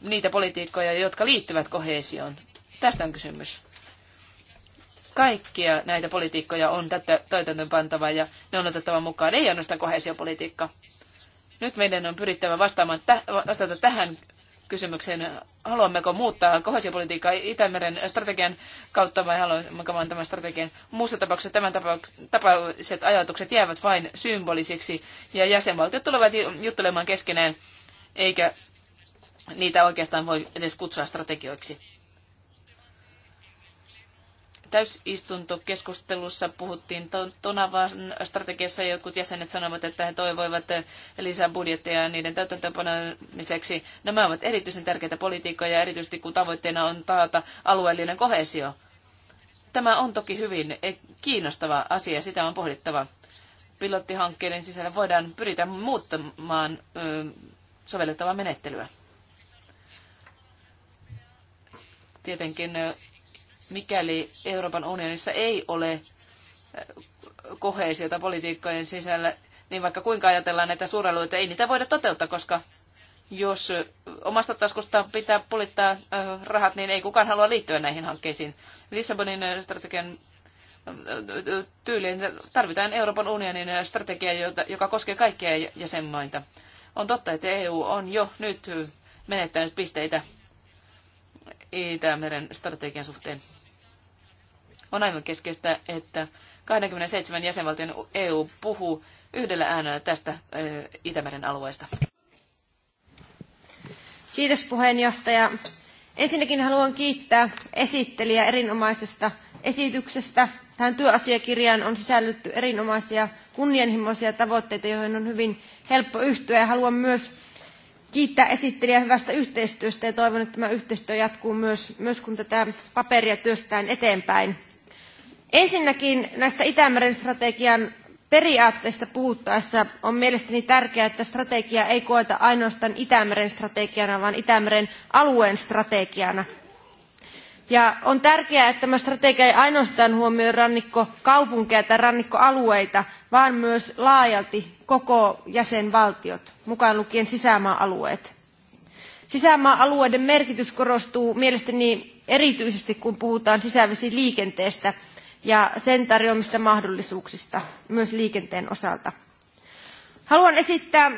Speaker 4: niitä politiikkoja, jotka liittyvät kohesioon. Tästä on kysymys. Kaikkia näitä politiikkoja on tätä pantava ja ne on otettava mukaan, ei ainoastaan kohesiopolitiikka. Nyt meidän on pyrittävä vastaamaan täh, vastata tähän kysymykseen, haluammeko muuttaa kohesiopolitiikkaa Itämeren strategian kautta vai haluammeko vain tämän strategian. Muussa tapauksessa tämän tapaiset ajatukset jäävät vain symbolisiksi ja jäsenvaltiot tulevat juttelemaan keskenään, eikä niitä oikeastaan voi edes kutsua strategioiksi täysistuntokeskustelussa puhuttiin Tonavan strategiassa. Jotkut jäsenet sanovat, että he toivoivat lisää budjettia niiden täytäntöönpanemiseksi. Nämä ovat erityisen tärkeitä politiikkoja, erityisesti kun tavoitteena on taata alueellinen kohesio. Tämä on toki hyvin eh, kiinnostava asia, sitä on pohdittava. Pilottihankkeiden sisällä voidaan pyritä muuttamaan sovellettavaa menettelyä. Tietenkin mikäli Euroopan unionissa ei ole äh, koheisiota politiikkojen sisällä, niin vaikka kuinka ajatellaan että suureluita, ei niitä voida toteuttaa, koska jos omasta taskusta pitää pulittaa rahat, niin ei kukaan halua liittyä näihin hankkeisiin. Lissabonin strategian tyyliin tarvitaan Euroopan unionin strategia, joka koskee kaikkia jäsenmaita. On totta, että EU on jo nyt menettänyt pisteitä Itämeren strategian suhteen. On aivan keskeistä, että 27 jäsenvaltion EU puhuu yhdellä äänellä tästä Itämeren alueesta.
Speaker 5: Kiitos puheenjohtaja. Ensinnäkin haluan kiittää esittelijä erinomaisesta esityksestä. Tähän työasiakirjaan on sisällytty erinomaisia kunnianhimoisia tavoitteita, joihin on hyvin helppo yhtyä. Ja haluan myös kiittää esittelijää hyvästä yhteistyöstä ja toivon, että tämä yhteistyö jatkuu myös, myös kun tätä paperia työstään eteenpäin. Ensinnäkin näistä Itämeren strategian periaatteista puhuttaessa on mielestäni tärkeää, että strategia ei koeta ainoastaan Itämeren strategiana, vaan Itämeren alueen strategiana. Ja on tärkeää, että tämä strategia ei ainoastaan huomioi rannikkokaupunkeja tai rannikkoalueita, vaan myös laajalti koko jäsenvaltiot, mukaan lukien sisämaa-alueet. Sisämaa-alueiden merkitys korostuu mielestäni erityisesti, kun puhutaan sisävesiliikenteestä – ja sen tarjoamista mahdollisuuksista myös liikenteen osalta. Haluan esittää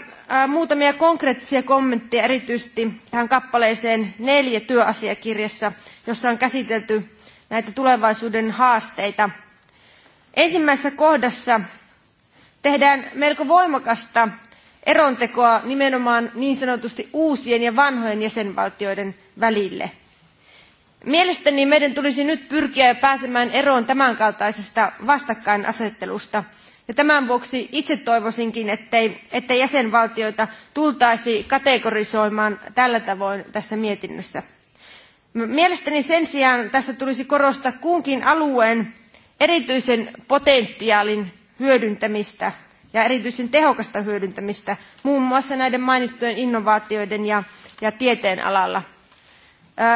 Speaker 5: muutamia konkreettisia kommentteja erityisesti tähän kappaleeseen neljä työasiakirjassa, jossa on käsitelty näitä tulevaisuuden haasteita. Ensimmäisessä kohdassa tehdään melko voimakasta erontekoa nimenomaan niin sanotusti uusien ja vanhojen jäsenvaltioiden välille – Mielestäni meidän tulisi nyt pyrkiä pääsemään eroon tämänkaltaisesta vastakkainasettelusta. Ja tämän vuoksi itse toivoisinkin, ettei, ettei jäsenvaltioita tultaisi kategorisoimaan tällä tavoin tässä mietinnössä. Mielestäni sen sijaan tässä tulisi korostaa kunkin alueen erityisen potentiaalin hyödyntämistä ja erityisen tehokasta hyödyntämistä muun muassa näiden mainittujen innovaatioiden ja, ja tieteen alalla.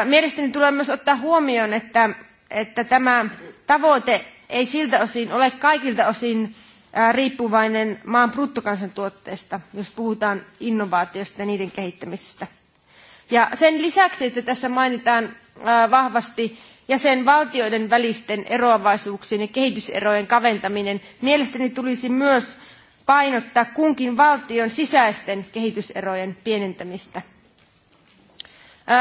Speaker 5: Mielestäni tulee myös ottaa huomioon, että, että tämä tavoite ei siltä osin ole kaikilta osin riippuvainen maan bruttokansantuotteesta, jos puhutaan innovaatioista ja niiden kehittämisestä. Ja sen lisäksi, että tässä mainitaan vahvasti jäsenvaltioiden välisten eroavaisuuksien ja kehityserojen kaventaminen, mielestäni tulisi myös painottaa kunkin valtion sisäisten kehityserojen pienentämistä –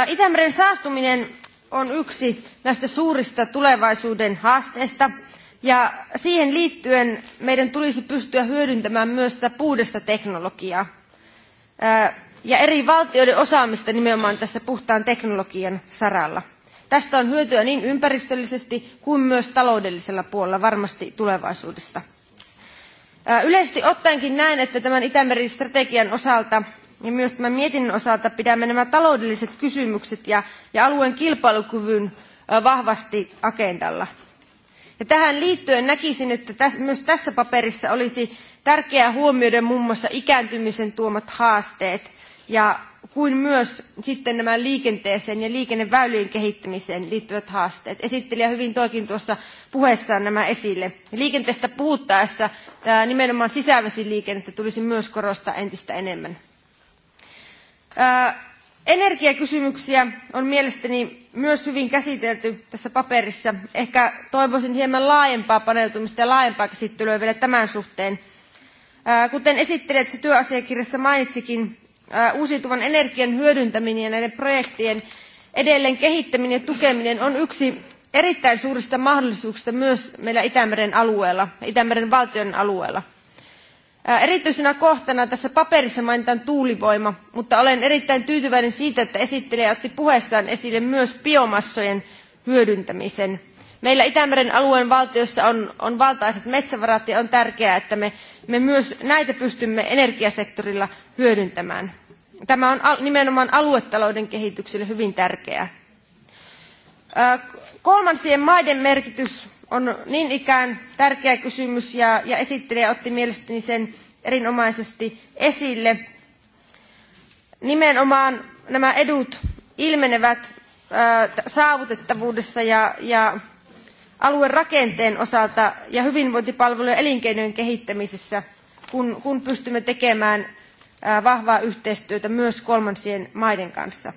Speaker 5: Itämeren saastuminen on yksi näistä suurista tulevaisuuden haasteista. Ja siihen liittyen meidän tulisi pystyä hyödyntämään myös sitä puhdasta teknologiaa ja eri valtioiden osaamista nimenomaan tässä puhtaan teknologian saralla. Tästä on hyötyä niin ympäristöllisesti kuin myös taloudellisella puolella varmasti tulevaisuudesta. Yleisesti ottaenkin näen, että tämän Itämeri-strategian osalta ja myös tämän mietinnön osalta pidämme nämä taloudelliset kysymykset ja, ja alueen kilpailukyvyn vahvasti agendalla. Ja tähän liittyen näkisin, että täs, myös tässä paperissa olisi tärkeää huomioida muun mm. muassa ikääntymisen tuomat haasteet ja kuin myös sitten nämä liikenteeseen ja liikenneväylien kehittämiseen liittyvät haasteet. Esittelijä hyvin toikin tuossa puheessaan nämä esille. Liikenteestä puhuttaessa nimenomaan sisävesiliikennettä tulisi myös korostaa entistä enemmän. Energiakysymyksiä on mielestäni myös hyvin käsitelty tässä paperissa. Ehkä toivoisin hieman laajempaa paneutumista ja laajempaa käsittelyä vielä tämän suhteen. Kuten esittelijät se työasiakirjassa mainitsikin, uusiutuvan energian hyödyntäminen ja näiden projektien edelleen kehittäminen ja tukeminen on yksi erittäin suurista mahdollisuuksista myös meillä Itämeren alueella, Itämeren valtion alueella – Erityisenä kohtana tässä paperissa mainitaan tuulivoima, mutta olen erittäin tyytyväinen siitä, että esittelijä otti puheessaan esille myös biomassojen hyödyntämisen. Meillä Itämeren alueen valtiossa on, on valtaiset metsävarat ja on tärkeää, että me, me myös näitä pystymme energiasektorilla hyödyntämään. Tämä on al, nimenomaan aluetalouden kehitykselle hyvin tärkeää. Kolmansien maiden merkitys on niin ikään tärkeä kysymys ja, ja esittelijä otti mielestäni sen erinomaisesti esille. Nimenomaan nämä edut ilmenevät ää, saavutettavuudessa ja, ja rakenteen osalta ja hyvinvointipalvelujen elinkeinojen kehittämisessä, kun, kun pystymme tekemään ää, vahvaa yhteistyötä myös kolmansien maiden kanssa.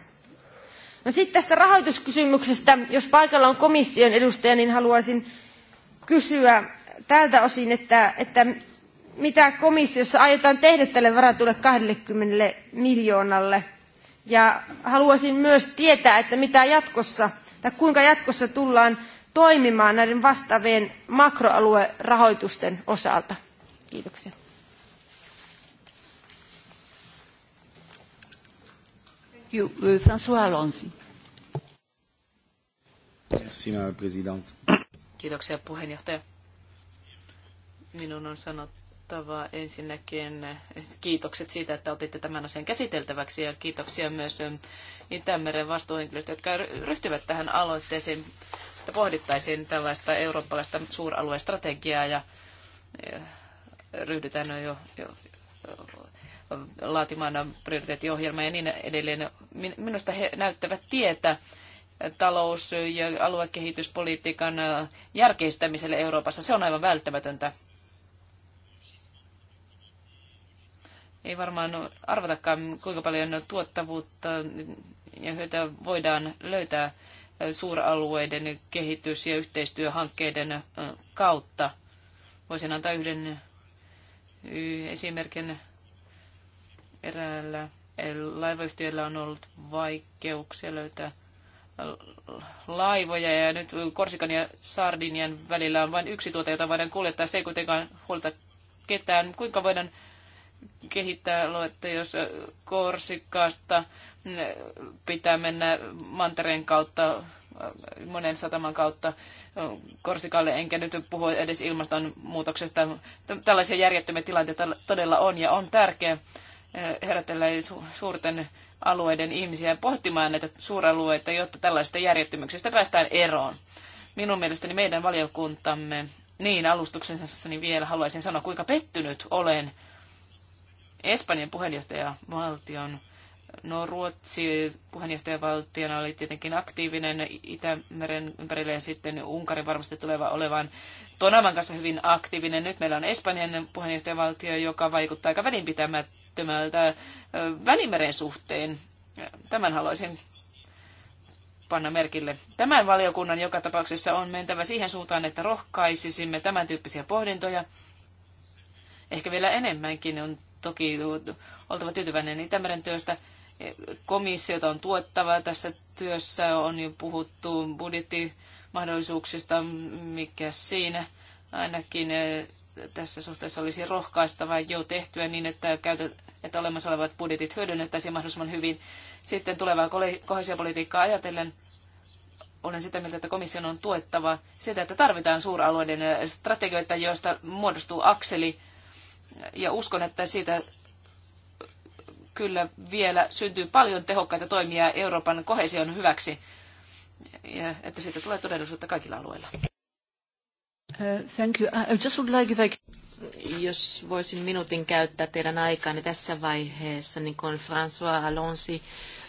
Speaker 5: No sitten tästä rahoituskysymyksestä, jos paikalla on komission edustaja, niin haluaisin kysyä tältä osin, että, että mitä komissiossa aiotaan tehdä tälle varatulle 20 miljoonalle. Ja haluaisin myös tietää, että mitä jatkossa, tai kuinka jatkossa tullaan toimimaan näiden vastaavien makroaluerahoitusten osalta. Kiitoksia. Uh, François Alonso.
Speaker 4: Merci, president. Kiitoksia puheenjohtaja. Minun on sanottava ensinnäkin kiitokset siitä, että otitte tämän asian käsiteltäväksi ja kiitoksia myös Itämeren vastuuhenkilöistä, jotka ryhtyvät tähän aloitteeseen, että pohdittaisiin tällaista eurooppalaista suuraluestrategiaa ja ryhdytään jo, jo, laatimaan prioriteettiohjelmaa ja niin edelleen. Minusta he näyttävät tietä talous- ja aluekehityspolitiikan äh, järkeistämiselle Euroopassa. Se on aivan välttämätöntä. Ei varmaan arvatakaan, kuinka paljon tuottavuutta ja hyötyä voidaan löytää äh, suuralueiden kehitys- ja yhteistyöhankkeiden äh, kautta. Voisin antaa yhden esimerkin eräällä laivayhtiöllä on ollut vaikeuksia löytää laivoja ja nyt Korsikan ja Sardinian välillä on vain yksi tuote, jota voidaan kuljettaa. Se ei kuitenkaan huolta ketään. Kuinka voidaan kehittää aluetta, jos Korsikasta mm, pitää mennä mantereen kautta, mm, monen sataman kautta Korsikalle, enkä nyt puhu edes ilmastonmuutoksesta. Tällaisia järjettömiä tilanteita todella on ja on tärkeää eh, herätellä suurten alueiden ihmisiä pohtimaan näitä suuralueita, jotta tällaista järjettömyyksistä päästään eroon. Minun mielestäni meidän valiokuntamme, niin alustuksensa niin vielä haluaisin sanoa, kuinka pettynyt olen Espanjan puheenjohtajavaltion No Ruotsi puheenjohtajavaltiona oli tietenkin aktiivinen Itämeren ympärillä ja sitten Unkarin varmasti tuleva olevan Tonavan kanssa hyvin aktiivinen. Nyt meillä on Espanjan puheenjohtajavaltio, joka vaikuttaa aika välinpitämättä välittömältä Välimeren suhteen. Tämän haluaisin panna merkille. Tämän valiokunnan joka tapauksessa on mentävä siihen suuntaan, että rohkaisisimme tämän tyyppisiä pohdintoja. Ehkä vielä enemmänkin on toki oltava tyytyväinen Itämeren työstä. Komissiota on tuettava tässä työssä, on jo puhuttu budjettimahdollisuuksista, mikä siinä ainakin tässä suhteessa olisi rohkaistava jo tehtyä niin, että, käytä, että olemassa olevat budjetit hyödynnettäisiin mahdollisimman hyvin. Sitten tulevaa kohesiopolitiikkaa ajatellen olen sitä mieltä, että komission on tuettava sitä, että tarvitaan suuralueiden strategioita, joista muodostuu akseli. Ja uskon, että siitä kyllä vielä syntyy paljon tehokkaita toimia Euroopan kohesion hyväksi, ja että siitä tulee todellisuutta kaikilla alueilla. Uh, thank you. I just would like if I...
Speaker 2: Jos voisin minuutin käyttää teidän aikaanne tässä vaiheessa, niin kuin François Alonsi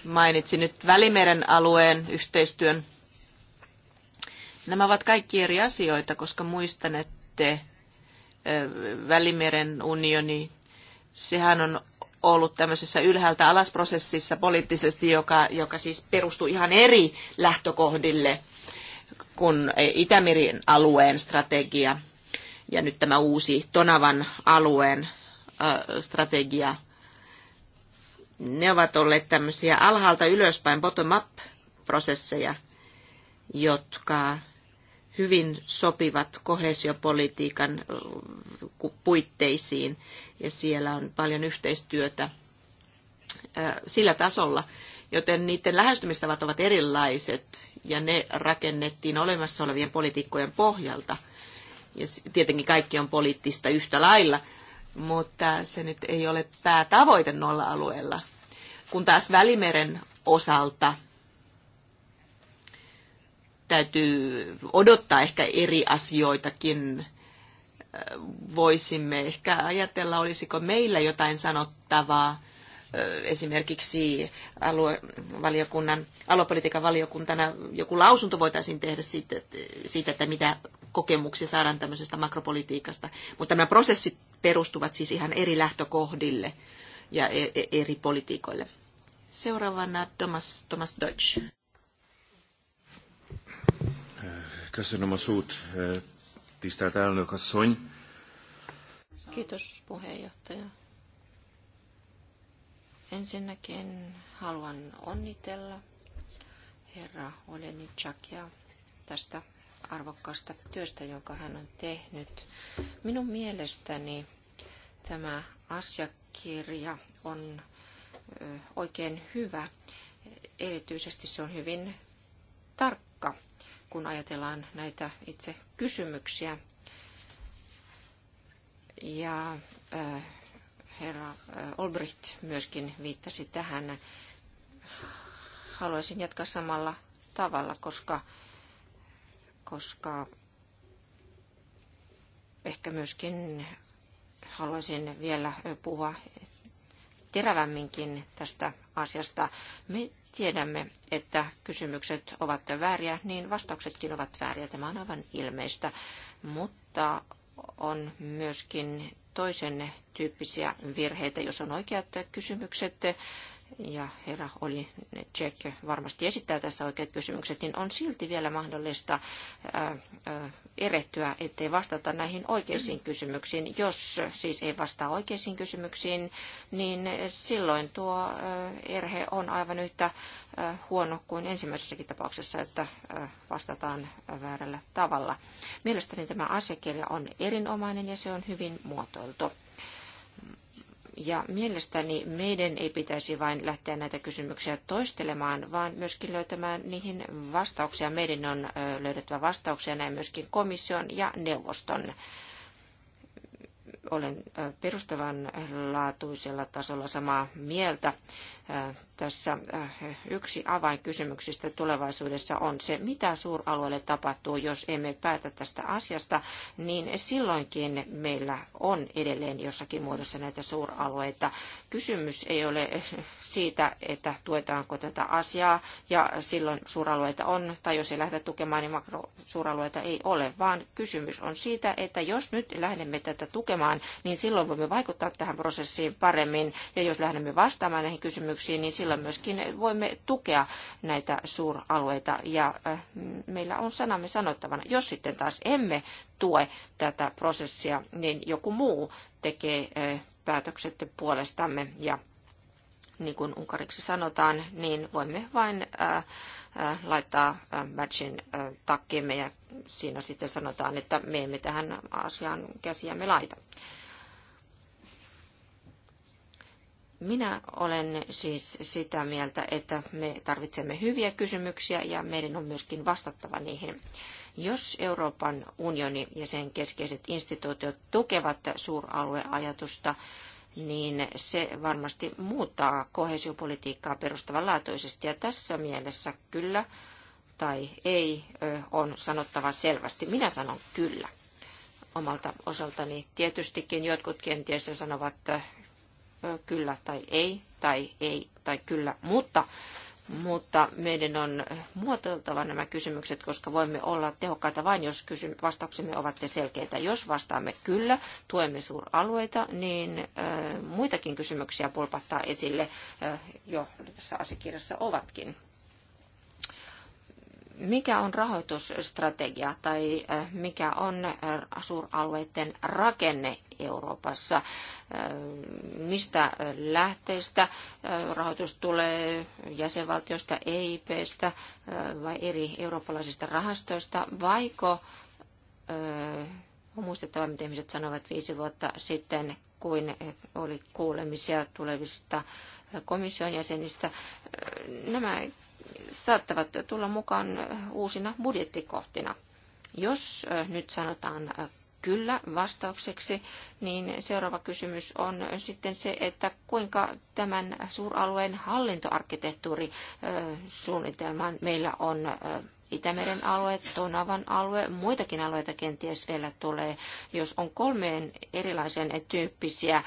Speaker 2: mainitsi nyt Välimeren alueen yhteistyön. Nämä ovat kaikki eri asioita, koska muistan, että Välimeren unioni, sehän on ollut tämmöisessä ylhäältä alasprosessissa poliittisesti, joka, joka siis perustuu ihan eri lähtökohdille kun Itämeren alueen strategia ja nyt tämä uusi Tonavan alueen strategia, ne ovat olleet tämmöisiä alhaalta ylöspäin bottom-up-prosesseja, jotka hyvin sopivat kohesiopolitiikan puitteisiin ja siellä on paljon yhteistyötä sillä tasolla, joten niiden lähestymistavat ovat erilaiset ja ne rakennettiin olemassa olevien poliitikkojen pohjalta. Ja tietenkin kaikki on poliittista yhtä lailla, mutta se nyt ei ole päätavoite noilla alueilla. Kun taas Välimeren osalta täytyy odottaa ehkä eri asioitakin. Voisimme ehkä ajatella, olisiko meillä jotain sanottavaa esimerkiksi aluevaliokunnan, aluepolitiikan valiokuntana joku lausunto voitaisiin tehdä siitä, siitä, että mitä kokemuksia saadaan tämmöisestä makropolitiikasta. Mutta nämä prosessit perustuvat siis ihan eri lähtökohdille ja e- e- eri politiikoille. Seuraavana Thomas, Thomas Deutsch.
Speaker 1: Köszönöm a szót, tisztelt elnök asszony.
Speaker 3: Kiitos puheenjohtaja. Ensinnäkin haluan onnitella herra Oleni Chakia tästä arvokkaasta työstä, jonka hän on tehnyt. Minun mielestäni tämä asiakirja on oikein hyvä. Erityisesti se on hyvin tarkka, kun ajatellaan näitä itse kysymyksiä. Ja äh, herra eh, Olbricht myöskin viittasi tähän. Haluaisin jatkaa samalla tavalla, koska, koska ehkä myöskin haluaisin vielä eh, puhua terävämminkin tästä asiasta. Me tiedämme, että kysymykset ovat vääriä, niin vastauksetkin ovat vääriä. Tämä on aivan ilmeistä, mutta on myöskin toisen tyyppisiä virheitä, jos on oikeat kysymykset ja herra oli Czech varmasti esittää tässä oikeat kysymykset, niin on silti vielä mahdollista ää, äh, ää, äh, erehtyä, ettei vastata näihin oikeisiin kysymyksiin. Jos siis ei vastaa oikeisiin kysymyksiin, niin silloin tuo ää, äh, erhe on aivan yhtä ää, huono kuin ensimmäisessäkin tapauksessa, että ää, vastataan väärällä tavalla. Mielestäni tämä asiakirja on erinomainen ja se on hyvin muotoiltu. Ja mielestäni meidän ei pitäisi vain lähteä näitä kysymyksiä toistelemaan, vaan myöskin löytämään niihin vastauksia. Meidän on löydettävä vastauksia näin myöskin komission ja neuvoston olen perustavanlaatuisella tasolla samaa mieltä Äh, tässä äh, yksi avainkysymyksistä tulevaisuudessa on se, mitä suuralueelle tapahtuu, jos emme päätä tästä asiasta, niin silloinkin meillä on edelleen jossakin muodossa näitä suuralueita. Kysymys ei ole siitä, että tuetaanko tätä asiaa ja silloin suuralueita on, tai jos ei lähdetä tukemaan, niin makrosuuralueita ei ole, vaan kysymys on siitä, että jos nyt lähdemme tätä tukemaan, niin silloin voimme vaikuttaa tähän prosessiin paremmin, ja jos lähdemme vastaamaan näihin kysymyksiin, yrityksiin, niin silloin myöskin voimme tukea näitä suuralueita ja äh, meillä on sanamme sanottavana. Jos sitten taas emme tue tätä prosessia, niin joku muu tekee äh, päätökset puolestamme ja niin kuin unkariksi sanotaan, niin voimme vain äh, laittaa ää, matchin takkiimme ja siinä sitten sanotaan, että me emme tähän asiaan käsiämme laita. Minä olen siis sitä mieltä, että me tarvitsemme hyviä kysymyksiä ja meidän on myöskin vastattava niihin. Jos Euroopan unioni ja sen keskeiset instituutiot tukevat suuralueajatusta, niin se varmasti muuttaa kohesiopolitiikkaa perustavanlaatuisesti. Ja tässä mielessä kyllä tai ei on sanottava selvästi. Minä sanon kyllä omalta osaltani. Tietystikin jotkut kenties sanovat kyllä tai ei, tai ei tai kyllä, mutta mutta meidän on muotoiltava nämä kysymykset, koska voimme olla tehokkaita vain, jos kysy- vastauksemme ovat selkeitä. Jos vastaamme kyllä, tuemme suuralueita, niin muitakin kysymyksiä pulpattaa esille jo tässä asiakirjassa ovatkin mikä on rahoitusstrategia tai äh, mikä on äh, suuralueiden rakenne Euroopassa? Äh, mistä lähteistä rahoitus tulee jäsenvaltiosta, EIPstä vai eri eurooppalaisista rahastoista, vaiko on muistettava, mitä ihmiset sanovat viisi vuotta sitten, kuin oli kuulemisia tulevista komission jäsenistä. Nämä saattavat tulla mukaan uusina budjettikohtina. Jos nyt sanotaan kyllä vastaukseksi, niin seuraava kysymys on sitten se, että kuinka tämän suuralueen hallintoarkkitehtuurisuunnitelman meillä on Itämeren alue, Tonavan alue, muitakin alueita kenties vielä tulee, jos on kolmeen erilaisen tyyppisiä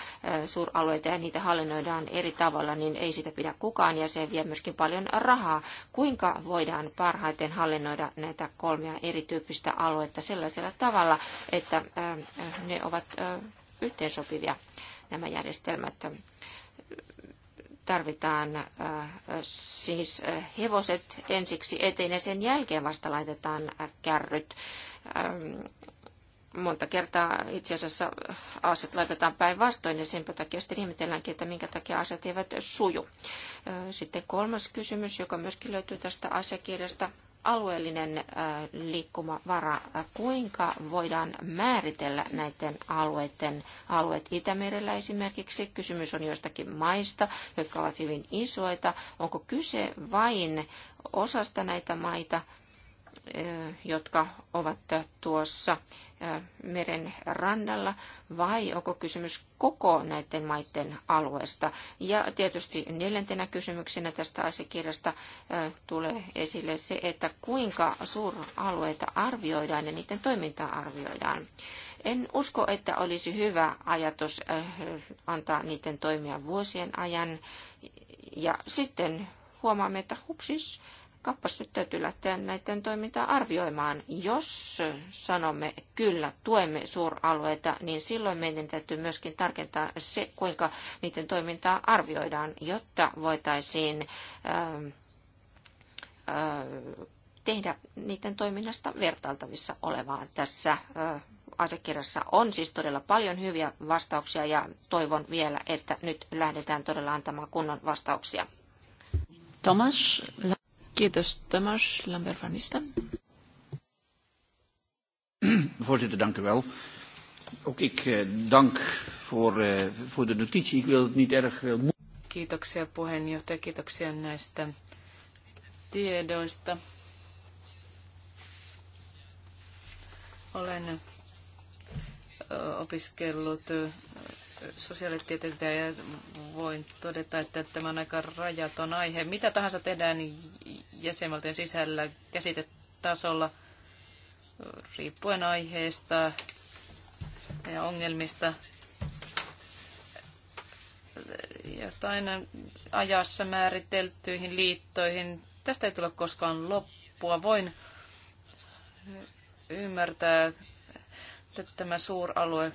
Speaker 3: suuralueita ja niitä hallinnoidaan eri tavalla, niin ei sitä pidä kukaan ja se vie myöskin paljon rahaa. Kuinka voidaan parhaiten hallinnoida näitä kolmea erityyppistä aluetta sellaisella tavalla, että ne ovat yhteensopivia nämä järjestelmät tarvitaan äh, siis äh, hevoset ensiksi eteen ja sen jälkeen vasta laitetaan äh, kärryt. Ähm, monta kertaa itse asiassa aset laitetaan päinvastoin ja senpä takia sitten ihmetelläänkin, että minkä takia aset eivät suju. Sitten kolmas kysymys, joka myöskin löytyy tästä asiakirjasta, alueellinen äh, liikkumavara, äh, kuinka voidaan määritellä näiden alueiden alueet Itämerellä esimerkiksi. Kysymys on joistakin maista, jotka ovat hyvin isoita. Onko kyse vain osasta näitä maita Eh, jotka ovat tuossa eh, meren rannalla, vai onko kysymys koko näiden maiden alueesta? Ja tietysti neljäntenä kysymyksenä tästä asiakirjasta eh, tulee esille se, että kuinka suuralueita arvioidaan ja niiden toimintaa arvioidaan. En usko, että olisi hyvä ajatus antaa niiden toimia vuosien ajan. Ja sitten huomaamme, että hupsis, kappas nyt täytyy lähteä näiden toimintaa arvioimaan. Jos sanomme kyllä, tuemme suuralueita, niin silloin meidän täytyy myöskin tarkentaa se, kuinka niiden toimintaa arvioidaan, jotta voitaisiin ää, ähm, ää, äh, tehdä niiden toiminnasta vertailtavissa olevaa tässä ää, äh, asiakirjassa on siis todella paljon hyviä vastauksia ja toivon vielä, että nyt lähdetään todella antamaan kunnon vastauksia.
Speaker 2: Thomas. Kiitos Tomas Lambert
Speaker 3: Voorzitter, dank u wel. Ook ik eh, dank voor, eh, voor de notitie. Ik wil het niet erg... Eh,
Speaker 4: kiitoksia puheenjohtaja, kiitoksia näistä tiedoista. Olen opiskellut sosiaalitieteilijä ja voin todeta, että tämä on aika rajaton aihe. Mitä tahansa tehdään jäsenvaltion sisällä käsitetasolla riippuen aiheesta ja ongelmista. Jotain ajassa määriteltyihin liittoihin. Tästä ei tule koskaan loppua. Voin ymmärtää että tämä suuralue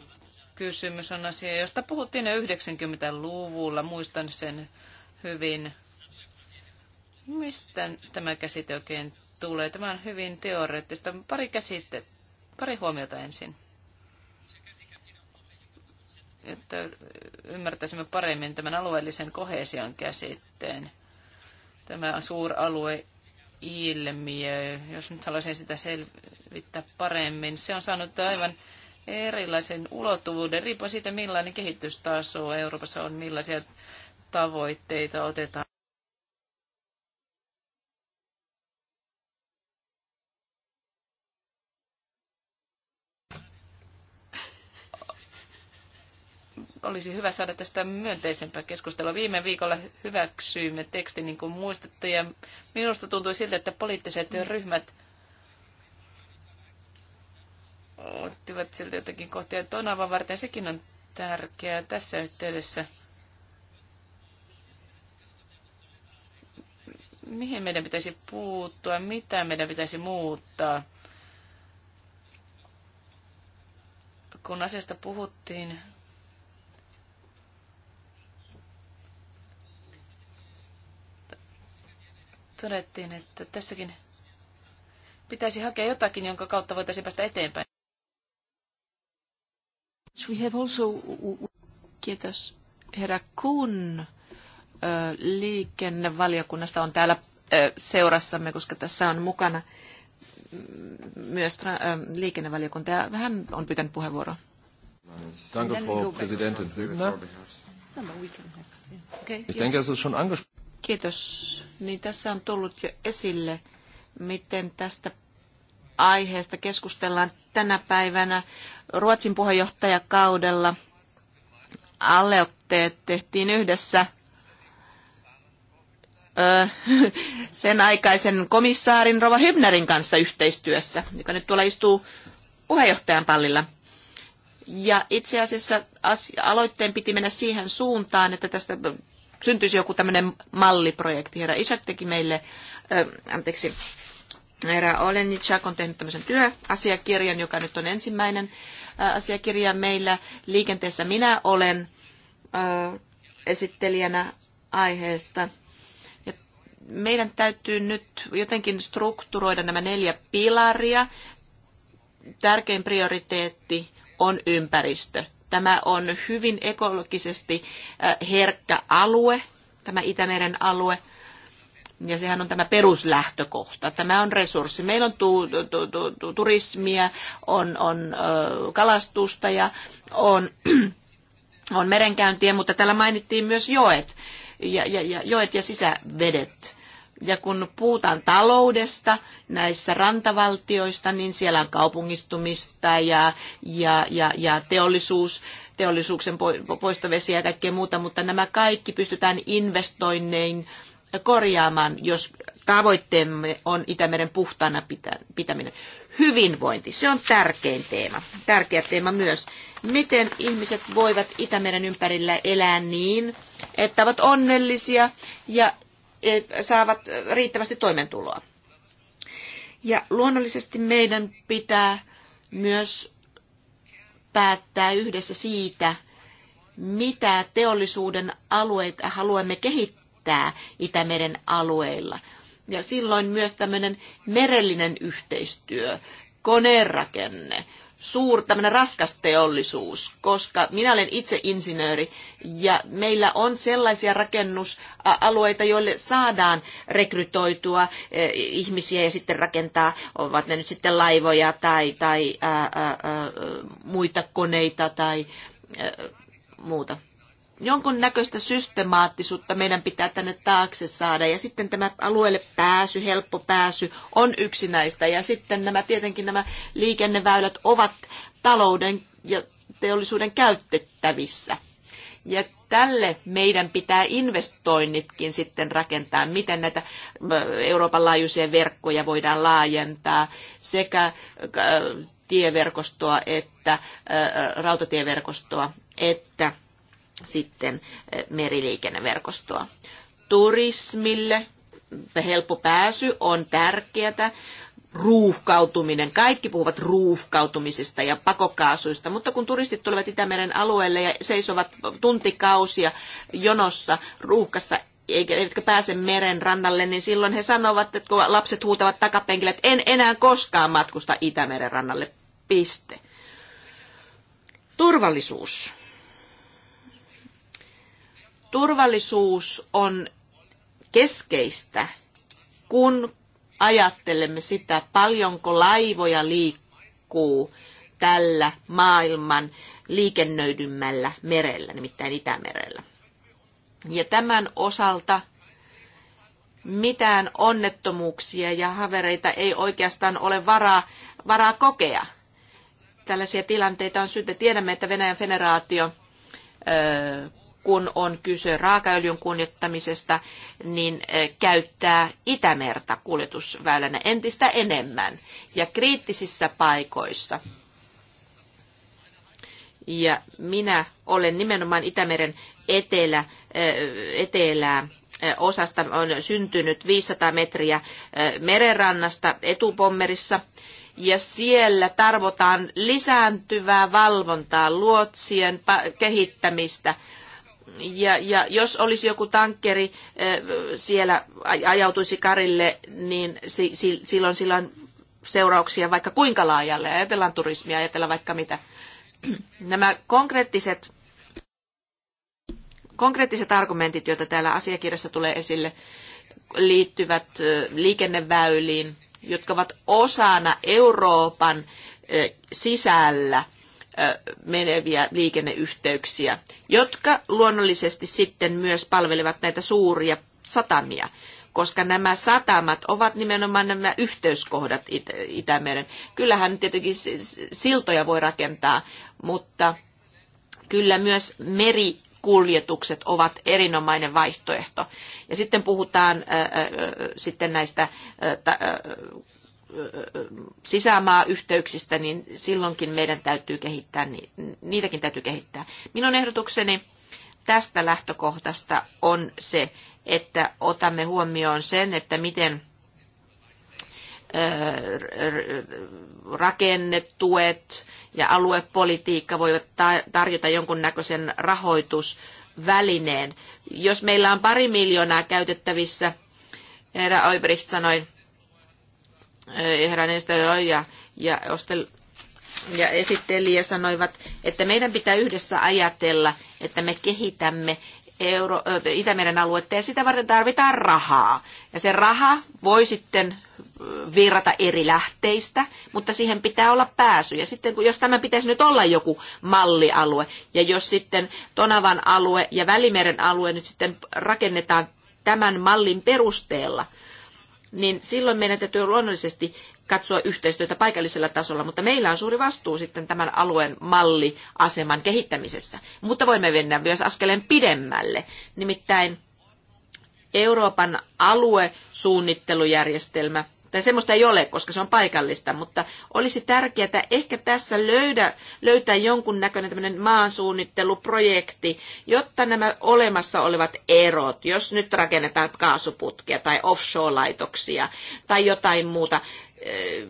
Speaker 4: kysymys on asia, josta puhuttiin jo 90-luvulla, muistan sen hyvin. Mistä tämä käsite oikein tulee? Tämä on hyvin teoreettista. Pari käsite, pari huomiota ensin. Jotta ymmärtäisimme paremmin tämän alueellisen kohesion käsitteen. Tämä suuralue ilmiö, jos nyt haluaisin sitä selvittää paremmin. Se on saanut aivan erilaisen ulottuvuuden, riippuen siitä, millainen kehitystaso Euroopassa on, millaisia tavoitteita otetaan. olisi hyvä saada tästä myönteisempää keskustelua. Viime viikolla hyväksyimme tekstin, niin kuin muistatte, ja minusta tuntui siltä, että poliittiset ryhmät ottivat siltä jotakin kohtia tonavan varten. Sekin on tärkeää tässä yhteydessä. Mihin meidän pitäisi puuttua, mitä meidän pitäisi muuttaa. Kun asiasta puhuttiin, todettiin, että tässäkin pitäisi hakea jotakin, jonka kautta voitaisiin päästä eteenpäin.
Speaker 2: Kiitos. Herra Kun liikennevaliokunnasta on täällä seurassamme, koska tässä on mukana myös liikennevaliokunta ja hän on pyytänyt puheenvuoroa. No, Kiitos. Niin tässä on tullut jo esille, miten tästä aiheesta keskustellaan tänä päivänä Ruotsin puheenjohtajakaudella. Aloitteet tehtiin yhdessä sen aikaisen komissaarin Rova Hybnerin kanssa yhteistyössä, joka nyt tuolla istuu puheenjohtajan pallilla. Ja itse asiassa aloitteen piti mennä siihen suuntaan, että tästä syntyisi joku tämmöinen malliprojekti. Herra Isak teki meille, äh, anteeksi, Herra Olenitschak on tehnyt tämmöisen työasiakirjan, joka nyt on ensimmäinen asiakirja meillä. Liikenteessä minä olen esittelijänä aiheesta. Ja meidän täytyy nyt jotenkin strukturoida nämä neljä pilaria. Tärkein prioriteetti on ympäristö. Tämä on hyvin ekologisesti herkkä alue, tämä Itämeren alue – ja sehän on tämä
Speaker 3: peruslähtökohta.
Speaker 2: Tämä on resurssi. Meillä on tu, tu, tu, tu, turismia, on, on ö, kalastusta ja on, on merenkäyntiä, mutta täällä mainittiin myös joet ja, ja, ja, joet ja sisävedet. Ja kun puhutaan taloudesta näissä rantavaltioista, niin siellä on kaupungistumista ja, ja, ja, ja teollisuus, teollisuuksen poistovesiä ja kaikkea muuta, mutta nämä kaikki pystytään investoinnein korjaamaan, jos tavoitteemme on Itämeren puhtaana pitäminen. Hyvinvointi, se on tärkein teema. Tärkeä teema myös. Miten ihmiset voivat Itämeren ympärillä elää niin, että ovat onnellisia ja e, saavat riittävästi toimeentuloa. Ja luonnollisesti meidän pitää myös päättää yhdessä siitä, mitä teollisuuden alueita haluamme kehittää pitää Itämeren alueilla. Ja silloin myös tämmöinen merellinen yhteistyö, koneenrakenne, suur tämmöinen raskas teollisuus, koska minä olen itse insinööri ja meillä on sellaisia rakennusalueita, joille saadaan rekrytoitua e, ihmisiä ja sitten rakentaa, ovat ne nyt sitten laivoja tai, tai ää, ää, muita koneita tai ää, muuta jonkun näköistä systemaattisuutta meidän pitää tänne taakse saada. Ja sitten tämä alueelle pääsy, helppo pääsy on yksi näistä. Ja sitten nämä tietenkin nämä liikenneväylät ovat talouden ja teollisuuden käytettävissä. Ja tälle meidän pitää investoinnitkin sitten rakentaa, miten näitä Euroopan laajuisia verkkoja voidaan laajentaa sekä tieverkostoa että rautatieverkostoa että sitten eh, meriliikenneverkostoa. Turismille helppo pääsy on tärkeää. Ruuhkautuminen. Kaikki puhuvat ruuhkautumisesta ja pakokaasuista, mutta kun turistit tulevat Itämeren alueelle ja seisovat tuntikausia jonossa ruuhkassa eivätkä pääse meren rannalle, niin silloin he sanovat, että kun lapset huutavat takapenkillä, että en enää koskaan matkusta Itämeren rannalle. Piste. Turvallisuus turvallisuus on keskeistä, kun ajattelemme sitä, paljonko laivoja liikkuu tällä maailman liikennöidymmällä merellä, nimittäin Itämerellä. Ja tämän osalta mitään onnettomuuksia ja havereita ei oikeastaan ole varaa, varaa kokea. Tällaisia tilanteita on syytä. Tiedämme, että Venäjän federaatio kun on kyse raakaöljyn kuljettamisesta, niin eh, käyttää Itämerta kuljetusväylänä entistä enemmän ja kriittisissä paikoissa. Ja minä olen nimenomaan Itämeren etelä, eh, etelää eh, osasta on syntynyt 500 metriä merenrannasta etupommerissa. Ja siellä tarvotaan lisääntyvää valvontaa, luotsien kehittämistä, ja, ja jos olisi joku tankkeri eh, siellä ajautuisi karille, niin si, si, silloin sillä on seurauksia vaikka kuinka laajalle. Ajatellaan turismia, ajatellaan vaikka mitä. Nämä konkreettiset, konkreettiset argumentit, joita täällä asiakirjassa tulee esille, liittyvät eh, liikenneväyliin, jotka ovat osana Euroopan eh, sisällä – meneviä liikenneyhteyksiä, jotka luonnollisesti sitten myös palvelevat näitä suuria satamia, koska nämä satamat ovat nimenomaan nämä yhteyskohdat It- Itämeren. Kyllähän tietenkin siltoja voi rakentaa, mutta kyllä myös merikuljetukset ovat erinomainen vaihtoehto. Ja sitten puhutaan äh, äh, sitten näistä äh, Sisämaa-yhteyksistä niin silloinkin meidän täytyy kehittää, niitäkin täytyy kehittää. Minun ehdotukseni tästä lähtökohdasta on se, että otamme huomioon sen, että miten rakennetuet ja aluepolitiikka voivat tarjota jonkunnäköisen rahoitusvälineen. Jos meillä on pari miljoonaa käytettävissä, herra Oibricht sanoi, herra ja, ja Ostel ja esittelijä sanoivat, että meidän pitää yhdessä ajatella, että me kehitämme Euro, Itämeren aluetta ja sitä varten tarvitaan rahaa. Ja se raha voi sitten virrata eri lähteistä, mutta siihen pitää olla pääsy. Ja sitten kun, jos tämä pitäisi nyt olla joku mallialue, ja jos sitten Tonavan alue ja Välimeren alue nyt sitten rakennetaan tämän mallin perusteella – niin silloin meidän täytyy luonnollisesti katsoa yhteistyötä paikallisella tasolla, mutta meillä on suuri vastuu sitten tämän alueen malliaseman kehittämisessä. Mutta voimme mennä myös askeleen pidemmälle, nimittäin Euroopan aluesuunnittelujärjestelmä – tai semmoista ei ole, koska se on paikallista, mutta olisi tärkeää että ehkä tässä löydä, löytää jonkun tämmöinen maansuunnitteluprojekti, jotta nämä olemassa olevat erot, jos nyt rakennetaan kaasuputkia tai offshore-laitoksia tai jotain muuta, eh,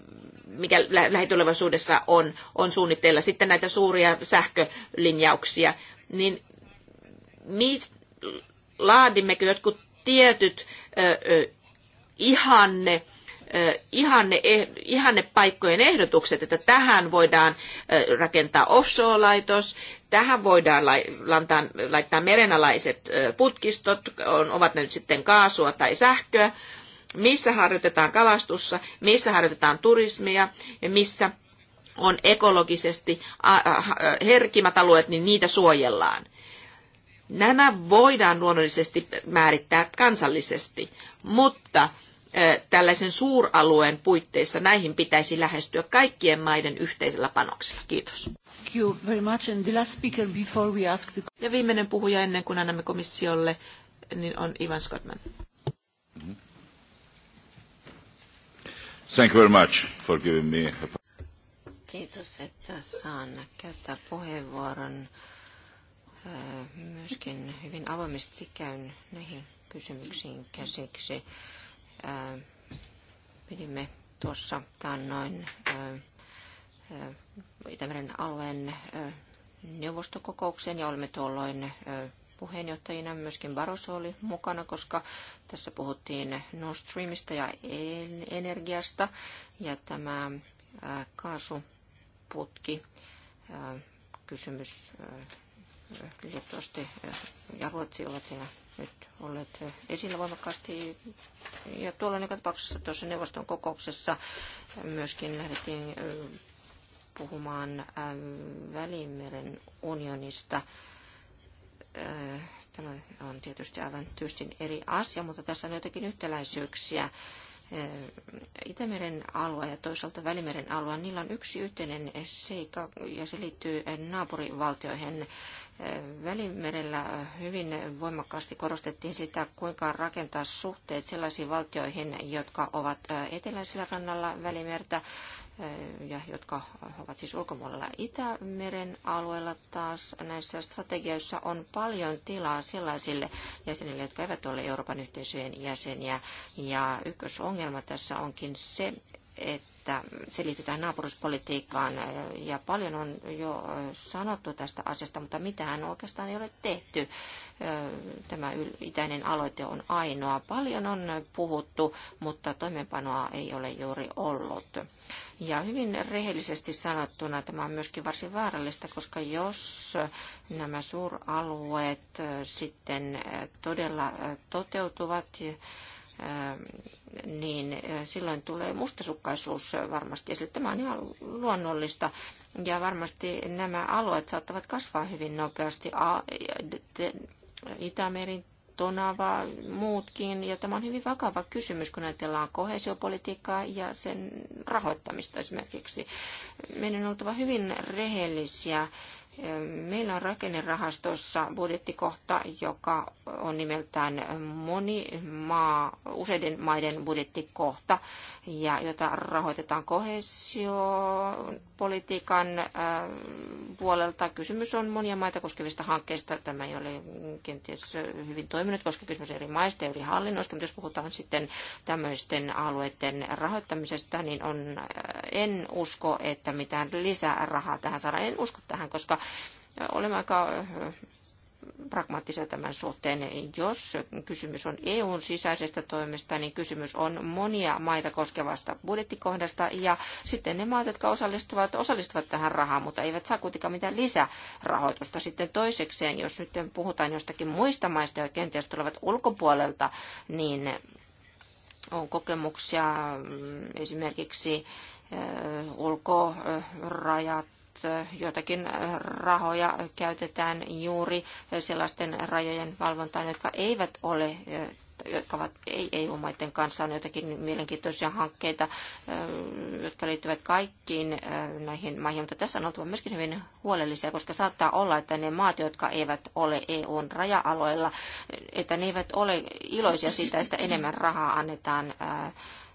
Speaker 2: mikä lähitulevaisuudessa on, on suunnitteilla, sitten näitä suuria sähkölinjauksia, niin laadimmekö jotkut tietyt ö, eh, ö, eh, ihanne ihanne, eh, ihannepaikkojen ehdotukset, että tähän voidaan rakentaa offshore-laitos, tähän voidaan laittaa, laittaa merenalaiset putkistot, ovat ne nyt sitten kaasua tai sähköä, missä harjoitetaan kalastussa, missä harjoitetaan turismia ja missä on ekologisesti herkimmät alueet, niin niitä suojellaan. Nämä voidaan luonnollisesti määrittää kansallisesti, mutta tällaisen suuralueen puitteissa näihin pitäisi lähestyä kaikkien maiden yhteisellä panoksella. Kiitos.
Speaker 4: Thank you very much. And the last speaker before
Speaker 2: we ask the... Ja viimeinen puhuja ennen kuin annamme komissiolle niin on Ivan Scottman.
Speaker 1: Mm-hmm. Thank you very much for giving me a...
Speaker 3: Kiitos, että saan käyttää puheenvuoron. Myöskin hyvin avoimesti käyn näihin kysymyksiin käsiksi pidimme tuossa noin Itämeren alueen neuvostokokouksen ja olemme tuolloin puheenjohtajina myöskin Barroso oli mukana, koska tässä puhuttiin Nord Streamista ja energiasta ja tämä kaasuputki kysymys Liettuasti ja Ruotsi ovat siinä nyt olleet esillä voimakkaasti. Ja tuolla joka tapauksessa tuossa neuvoston kokouksessa myöskin lähdettiin puhumaan Välimeren unionista. Tämä on tietysti aivan tyystin eri asia, mutta tässä on jotakin yhtäläisyyksiä. Itämeren alue ja toisaalta Välimeren alue, niillä on yksi yhteinen seikka ja se liittyy naapurivaltioihin. Välimerellä hyvin voimakkaasti korostettiin sitä, kuinka rakentaa suhteet sellaisiin valtioihin, jotka ovat eteläisellä kannalla Välimertä ja jotka ovat siis ulkopuolella Itämeren alueella taas näissä strategioissa on paljon tilaa sellaisille jäsenille, jotka eivät ole Euroopan yhteisöjen jäseniä. Ja ykkösongelma tässä onkin se, että se liittyy tähän naapuruspolitiikkaan ja paljon on jo sanottu tästä asiasta, mutta mitään oikeastaan ei ole tehty. Tämä itäinen aloite on ainoa. Paljon on puhuttu, mutta toimeenpanoa ei ole juuri ollut. Ja hyvin rehellisesti sanottuna tämä on myöskin varsin vaarallista, koska jos nämä suuralueet sitten todella toteutuvat, niin silloin tulee mustasukkaisuus varmasti esille. Tämä on ihan luonnollista ja varmasti nämä alueet saattavat kasvaa hyvin nopeasti. Itämerin Tonava, muutkin. Ja tämä on hyvin vakava kysymys, kun ajatellaan kohesiopolitiikkaa ja sen rahoittamista esimerkiksi. Meidän on oltava hyvin rehellisiä. Meillä on rakennerahastossa budjettikohta, joka on nimeltään moni maa, useiden maiden budjettikohta, ja jota rahoitetaan kohesio, politiikan äh, puolelta. Kysymys on monia maita koskevista hankkeista. Tämä ei ole kenties äh, hyvin toiminut, koska kysymys eri maista ja eri hallinnoista, mutta jos puhutaan sitten tämmöisten alueiden rahoittamisesta, niin on, äh, en usko, että mitään lisää rahaa tähän saadaan. En usko tähän, koska olemme aika pragmaattisia tämän suhteen. Jos kysymys on EUn sisäisestä toimesta, niin kysymys on monia maita koskevasta budjettikohdasta ja sitten ne maat, jotka osallistuvat, osallistuvat tähän rahaan, mutta eivät saa kuitenkaan mitään lisärahoitusta. Sitten toisekseen, jos nyt puhutaan jostakin muista maista, jotka kenties tulevat ulkopuolelta, niin on kokemuksia mm, esimerkiksi ulkorajat joitakin rahoja käytetään juuri sellaisten rajojen valvontaan, jotka eivät ole jotka ovat ei EU-maiden kanssa, on jotakin mielenkiintoisia hankkeita, jotka liittyvät kaikkiin näihin maihin, mutta tässä on oltava myöskin hyvin huolellisia, koska saattaa olla, että ne maat, jotka eivät ole EUn raja-aloilla, että ne eivät ole iloisia siitä, että enemmän rahaa annetaan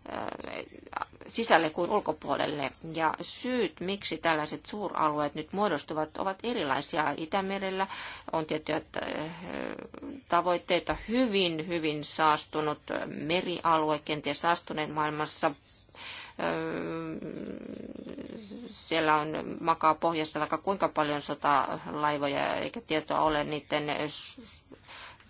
Speaker 3: Äh, sisälle kuin ulkopuolelle. Ja syyt, miksi tällaiset suuralueet nyt muodostuvat, ovat erilaisia. Itämerellä on tiettyjä äh, tavoitteita hyvin, hyvin saastunut merialue, kenties saastuneen maailmassa äh, siellä on makaa pohjassa vaikka kuinka paljon sotalaivoja eikä tietoa ole niiden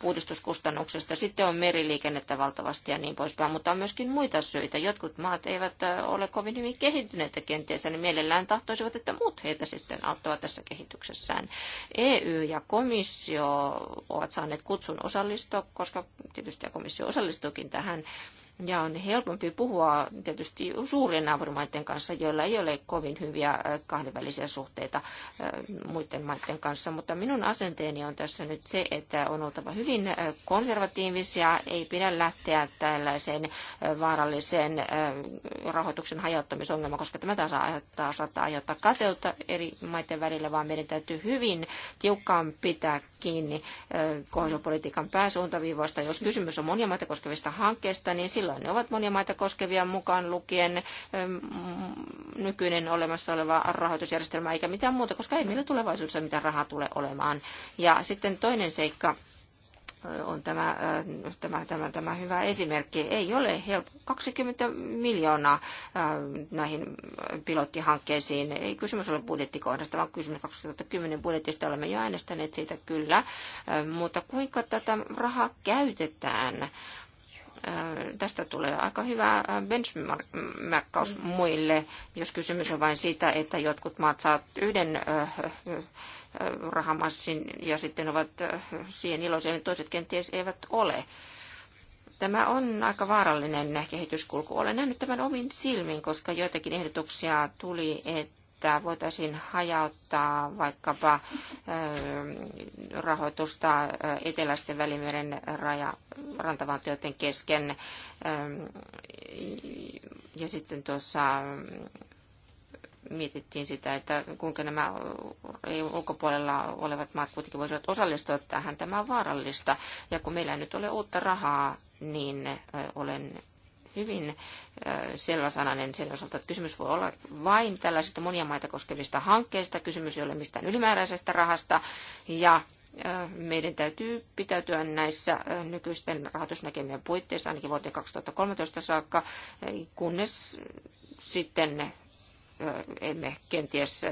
Speaker 3: puhdistuskustannuksesta. Sitten on meriliikennettä valtavasti ja niin poispäin, mutta on myöskin muita syitä. Jotkut maat eivät ole kovin hyvin kehittyneitä kenties, niin mielellään tahtoisivat, että muut heitä sitten auttavat tässä kehityksessään. EU ja komissio ovat saaneet kutsun osallistua, koska tietysti komissio osallistuukin tähän ja on helpompi puhua tietysti suurien naapurimaiden kanssa, joilla ei ole kovin hyviä kahdenvälisiä suhteita muiden maiden kanssa. Mutta minun asenteeni on tässä nyt se, että on oltava hyvin konservatiivisia, ei pidä lähteä tällaiseen vaaralliseen rahoituksen hajauttamisongelmaan, koska tämä taas aiheuttaa, saattaa aiheuttaa kateutta eri maiden välillä, vaan meidän täytyy hyvin tiukkaan pitää kiinni kohdallisuuspolitiikan pääsuuntaviivoista. Jos kysymys on monia maita koskevista hankkeista, niin Silloin ne ovat monia maita koskevia mukaan lukien mm, nykyinen olemassa oleva rahoitusjärjestelmä eikä mitään muuta, koska ei meillä tulevaisuudessa mitään rahaa tule olemaan. Ja sitten toinen seikka, on tämä, tämä, tämä, tämä hyvä esimerkki. Ei ole helppo. 20 miljoonaa näihin pilottihankkeisiin. Ei kysymys ole budjettikohdasta, vaan kysymys 2010 budjetista. Olemme jo äänestäneet siitä kyllä. Mutta kuinka tätä rahaa käytetään? Äh, tästä tulee aika hyvä äh, benchmarkkaus mm. muille, jos kysymys on vain siitä, että jotkut maat saavat yhden äh, rahamassin ja sitten ovat siihen iloisia, niin toiset kenties eivät ole. Tämä on aika vaarallinen kehityskulku. Olen nähnyt tämän omin silmin, koska joitakin ehdotuksia tuli, että että voitaisiin hajauttaa vaikkapa rahoitusta eteläisten välimeren raja, rantavaltioiden kesken. Ja sitten tuossa mietittiin sitä, että kuinka nämä ulkopuolella olevat maat kuitenkin voisivat osallistua tähän. Tämä on vaarallista. Ja kun meillä ei nyt ole uutta rahaa, niin olen hyvin äh, selväsanainen sen osalta, että kysymys voi olla vain tällaisista monia maita koskevista hankkeista, kysymys ei ole mistään ylimääräisestä rahasta ja äh, meidän täytyy pitäytyä näissä äh, nykyisten rahoitusnäkemien puitteissa ainakin vuoteen 2013 saakka, kunnes sitten emme kenties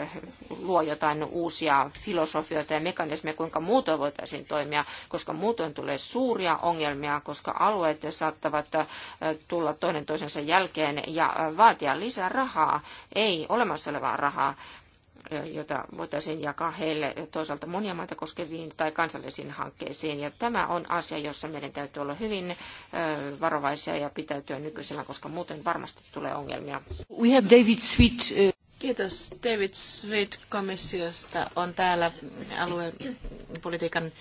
Speaker 3: luo jotain uusia filosofioita ja mekanismeja, kuinka muutoin voitaisiin toimia, koska muutoin tulee suuria ongelmia, koska alueet saattavat äh, tulla toinen toisensa jälkeen ja äh, vaatia lisää rahaa, ei olemassa olevaa rahaa jota voitaisiin jakaa heille toisaalta monia maita koskeviin tai kansallisiin hankkeisiin. Ja tämä on asia, jossa meidän täytyy olla hyvin varovaisia ja pitäytyä nykyisellä, koska muuten varmasti tulee ongelmia.
Speaker 4: We have David Sweet.
Speaker 2: Kiitos. David Sweet komissiosta on täällä aluepolitiikan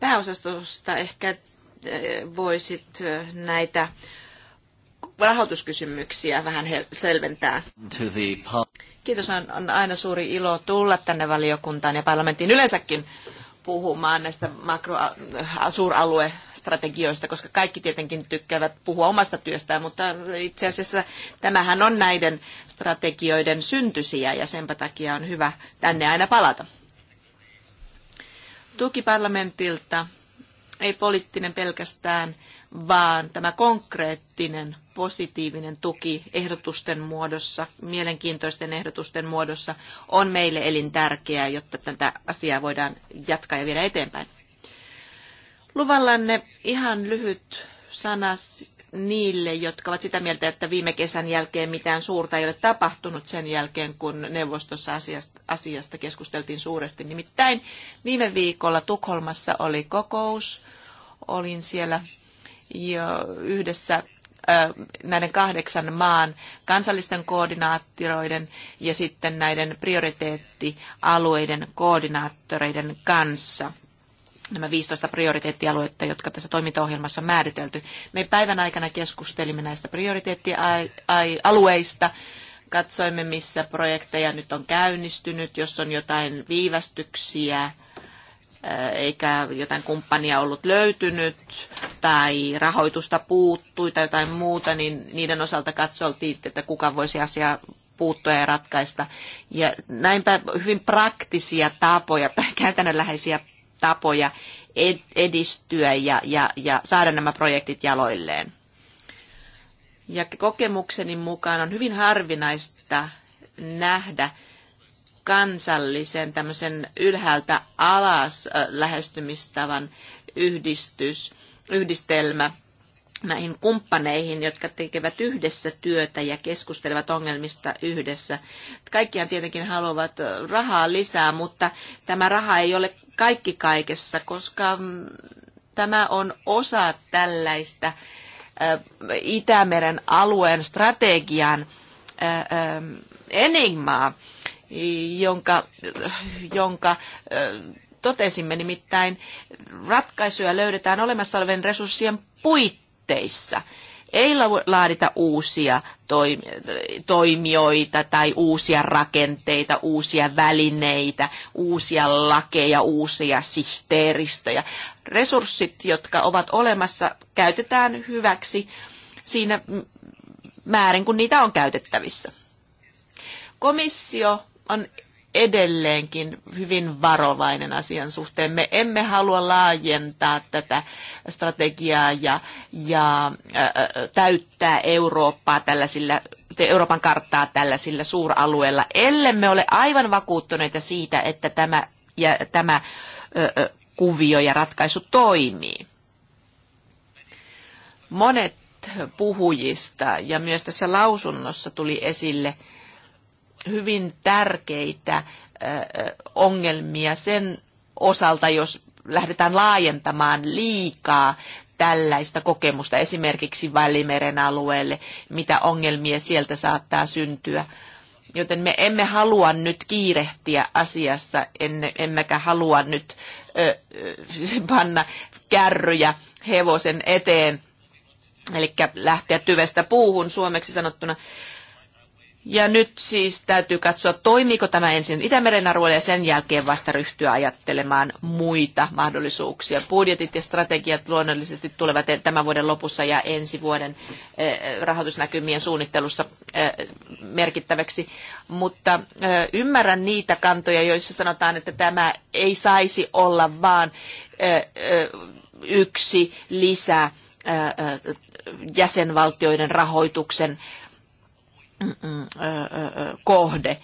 Speaker 2: pääosastosta. Ehkä voisit näitä rahoituskysymyksiä vähän selventää. Kiitos, on aina suuri ilo tulla tänne valiokuntaan ja parlamenttiin yleensäkin puhumaan näistä makro-suuraluestrategioista, äh, koska kaikki tietenkin tykkäävät puhua omasta työstään, mutta itse asiassa tämähän on näiden strategioiden syntysiä ja senpä takia on hyvä tänne aina palata. Tuki parlamentilta ei poliittinen pelkästään, vaan tämä konkreettinen positiivinen tuki ehdotusten muodossa, mielenkiintoisten ehdotusten muodossa on meille elintärkeää, jotta tätä asiaa voidaan jatkaa ja viedä eteenpäin. Luvallanne ihan lyhyt sana niille, jotka ovat sitä mieltä, että viime kesän jälkeen mitään suurta ei ole tapahtunut sen jälkeen, kun neuvostossa asiasta, asiasta keskusteltiin suuresti. Nimittäin viime viikolla Tukholmassa oli kokous, olin siellä jo yhdessä näiden kahdeksan maan kansallisten koordinaattoreiden ja sitten näiden prioriteettialueiden koordinaattoreiden kanssa nämä 15 prioriteettialuetta, jotka tässä toimintaohjelmassa on määritelty. Me päivän aikana keskustelimme näistä prioriteettialueista, katsoimme missä projekteja nyt on käynnistynyt, jos on jotain viivästyksiä, Äh, eikä jotain kumppania ollut löytynyt tai rahoitusta puuttui tai jotain muuta, niin niiden osalta katsoltiin, että kuka voisi asiaa puuttua ja ratkaista. Ja näinpä hyvin praktisia tapoja, käytännönläheisiä tapoja edistyä ja, ja, ja saada nämä projektit jaloilleen. Ja kokemukseni mukaan on hyvin harvinaista nähdä kansallisen tämmöisen ylhäältä alas lähestymistavan yhdistys, yhdistelmä näihin kumppaneihin, jotka tekevät yhdessä työtä ja keskustelevat ongelmista yhdessä. Kaikkiaan tietenkin haluavat rahaa lisää, mutta tämä raha ei ole kaikki kaikessa, koska mm, tämä on osa tällaista Itämeren alueen strategian enigmaa jonka, jonka totesimme, nimittäin ratkaisuja löydetään olemassa olevien resurssien puitteissa. Ei laadita uusia toimijoita tai uusia rakenteita, uusia välineitä, uusia lakeja, uusia sihteeristöjä. Resurssit, jotka ovat olemassa, käytetään hyväksi siinä määrin, kun niitä on käytettävissä. Komissio on edelleenkin hyvin varovainen asian suhteen. Me emme halua laajentaa tätä strategiaa ja, ja ä, täyttää Eurooppaa tällaisilla, Euroopan karttaa tällaisilla suuralueilla, ellemme ole aivan vakuuttuneita siitä, että tämä, ja, tämä ä, kuvio ja ratkaisu toimii. Monet puhujista ja myös tässä lausunnossa tuli esille – hyvin tärkeitä ongelmia sen osalta, jos lähdetään laajentamaan liikaa tällaista kokemusta esimerkiksi Välimeren alueelle, mitä ongelmia sieltä saattaa syntyä. Joten me emme halua nyt kiirehtiä asiassa, en emmekä halua nyt ö, ö, panna kärryjä hevosen eteen, eli lähteä tyvestä puuhun suomeksi sanottuna. Ö, ja nyt siis täytyy katsoa, toimiiko tämä ensin Itämeren alueella ja sen jälkeen vasta ryhtyä ajattelemaan muita mahdollisuuksia. Budjetit ja strategiat luonnollisesti tulevat tämän vuoden lopussa ja ensi vuoden eh, rahoitusnäkymien suunnittelussa eh, merkittäväksi. Mutta eh, ymmärrän niitä kantoja, joissa sanotaan, että tämä ei saisi olla vaan yksi lisä jäsenvaltioiden rahoituksen kohde.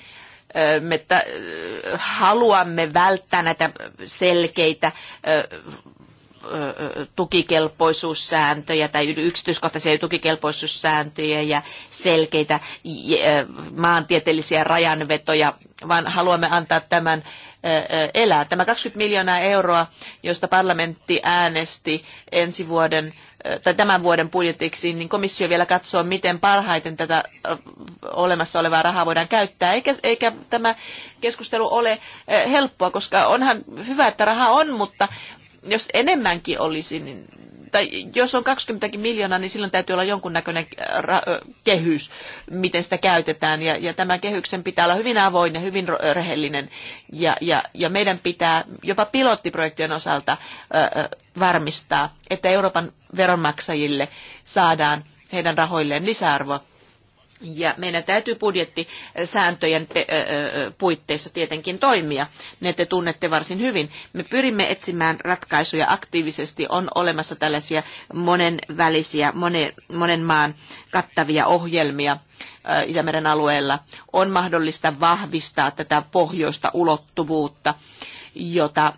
Speaker 2: Me haluamme välttää näitä selkeitä tukikelpoisuussääntöjä tai yksityiskohtaisia tukikelpoisuussääntöjä ja selkeitä maantieteellisiä rajanvetoja, vaan haluamme antaa tämän elää. Tämä 20 miljoonaa euroa, josta parlamentti äänesti ensi vuoden tai tämän vuoden budjetiksi, niin komissio vielä katsoo, miten parhaiten tätä olemassa olevaa rahaa voidaan käyttää. Eikä, eikä tämä keskustelu ole helppoa, koska onhan hyvä, että rahaa on, mutta jos enemmänkin olisi, niin että jos on 20 miljoonaa, niin silloin täytyy olla jonkunnäköinen äh, kehys, miten sitä käytetään. Ja, ja tämän kehyksen pitää olla hyvin avoin ja hyvin rehellinen. Ja, ja, ja meidän pitää jopa pilottiprojektien osalta varmistaa, että Euroopan veronmaksajille saadaan heidän rahoilleen lisäarvoa ja meidän täytyy budjettisääntöjen puitteissa tietenkin toimia. Ne te tunnette varsin hyvin. Me pyrimme etsimään ratkaisuja aktiivisesti. On olemassa tällaisia monenvälisiä, monen, monen maan kattavia ohjelmia Itämeren alueella. On mahdollista vahvistaa tätä pohjoista ulottuvuutta, jota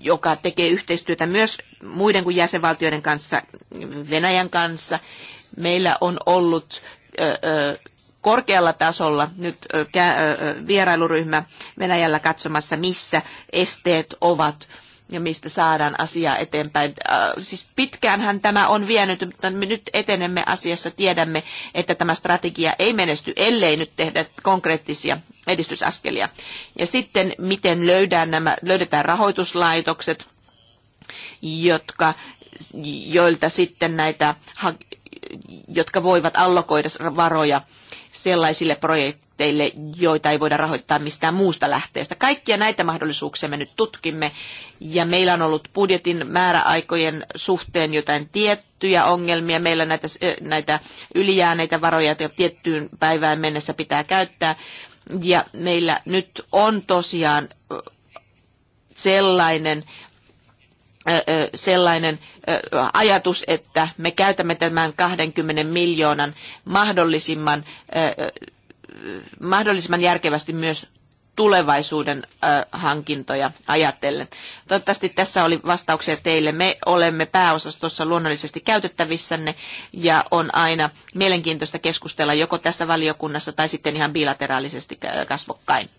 Speaker 2: joka tekee yhteistyötä myös muiden kuin jäsenvaltioiden kanssa, Venäjän kanssa, Meillä on ollut korkealla tasolla nyt vierailuryhmä Venäjällä katsomassa, missä esteet ovat ja mistä saadaan asiaa eteenpäin. Siis pitkäänhän tämä on vienyt, mutta me nyt etenemme asiassa, tiedämme, että tämä strategia ei menesty, ellei nyt tehdä konkreettisia edistysaskelia. Ja sitten, miten löydään nämä, löydetään rahoituslaitokset, jotka joilta sitten näitä jotka voivat allokoida varoja sellaisille projekteille, joita ei voida rahoittaa mistään muusta lähteestä. Kaikkia näitä mahdollisuuksia me nyt tutkimme ja meillä on ollut budjetin määräaikojen suhteen jotain tiettyjä ongelmia. Meillä näitä, eh, näitä ylijääneitä varoja tiettyyn päivään mennessä pitää käyttää ja meillä nyt on tosiaan eh, sellainen äh, sellainen ajatus, että me käytämme tämän 20 miljoonan mahdollisimman, mahdollisimman järkevästi myös tulevaisuuden hankintoja ajatellen. Toivottavasti tässä oli vastauksia teille. Me olemme pääosastossa luonnollisesti käytettävissänne ja on aina mielenkiintoista keskustella joko tässä valiokunnassa tai sitten ihan bilateraalisesti kasvokkain.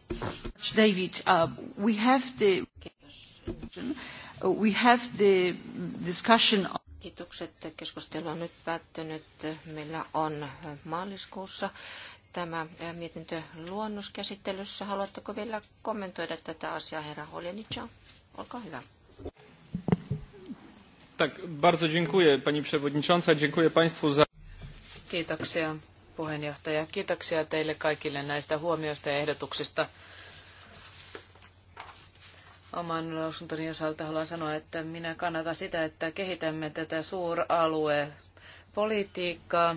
Speaker 2: David, uh, we have the... We have the discussion Kiitokset. Keskustelu
Speaker 3: on nyt päättynyt. Meillä on maaliskuussa tämä mietintö luonnoskäsittelyssä. Haluatteko vielä kommentoida tätä asiaa, herra Holjanica? Olkaa
Speaker 4: hyvä.
Speaker 1: Tak, bardzo dziękuję pani przewodnicząca, dziękuję państwu za...
Speaker 4: Kiitoksia puheenjohtaja. Kiitoksia teille kaikille näistä huomioista ja ehdotuksista oman lausuntoni osalta haluan sanoa, että minä kannatan sitä, että kehitämme tätä suuraluepolitiikkaa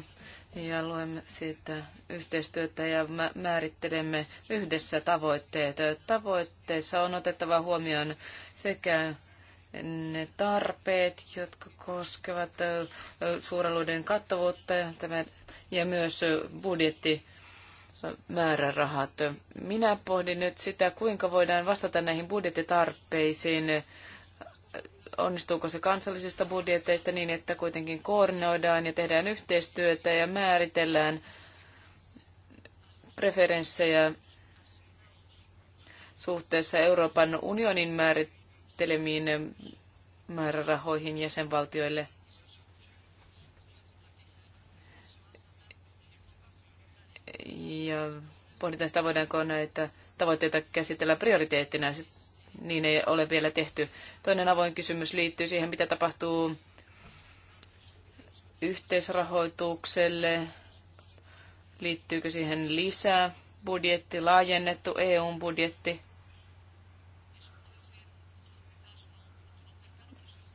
Speaker 4: ja luemme siitä yhteistyötä ja määrittelemme yhdessä tavoitteet. Tavoitteissa on otettava huomioon sekä ne tarpeet, jotka koskevat suuraluiden kattavuutta ja myös budjetti määrärahat. Minä pohdin nyt sitä, kuinka voidaan vastata näihin budjettitarpeisiin. Onnistuuko se kansallisista budjeteista niin, että kuitenkin koordinoidaan ja tehdään yhteistyötä ja määritellään preferenssejä suhteessa Euroopan unionin määrittelemiin määrärahoihin jäsenvaltioille – ja pohditaan sitä, voidaanko näitä tavoitteita käsitellä prioriteettina. Niin ei ole vielä tehty. Toinen avoin kysymys liittyy siihen, mitä tapahtuu yhteisrahoitukselle. Liittyykö siihen lisää budjetti, laajennettu eu budjetti?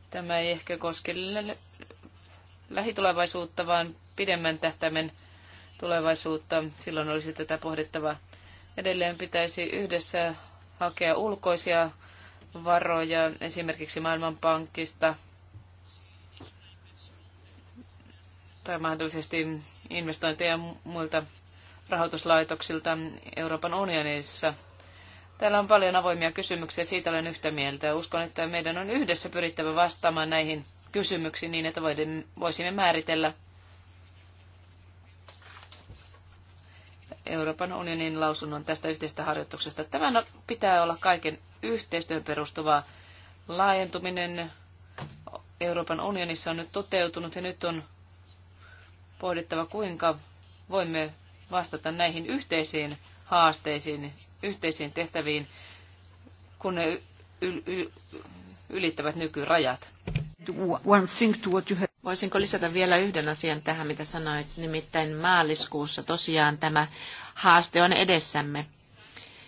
Speaker 4: Tämä ei ehkä koske lähitulevaisuutta, vaan pidemmän tähtäimen tulevaisuutta. Silloin olisi tätä pohdittava. Edelleen pitäisi yhdessä hakea ulkoisia varoja, esimerkiksi Maailmanpankista tai mahdollisesti investointeja muilta rahoituslaitoksilta Euroopan unionissa. Täällä on paljon avoimia kysymyksiä, siitä olen yhtä mieltä. Uskon, että meidän on yhdessä pyrittävä vastaamaan näihin kysymyksiin niin, että voisimme määritellä Euroopan unionin lausunnon tästä yhteisestä harjoituksesta. Tämän pitää olla kaiken yhteistyön perustuva Laajentuminen Euroopan unionissa on nyt toteutunut ja nyt on pohdittava, kuinka voimme vastata näihin yhteisiin haasteisiin, yhteisiin tehtäviin, kun ne ylittävät nykyrajat.
Speaker 2: One thing to what you have Voisinko lisätä vielä yhden asian tähän, mitä sanoit, nimittäin maaliskuussa tosiaan tämä haaste on edessämme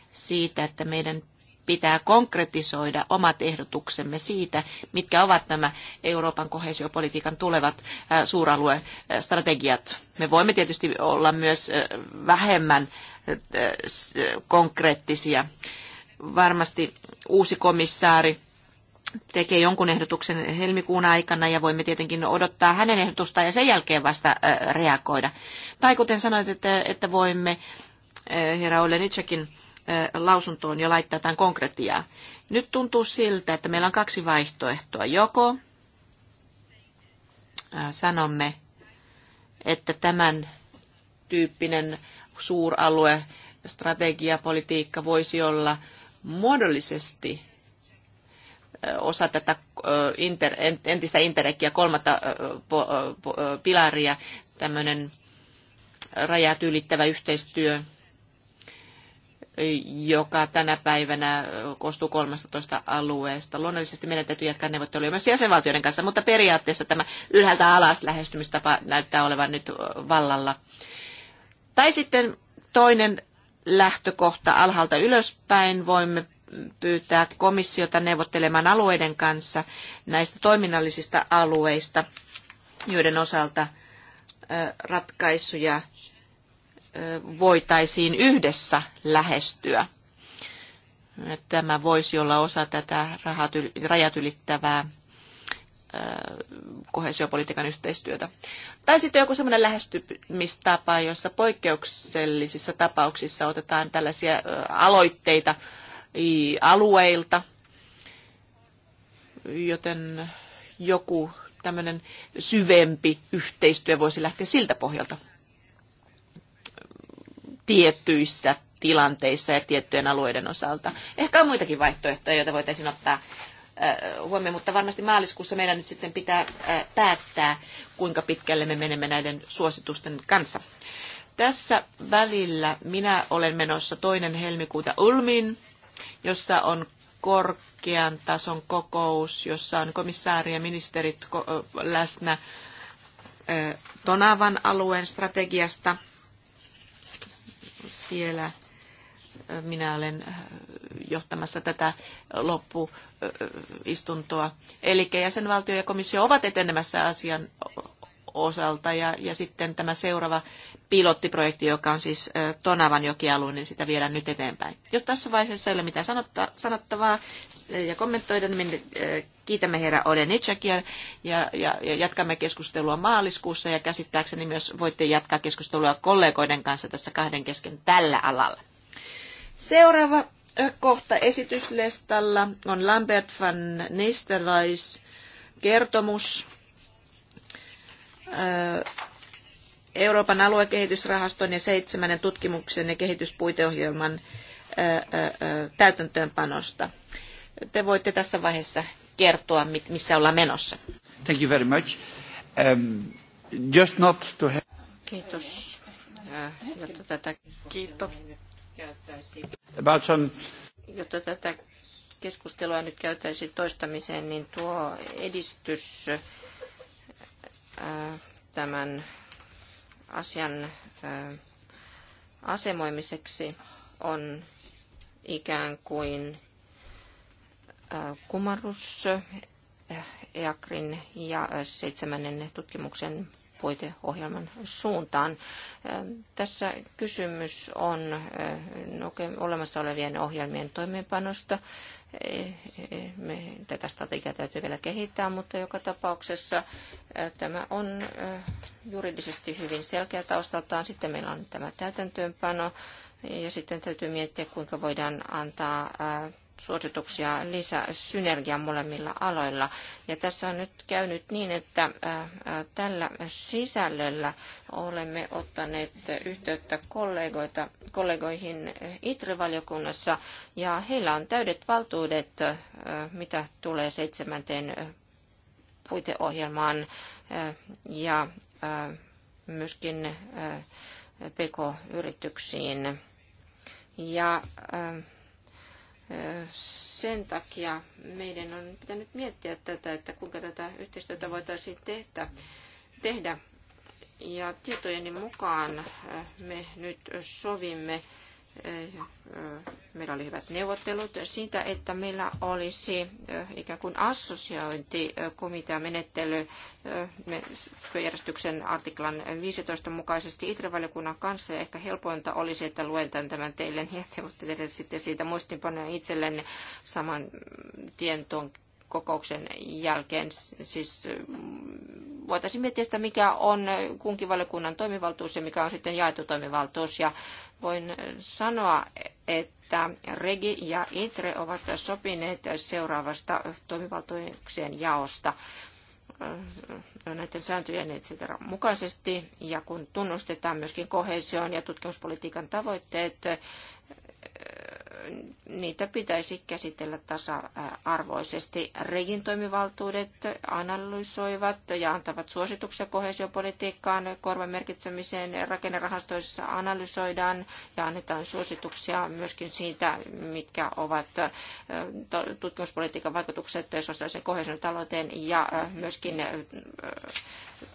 Speaker 2: siitä, että meidän pitää konkretisoida omat ehdotuksemme siitä, mitkä ovat nämä Euroopan kohesiopolitiikan tulevat suuraluestrategiat. Me voimme tietysti olla myös vähemmän konkreettisia. Varmasti uusi komissaari tekee jonkun ehdotuksen helmikuun aikana ja voimme tietenkin odottaa hänen ehdotustaan ja sen jälkeen vasta reagoida. Tai kuten sanoit, että, että voimme herra Olenitsäkin lausuntoon jo laittaa tämän konkretiaa. Nyt tuntuu siltä, että meillä on kaksi vaihtoehtoa. Joko sanomme, että tämän tyyppinen suuralue, strategiapolitiikka voisi olla muodollisesti osa tätä inter, entistä interekkiä, kolmatta pilaria, tämmöinen rajat ylittävä yhteistyö, joka tänä päivänä koostuu 13 alueesta. Luonnollisesti meidän täytyy jatkaa neuvotteluja myös jäsenvaltioiden kanssa, mutta periaatteessa tämä ylhäältä alas lähestymistapa näyttää olevan nyt vallalla. Tai sitten toinen lähtökohta alhaalta ylöspäin. Voimme pyytää komissiota neuvottelemaan alueiden kanssa näistä toiminnallisista alueista, joiden osalta ratkaisuja voitaisiin yhdessä lähestyä. Tämä voisi olla osa tätä rajat ylittävää kohesiopolitiikan yhteistyötä. Tai sitten joku semmoinen lähestymistapa, jossa poikkeuksellisissa tapauksissa otetaan tällaisia aloitteita alueilta, joten joku tämmöinen syvempi yhteistyö voisi lähteä siltä pohjalta tiettyissä tilanteissa ja tiettyjen alueiden osalta. Ehkä on muitakin vaihtoehtoja, joita voitaisiin ottaa äh, huomioon, mutta varmasti maaliskuussa meidän nyt sitten pitää äh, päättää, kuinka pitkälle me menemme näiden suositusten kanssa. Tässä välillä minä olen menossa toinen helmikuuta Ulmiin jossa on korkean tason kokous, jossa on komissaari ja ministerit läsnä Donavan alueen strategiasta. Siellä minä olen johtamassa tätä loppuistuntoa. Eli jäsenvaltio ja komissio ovat etenemässä asian osalta ja, ja sitten tämä seuraava pilottiprojekti, joka on siis Tonavan jokialue, niin sitä viedään nyt eteenpäin. Jos tässä vaiheessa ei ole mitään sanottavaa ja kommentoida, niin kiitämme herra Odenitsakia ja, ja, ja jatkamme keskustelua maaliskuussa ja käsittääkseni myös voitte jatkaa keskustelua kollegoiden kanssa tässä kahden kesken tällä alalla. Seuraava kohta esityslistalla on Lambert van Nisterlais kertomus Euroopan aluekehitysrahaston ja seitsemännen tutkimuksen ja kehityspuiteohjelman täytäntöönpanosta. Te voitte tässä vaiheessa kertoa, missä ollaan menossa. Thank you very much. Um, just not to have... Kiitos. Jotta tätä, kiito.
Speaker 1: About
Speaker 3: some... Jotta tätä keskustelua nyt käytäisiin toistamiseen, niin tuo edistys tämän asian asemoimiseksi on ikään kuin kumarrus EAKRin ja seitsemännen tutkimuksen puiteohjelman suuntaan. Tässä kysymys on no, olemassa olevien ohjelmien toimeenpanosta. E, e, me tätä strategiaa täytyy vielä kehittää, mutta joka tapauksessa tämä on juridisesti hyvin selkeä taustaltaan. Sitten meillä on tämä täytäntöönpano ja sitten täytyy miettiä, kuinka voidaan antaa suosituksia lisää synergia molemmilla aloilla. Ja tässä on nyt käynyt niin, että äh, äh, tällä sisällöllä olemme ottaneet yhteyttä kollegoita, kollegoihin itri valiokunnassa ja heillä on täydet valtuudet, äh, mitä tulee seitsemänteen puiteohjelmaan ja myöskin PK-yrityksiin. Ja äh, sen takia meidän on pitänyt miettiä tätä, että kuinka tätä yhteistyötä voitaisiin tehtä, tehdä. Ja tietojeni mukaan me nyt sovimme meillä oli hyvät neuvottelut siitä, että meillä olisi ikään kuin assosiointikomitea menettely järjestyksen artiklan 15 mukaisesti itrevaliokunnan kanssa. Ja ehkä helpointa olisi, että luen tämän, tämän teille, niin te voitte tehdä sitten siitä muistinpanoja itsellenne saman tien tuon kokouksen jälkeen. Siis mm, voitaisiin miettiä sitä, mikä on kunkin valiokunnan toimivaltuus ja mikä on sitten jaettu toimivaltuus. Ja voin sanoa, että Regi ja Intre ovat sopineet seuraavasta toimivaltuuksien jaosta näiden sääntöjen mukaisesti. Ja kun tunnustetaan myöskin kohesioon ja tutkimuspolitiikan tavoitteet, niitä pitäisi käsitellä tasa-arvoisesti. Regin toimivaltuudet analysoivat ja antavat suosituksia kohesiopolitiikkaan, merkitsemiseen rakennerahastoissa analysoidaan ja annetaan suosituksia myöskin siitä, mitkä ovat tutkimuspolitiikan vaikutukset sosiaalisen kohesion talouteen ja myöskin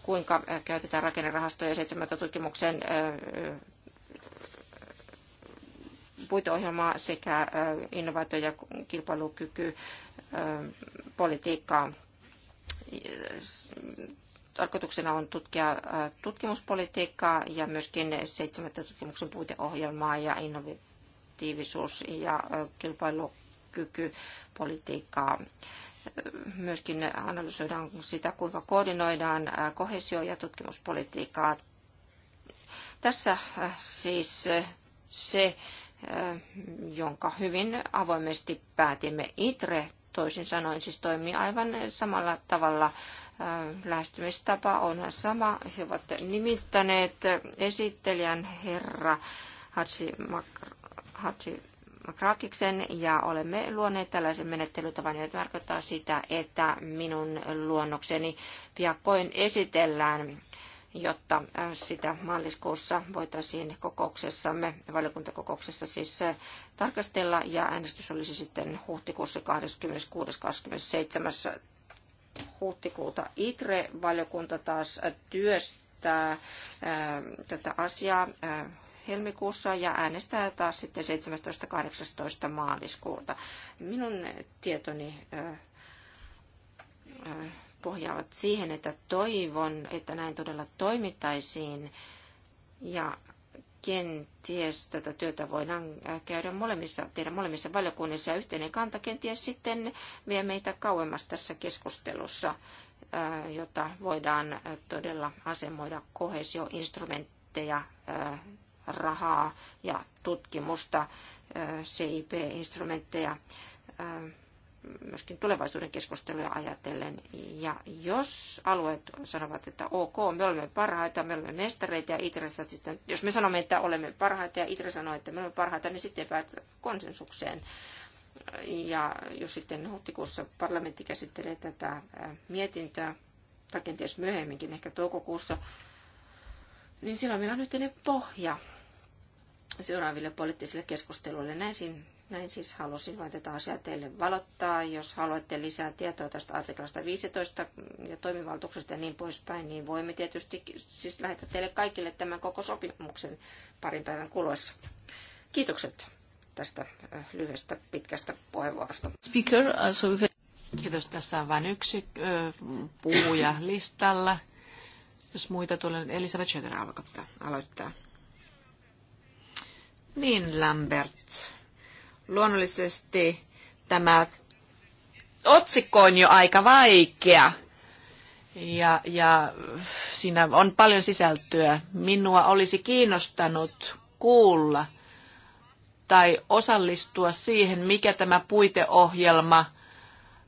Speaker 3: kuinka käytetään rakennerahastoja seitsemältä tutkimuksen puiteohjelmaa sekä innovaatio- ja kilpailukykypolitiikkaa. Tarkoituksena on tutkia tutkimuspolitiikkaa ja myöskin seitsemättä tutkimuksen puiteohjelmaa ja innovatiivisuus- ja kilpailukykypolitiikkaa myöskin analysoidaan sitä, kuinka koordinoidaan kohesio- ja tutkimuspolitiikkaa. Tässä siis se, jonka hyvin avoimesti päätimme. ITRE toisin sanoen siis toimii aivan samalla tavalla. Lähestymistapa on sama. He ovat nimittäneet esittelijän herra Hatsi, Mak- Hatsi Makrakiksen ja olemme luoneet tällaisen menettelytavan, joka tarkoittaa sitä, että minun luonnokseni piakkoin esitellään jotta äh, sitä maaliskuussa voitaisiin kokouksessamme, valiokuntakokouksessa siis äh, tarkastella, ja äänestys olisi sitten huhtikuussa
Speaker 5: 26.27.
Speaker 3: huhtikuuta. ITRE-valiokunta taas äh, työstää tätä asiaa helmikuussa ja äänestää taas sitten 17.18. maaliskuuta. Minun tietoni pohjaavat siihen, että toivon, että näin todella toimittaisiin ja kenties tätä työtä voidaan äh, käydä molemmissa, tehdä molemmissa valiokunnissa ja yhteinen kanta kenties sitten vie meitä kauemmas tässä keskustelussa, äh, jota voidaan äh, todella asemoida kohesioinstrumentteja, rahaa ja tutkimusta, CIP-instrumentteja myöskin tulevaisuuden keskusteluja ajatellen. Ja jos alueet sanovat, että ok, me olemme parhaita, me olemme mestareita ja Itressä sitten, jos me sanomme, että olemme parhaita ja Itre sanoo, että me olemme parhaita, niin sitten päästään konsensukseen. Ja jos sitten huhtikuussa parlamentti käsittelee tätä äh, mietintöä, tai kenties myöhemminkin, ehkä toukokuussa, niin silloin meillä on yhteinen pohja seuraaville poliittisille keskusteluille. Näin näin siis halusin vain tätä asiaa teille valottaa. Jos haluatte lisää tietoa tästä artiklasta 15 ja toimivaltuuksesta ja niin poispäin, niin voimme tietysti siis lähettää teille kaikille tämän koko sopimuksen parin päivän kuluessa. Kiitokset tästä lyhyestä pitkästä puheenvuorosta.
Speaker 2: Speaker, also... Uh, Kiitos. Tässä on vain yksi ö, puhuja listalla. Jos muita tulee, niin Elisabeth Schöder alkaa aloittaa. Niin, Lambert Luonnollisesti tämä otsikko on jo aika vaikea. Ja, ja siinä on paljon sisältöä. Minua olisi kiinnostanut kuulla tai osallistua siihen, mikä tämä puiteohjelma,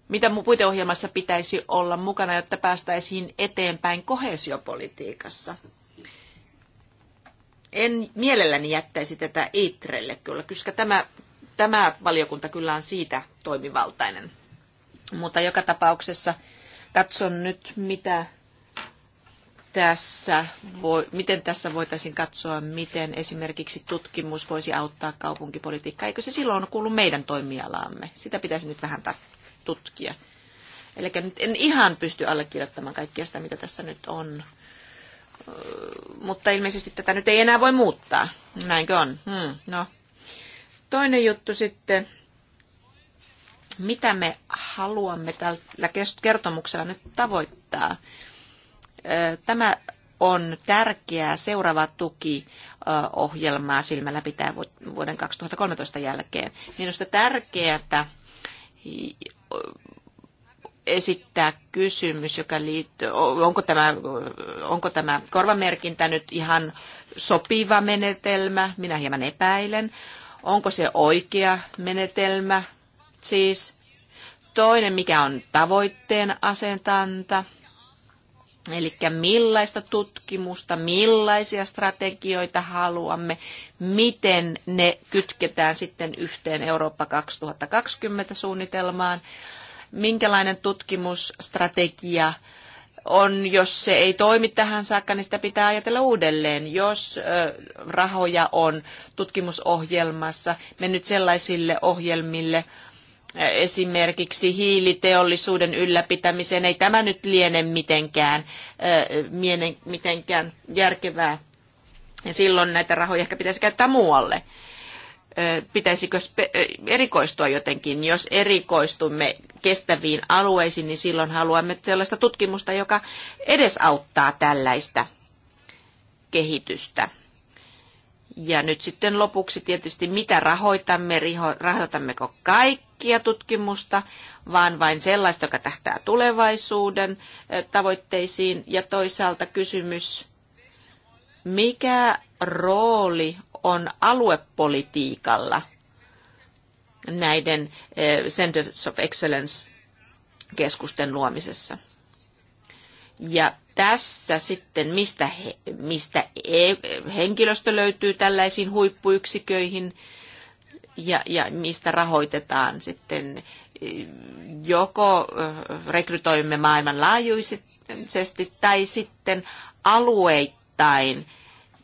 Speaker 2: mitä puiteohjelmassa pitäisi olla mukana, jotta päästäisiin eteenpäin kohesiopolitiikassa. En mielelläni jättäisi tätä Itrelle kyllä, koska tämä tämä valiokunta kyllä on siitä toimivaltainen. Mutta joka tapauksessa katson nyt, mitä tässä voi, miten tässä voitaisiin katsoa, miten esimerkiksi tutkimus voisi auttaa kaupunkipolitiikkaa. Eikö se silloin kuulu meidän toimialaamme? Sitä pitäisi nyt vähän tutkia. Eli nyt en ihan pysty allekirjoittamaan kaikkea sitä, mitä tässä nyt on. Mutta ilmeisesti tätä nyt ei enää voi muuttaa. Näinkö on? Hmm, no, Toinen juttu sitten, mitä me haluamme tällä kertomuksella nyt tavoittaa. Tämä on tärkeää seuraava ohjelmaa silmällä pitää vuoden 2013 jälkeen. Minusta tärkeää esittää kysymys, joka liittyy, onko tämä, onko tämä korvamerkintä nyt ihan sopiva menetelmä, minä hieman epäilen, Onko se oikea menetelmä? Siis toinen, mikä on tavoitteen asentanta, Eli millaista tutkimusta, millaisia strategioita haluamme, miten ne kytketään sitten yhteen Eurooppa 2020 suunnitelmaan, minkälainen tutkimusstrategia on, jos se ei toimi tähän saakka, niin sitä pitää ajatella uudelleen. Jos rahoja on tutkimusohjelmassa mennyt sellaisille ohjelmille, esimerkiksi hiiliteollisuuden ylläpitämiseen, ei tämä nyt liene mitenkään, mitenkään järkevää. Ja silloin näitä rahoja ehkä pitäisi käyttää muualle pitäisikö erikoistua jotenkin. Jos erikoistumme kestäviin alueisiin, niin silloin haluamme sellaista tutkimusta, joka edesauttaa tällaista kehitystä. Ja nyt sitten lopuksi tietysti, mitä rahoitamme, rahoitammeko kaikkia tutkimusta, vaan vain sellaista, joka tähtää tulevaisuuden tavoitteisiin. Ja toisaalta kysymys, mikä rooli on aluepolitiikalla näiden eh, Centers of Excellence-keskusten luomisessa. Ja tässä sitten, mistä, he, mistä e, henkilöstö löytyy tällaisiin huippuyksiköihin ja, ja mistä rahoitetaan sitten, eh, joko eh, rekrytoimme maailmanlaajuisesti tai sitten alueittain –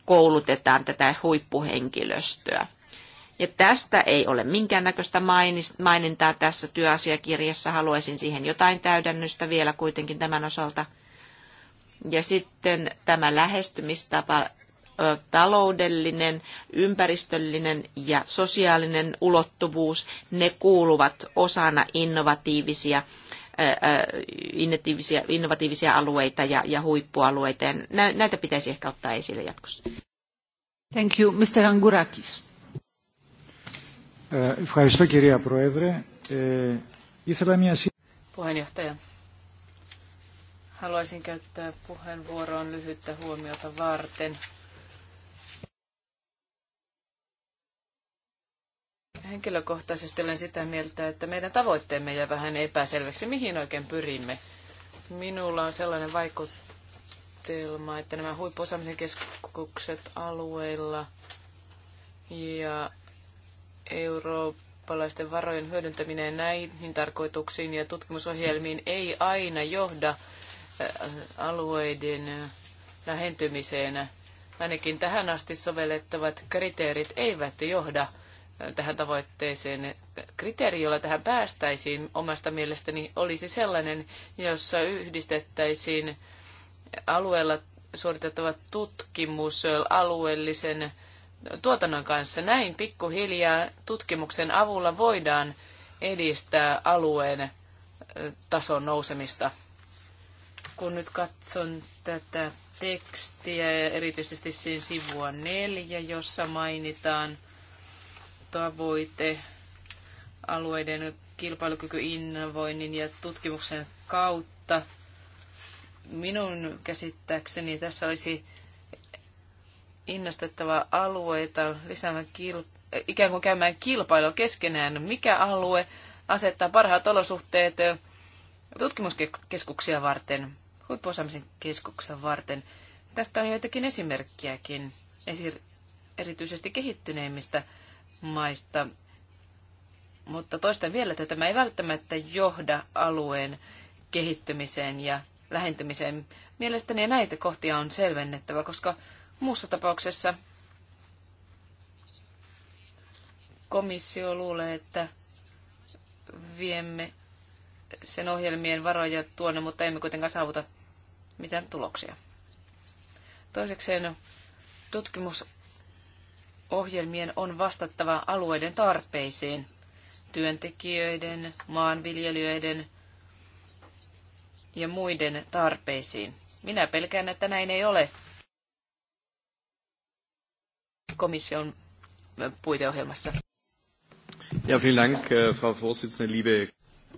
Speaker 2: koulutetaan tätä huippuhenkilöstöä. Ja tästä ei ole minkäännäköistä mainintaa tässä työasiakirjassa. Haluaisin siihen jotain täydennystä vielä kuitenkin tämän osalta. Ja sitten tämä lähestymistapa, taloudellinen, ympäristöllinen ja sosiaalinen ulottuvuus, ne kuuluvat osana innovatiivisia innovatiivisia, innovatiivisia alueita ja, ja huippualueita. Ja näitä pitäisi ehkä ottaa esille jatkossa.
Speaker 5: Thank you. Mr. Angurakis.
Speaker 1: Ευχαριστώ κυρία Πρόεδρε. Ε, ήθελα μια...
Speaker 4: Puheenjohtaja. Haluaisin käyttää puheenvuoroon lyhyttä huomiota varten. Henkilökohtaisesti olen sitä mieltä, että meidän tavoitteemme jää vähän epäselväksi, mihin oikein pyrimme. Minulla on sellainen vaikutelma, että nämä huippuosaamisen keskukset alueilla ja eurooppalaisten varojen hyödyntäminen näihin tarkoituksiin ja tutkimusohjelmiin ei aina johda äh, alueiden äh, lähentymiseen. Ainakin tähän asti sovellettavat kriteerit eivät johda tähän tavoitteeseen. Että kriteeri, jolla tähän päästäisiin omasta mielestäni, olisi sellainen, jossa yhdistettäisiin alueella suoritettava tutkimus alueellisen tuotannon kanssa. Näin pikkuhiljaa tutkimuksen avulla voidaan edistää alueen tason nousemista. Kun nyt katson tätä tekstiä, erityisesti siinä sivua neljä, jossa mainitaan – tavoite alueiden kilpailukykyinnovoinnin ja tutkimuksen kautta. Minun käsittääkseni tässä olisi innostettava alueita lisäämään kil- ikään kuin käymään kilpailua keskenään. Mikä alue asettaa parhaat olosuhteet tutkimuskeskuksia varten, huippuosaamisen keskuksia varten? Tästä on joitakin esimerkkiäkin, erityisesti kehittyneimmistä maista. Mutta toistan vielä, että tämä ei välttämättä johda alueen kehittymiseen ja lähentymiseen. Mielestäni näitä kohtia on selvennettävä, koska muussa tapauksessa komissio luulee, että viemme sen ohjelmien varoja tuonne, mutta emme kuitenkaan saavuta mitään tuloksia. Toisekseen tutkimus Ohjelmien on vastattava alueiden tarpeisiin, työntekijöiden, maanviljelijöiden ja muiden tarpeisiin. Minä pelkään, että näin ei ole komission puiteohjelmassa.
Speaker 2: Ja, Dank, äh, Frau Vorsitzende, liebe...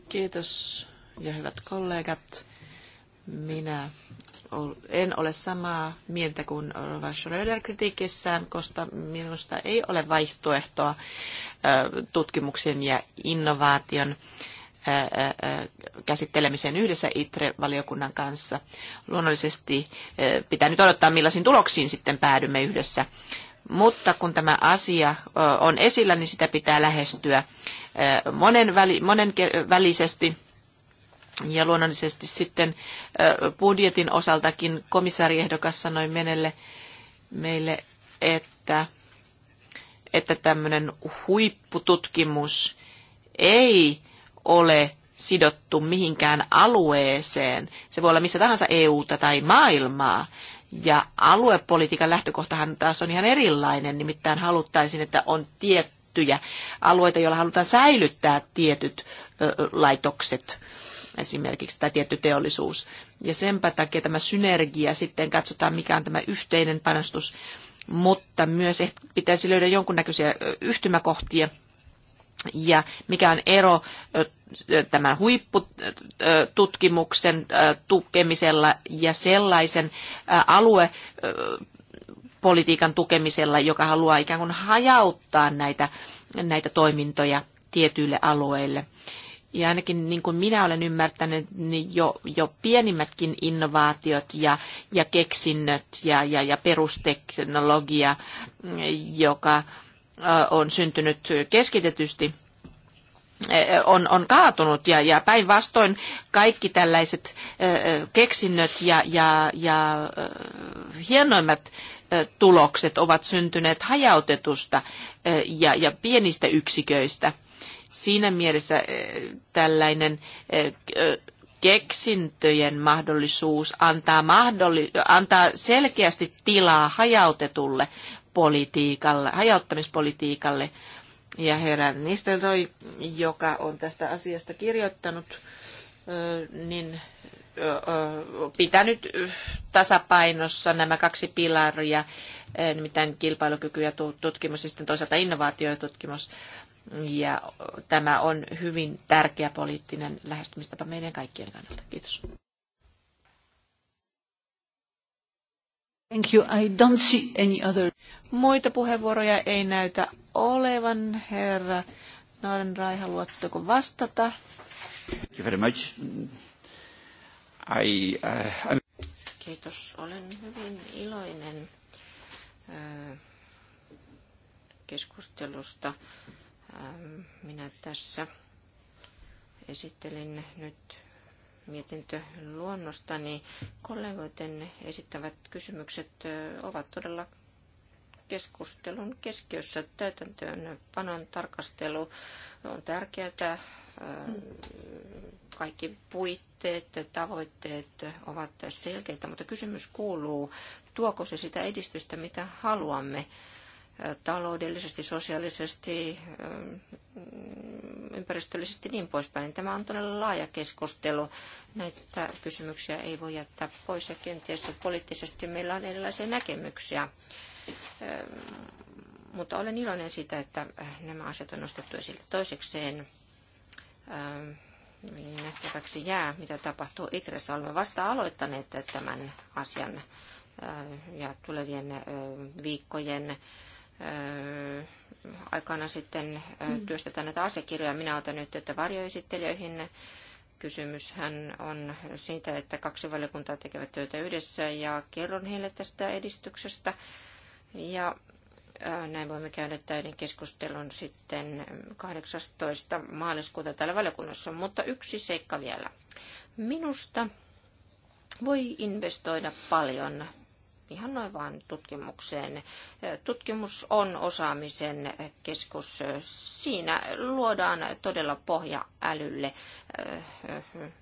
Speaker 4: Kiitos ja
Speaker 2: hyvät kollegat. Minä en ole samaa mieltä kuin Rova Schröder kritiikissään, koska minusta ei ole vaihtoehtoa tutkimuksen ja innovaation käsittelemiseen yhdessä ITRE-valiokunnan kanssa. Luonnollisesti pitää nyt odottaa, millaisiin tuloksiin sitten päädymme yhdessä. Mutta kun tämä asia on esillä, niin sitä pitää lähestyä monen, väli, monen välisesti ja luonnollisesti sitten budjetin osaltakin komissaariehdokas sanoi menelle, meille, että, että tämmöinen huippututkimus ei ole sidottu mihinkään alueeseen. Se voi olla missä tahansa EUta tai maailmaa. Ja aluepolitiikan lähtökohtahan taas on ihan erilainen, nimittäin haluttaisiin, että on tiettyjä alueita, joilla halutaan säilyttää tietyt ö, laitokset esimerkiksi tai tietty teollisuus. Ja senpä takia tämä synergia sitten katsotaan, mikä on tämä yhteinen panostus, mutta myös pitäisi löydä jonkunnäköisiä yhtymäkohtia ja mikä on ero tämän huippututkimuksen tukemisella ja sellaisen alue politiikan tukemisella, joka haluaa ikään kuin hajauttaa näitä, näitä toimintoja tietyille alueille. Ja ainakin niin kuin minä olen ymmärtänyt, niin jo, jo pienimmätkin innovaatiot ja, ja keksinnöt ja, ja, ja perusteknologia, joka on syntynyt keskitetysti, on, on kaatunut ja, ja päinvastoin kaikki tällaiset keksinnöt ja, ja, ja hienoimmat tulokset ovat syntyneet hajautetusta ja, ja pienistä yksiköistä Siinä mielessä eh, tällainen eh, eh, keksintöjen mahdollisuus antaa, mahdolli, antaa selkeästi tilaa hajautetulle politiikalle, hajauttamispolitiikalle. Ja herra Nistelrooy, joka on tästä asiasta kirjoittanut, niin pitänyt tasapainossa nämä kaksi pilaria, nimittäin kilpailukyky ja tutkimus ja sitten toisaalta innovaatio ja tutkimus. Ja tämä on hyvin tärkeä poliittinen lähestymistapa meidän kaikkien
Speaker 4: kannalta. Kiitos.
Speaker 2: Thank you. I don't see any other. Muita puheenvuoroja ei näytä olevan, herra Nordenrai, haluatteko vastata?
Speaker 3: Thank you very much. I, uh, I'm... Kiitos, olen hyvin iloinen äh, keskustelusta. Ähm, minä tässä esittelin nyt mietintö luonnosta, niin kollegoiden esittävät kysymykset ovat todella keskustelun keskiössä. Täytäntöönpanon tarkastelu on tärkeää. Kaikki puitteet, tavoitteet ovat selkeitä, mutta kysymys kuuluu, tuoko se sitä edistystä, mitä haluamme taloudellisesti, sosiaalisesti, mm, ympäristöllisesti niin poispäin. Tämä on todella laaja keskustelu. Näitä kysymyksiä ei voi jättää pois ja kenties poliittisesti meillä on erilaisia näkemyksiä. Ehm, mutta olen iloinen siitä, että nämä asiat on nostettu esille. Toisekseen ehm, niin nähtäväksi jää, mitä tapahtuu Itressä. Olemme vasta aloittaneet tämän asian ehm, ja tulevien viikkojen aikana sitten työstetään näitä asiakirjoja. Minä otan yhteyttä varjoesittelijöihin. Kysymyshän on siitä, että kaksi valiokuntaa tekevät työtä yhdessä ja kerron heille tästä edistyksestä. Ja näin voimme käydä täyden keskustelun sitten 18. maaliskuuta täällä valiokunnassa. Mutta yksi seikka vielä. Minusta voi investoida paljon ihan noin vain tutkimukseen. Tutkimus on osaamisen keskus. Siinä luodaan todella pohja älylle.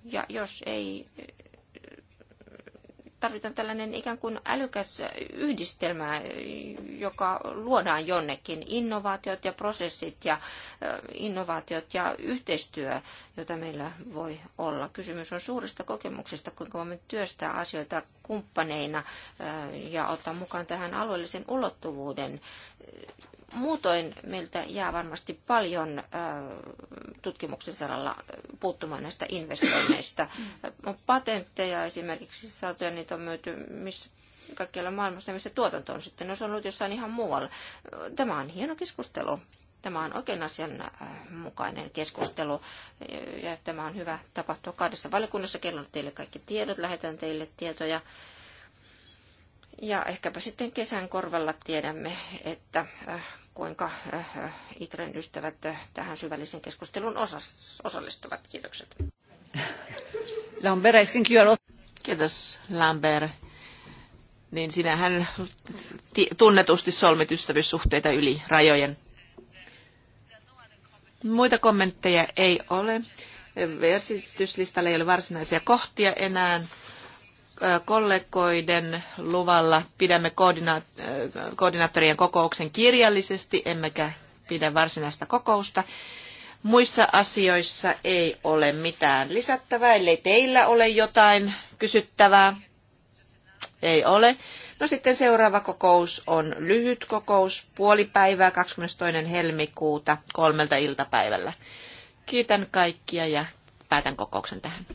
Speaker 3: Ja jos ei tarvitaan tällainen ikään kuin älykäs yhdistelmä, joka luodaan jonnekin. Innovaatiot ja prosessit ja innovaatiot ja yhteistyö, jota meillä voi olla. Kysymys on suurista kokemuksista, kuinka voimme työstää asioita kumppaneina ja ottaa mukaan tähän alueellisen ulottuvuuden. Muutoin meiltä jää varmasti paljon tutkimuksen saralla puuttumaan näistä investoinneista. On mm. patentteja esimerkiksi saatu ja niitä on myyty missä kaikkialla maailmassa, missä tuotanto on sitten, no, se on ollut jossain ihan muualla. Tämä on hieno keskustelu. Tämä on oikein asian mukainen keskustelu ja tämä on hyvä tapahtua kahdessa valiokunnassa. Kerron teille kaikki tiedot, lähetän teille tietoja ja ehkäpä sitten kesän korvalla tiedämme, että äh, kuinka äh, äh, Itren ystävät tähän syvällisen keskustelun osas, osallistuvat. Kiitokset.
Speaker 2: Lambert, Kiitos, Lambert. Niin sinähän tunnetusti solmit ystävyyssuhteita yli rajojen. Muita kommentteja ei ole. Versityslistalla ei ole varsinaisia kohtia enää kollegoiden luvalla pidämme koordina- koordinaattorien kokouksen kirjallisesti, emmekä pidä varsinaista kokousta. Muissa asioissa ei ole mitään lisättävää, ellei teillä ole jotain kysyttävää. Ei ole. No sitten seuraava kokous on lyhyt kokous, puoli päivää 22. helmikuuta kolmelta iltapäivällä. Kiitän kaikkia ja päätän kokouksen tähän.